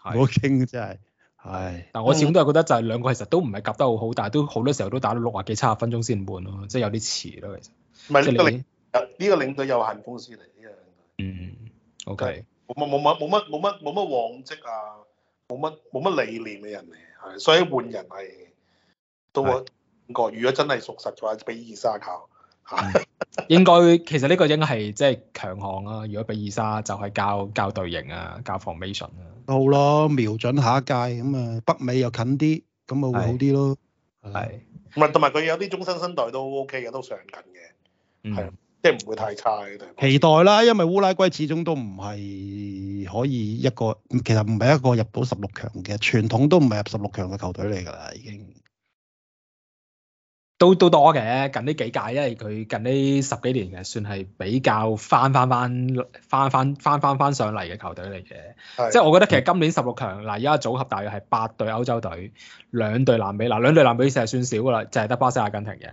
好驚真係。係，唉但我始終都係覺得就係兩個其實都唔係夾得好好，但係都好多時候都打到六啊幾七啊分鐘先換咯，即係有啲遲咯，其實。唔係呢個領隊？啊，呢個領隊都有限公司嚟，呢個。嗯。O、okay、K。冇乜冇乜冇乜冇乜冇乜往績啊！冇乜冇乜理念嘅人嚟，係所以換人係都個。的如果真係熟實咗，就俾二三靠。係， 應該其實呢個應該係即係強項啦。如果比爾莎就係教教隊形啊，教 formation 啦，啊。好咯，瞄準下一屆咁啊，北美又近啲，咁啊會好啲咯。係，唔係同埋佢有啲中生身代都 O K 嘅，都上緊嘅。係、嗯，即係唔會太差嘅。期待啦，因為烏拉圭始終都唔係可以一個，其實唔係一個入到十六強嘅，傳統都唔係入十六強嘅球隊嚟噶啦，已經。都都多嘅，近呢幾屆，因為佢近呢十幾年嘅算係比較翻翻翻翻翻翻翻翻上嚟嘅球隊嚟嘅，是的 即係我覺得其實今年十六強嗱，而家、嗯、組合大約係八隊歐洲隊，兩隊南美，嗱兩隊南美其實係算少噶啦，就係得巴西、阿根廷嘅。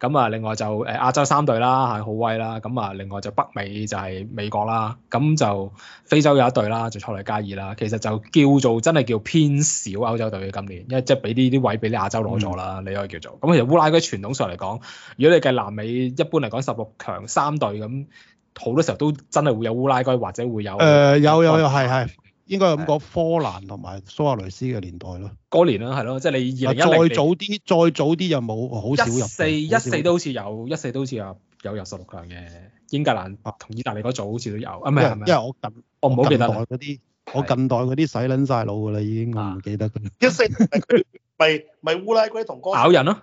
咁啊，另外就誒亞洲三隊啦，係好威啦。咁啊，另外就北美就係美國啦。咁就非洲有一隊啦，就塞內加爾啦。其實就叫做真係叫偏少歐洲隊嘅今年，因為即係俾呢啲位俾啲亞洲攞咗啦，嗯、你可以叫做。咁其實烏拉圭傳統上嚟講，如果你計南美，一般嚟講十六強三隊咁，好多時候都真係會有烏拉圭或者會有。誒、呃，有有有，係係。應該係咁講，科蘭同埋蘇亞雷斯嘅年代咯。嗰年啦，係咯，即係你二零一零年，再早啲，再早啲又冇，好少入。一四一四都好似有，一四都好似有有入十六強嘅。英格蘭同意大利嗰組好似都有。啊的，唔係的，因為我近我冇記得嗰啲，我近代嗰啲洗撚晒腦㗎啦，已經我唔記得。一四係咪咪烏拉圭同哥？咬人咯，啊！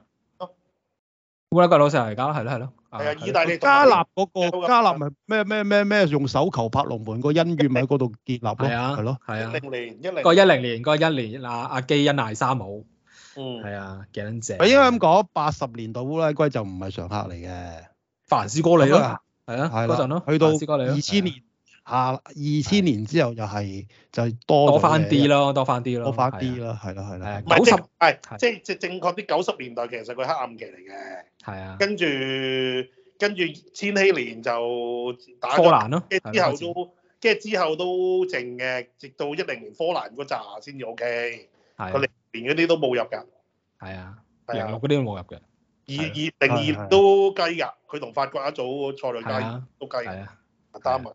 烏拉圭老成嚟噶，係咯，係咯。係啊，意大利加納嗰個加納咪咩咩咩咩，用手球拍龍門個恩怨咪喺嗰度建立咯。係啊，係咯，係啊。零年一零個一零年個一年，阿阿基恩艾沙姆，嗯，係啊，幾撚正。我應該咁講，八十年代烏拉圭就唔係常客嚟嘅，凡斯高嚟咯。係啊，係咯，去到二千年。下二千年之後又係就多多翻啲咯，多翻啲咯，多翻啲咯，係咯係咯。九十係即係即係正確啲，九十年代其實佢係黑暗期嚟嘅。係啊。跟住跟住千禧年就打。科蘭咯。之後都即係之後都剩嘅，直到一零年科蘭嗰集先至 OK。係啊。連嗰啲都冇入㗎。係啊。零六嗰啲都冇入嘅。二二零二都計㗎，佢同法國一組賽兩屆都計。係啊。丹麥。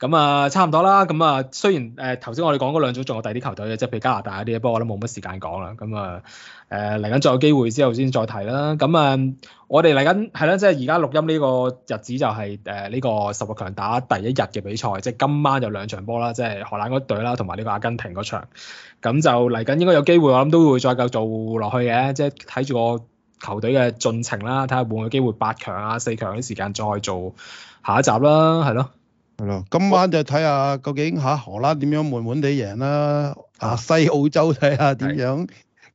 咁啊，差唔多啦。咁啊，雖然誒頭先我哋講嗰兩組仲有第二啲球隊嘅，即係譬如加拿大嗰啲，不過我都冇乜時間講啦。咁啊，誒嚟緊再有機會之後先再提啦。咁啊，我哋嚟緊係啦，即係而家錄音呢個日子就係誒呢個十六強打第一日嘅比賽，即係今晚有兩場波啦，即係荷蘭嗰隊啦，同埋呢個阿根廷嗰場。咁就嚟緊應該有機會，我諗都會再繼續做落去嘅，即係睇住個球隊嘅進程啦，睇下會唔會有機會八強啊、四強啲時間再做下一集啦，係咯。係咯，今晚就睇下究竟吓荷蘭點樣悶悶哋贏啦，亞、啊、西澳洲睇下點樣。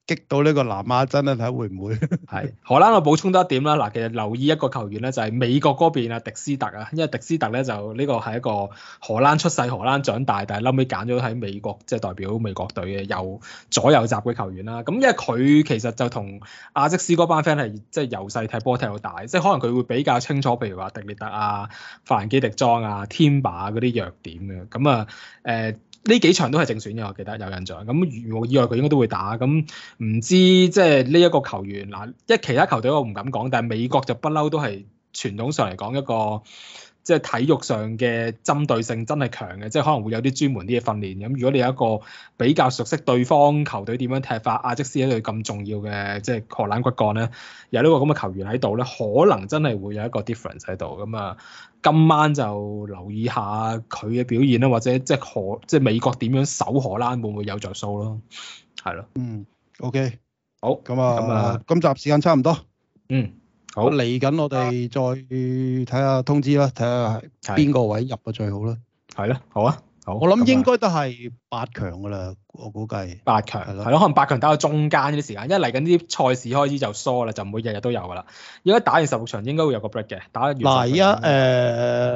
激到呢個南亞真啊，睇會唔會？ 係荷蘭我補充多一點啦。嗱，其實留意一個球員咧，就係美國嗰邊啊，迪斯特啊。因為迪斯特咧就呢個係一個荷蘭出世、荷蘭長大，但係後尾揀咗喺美國即係、就是、代表美國隊嘅右左右閘嘅球員啦。咁因為佢其實就同亞積斯嗰班 friend 係即係由細踢波踢到大，即係可能佢會比較清楚，譬如話迪列特啊、法蘭基迪莊啊、天霸嗰啲弱點嘅。咁啊，誒、呃。呢幾場都係正選嘅，我記得有印象。咁如無意外佢應該都會打。咁唔知即係呢一個球員嗱，一其他球隊我唔敢講，但係美國就不嬲都係傳統上嚟講一個即係、就是、體育上嘅針對性真係強嘅，即係可能會有啲專門啲嘅訓練。咁如果你有一個比較熟悉對方球隊點樣踢法，阿、啊、積士一類咁重要嘅，即、就、係、是、荷蘭骨幹咧，有呢個咁嘅球員喺度咧，可能真係會有一個 difference 喺度咁啊！今晚就留意下佢嘅表現啦，或者即係荷即係美國點樣守荷蘭會唔會有着數咯？係咯，嗯，OK，好，咁、嗯嗯、啊，今集時間差唔多，嗯，好，嚟緊我哋再睇下通知啦，睇下邊個位入到最好啦，係啦，好啊。好我諗應該都係八強噶啦，我估計。八強係咯，的可能八強打到中間啲時間，因為嚟緊啲賽事開始就疏啦，就唔會日日都有噶啦。而家打完十六場應該會有個 break 嘅，打完，完。嗱，而家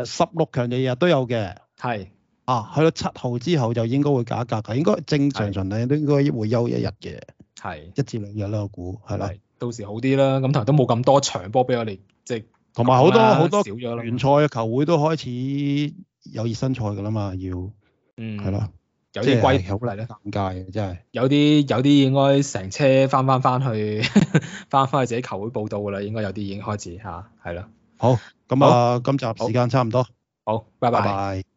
誒十六強日日都有嘅。係是。啊，去到七號之後就應該會假格噶，應該正常上嚟都應該會休一日嘅。係是。一至兩日啦，我估係啦。到時好啲啦，咁同埋都冇咁多場波俾我哋即係。同埋好多好多原賽球會都開始有熱身賽噶啦嘛，要。嗯，係咯是，有啲歸好嚟咧，尷尬嘅真係。有啲有啲應該成車翻翻翻去，翻 翻去自己球會報到噶啦，應該有啲已經開始嚇，係咯。好，咁啊，好今集時間差唔多好。好，拜拜。拜拜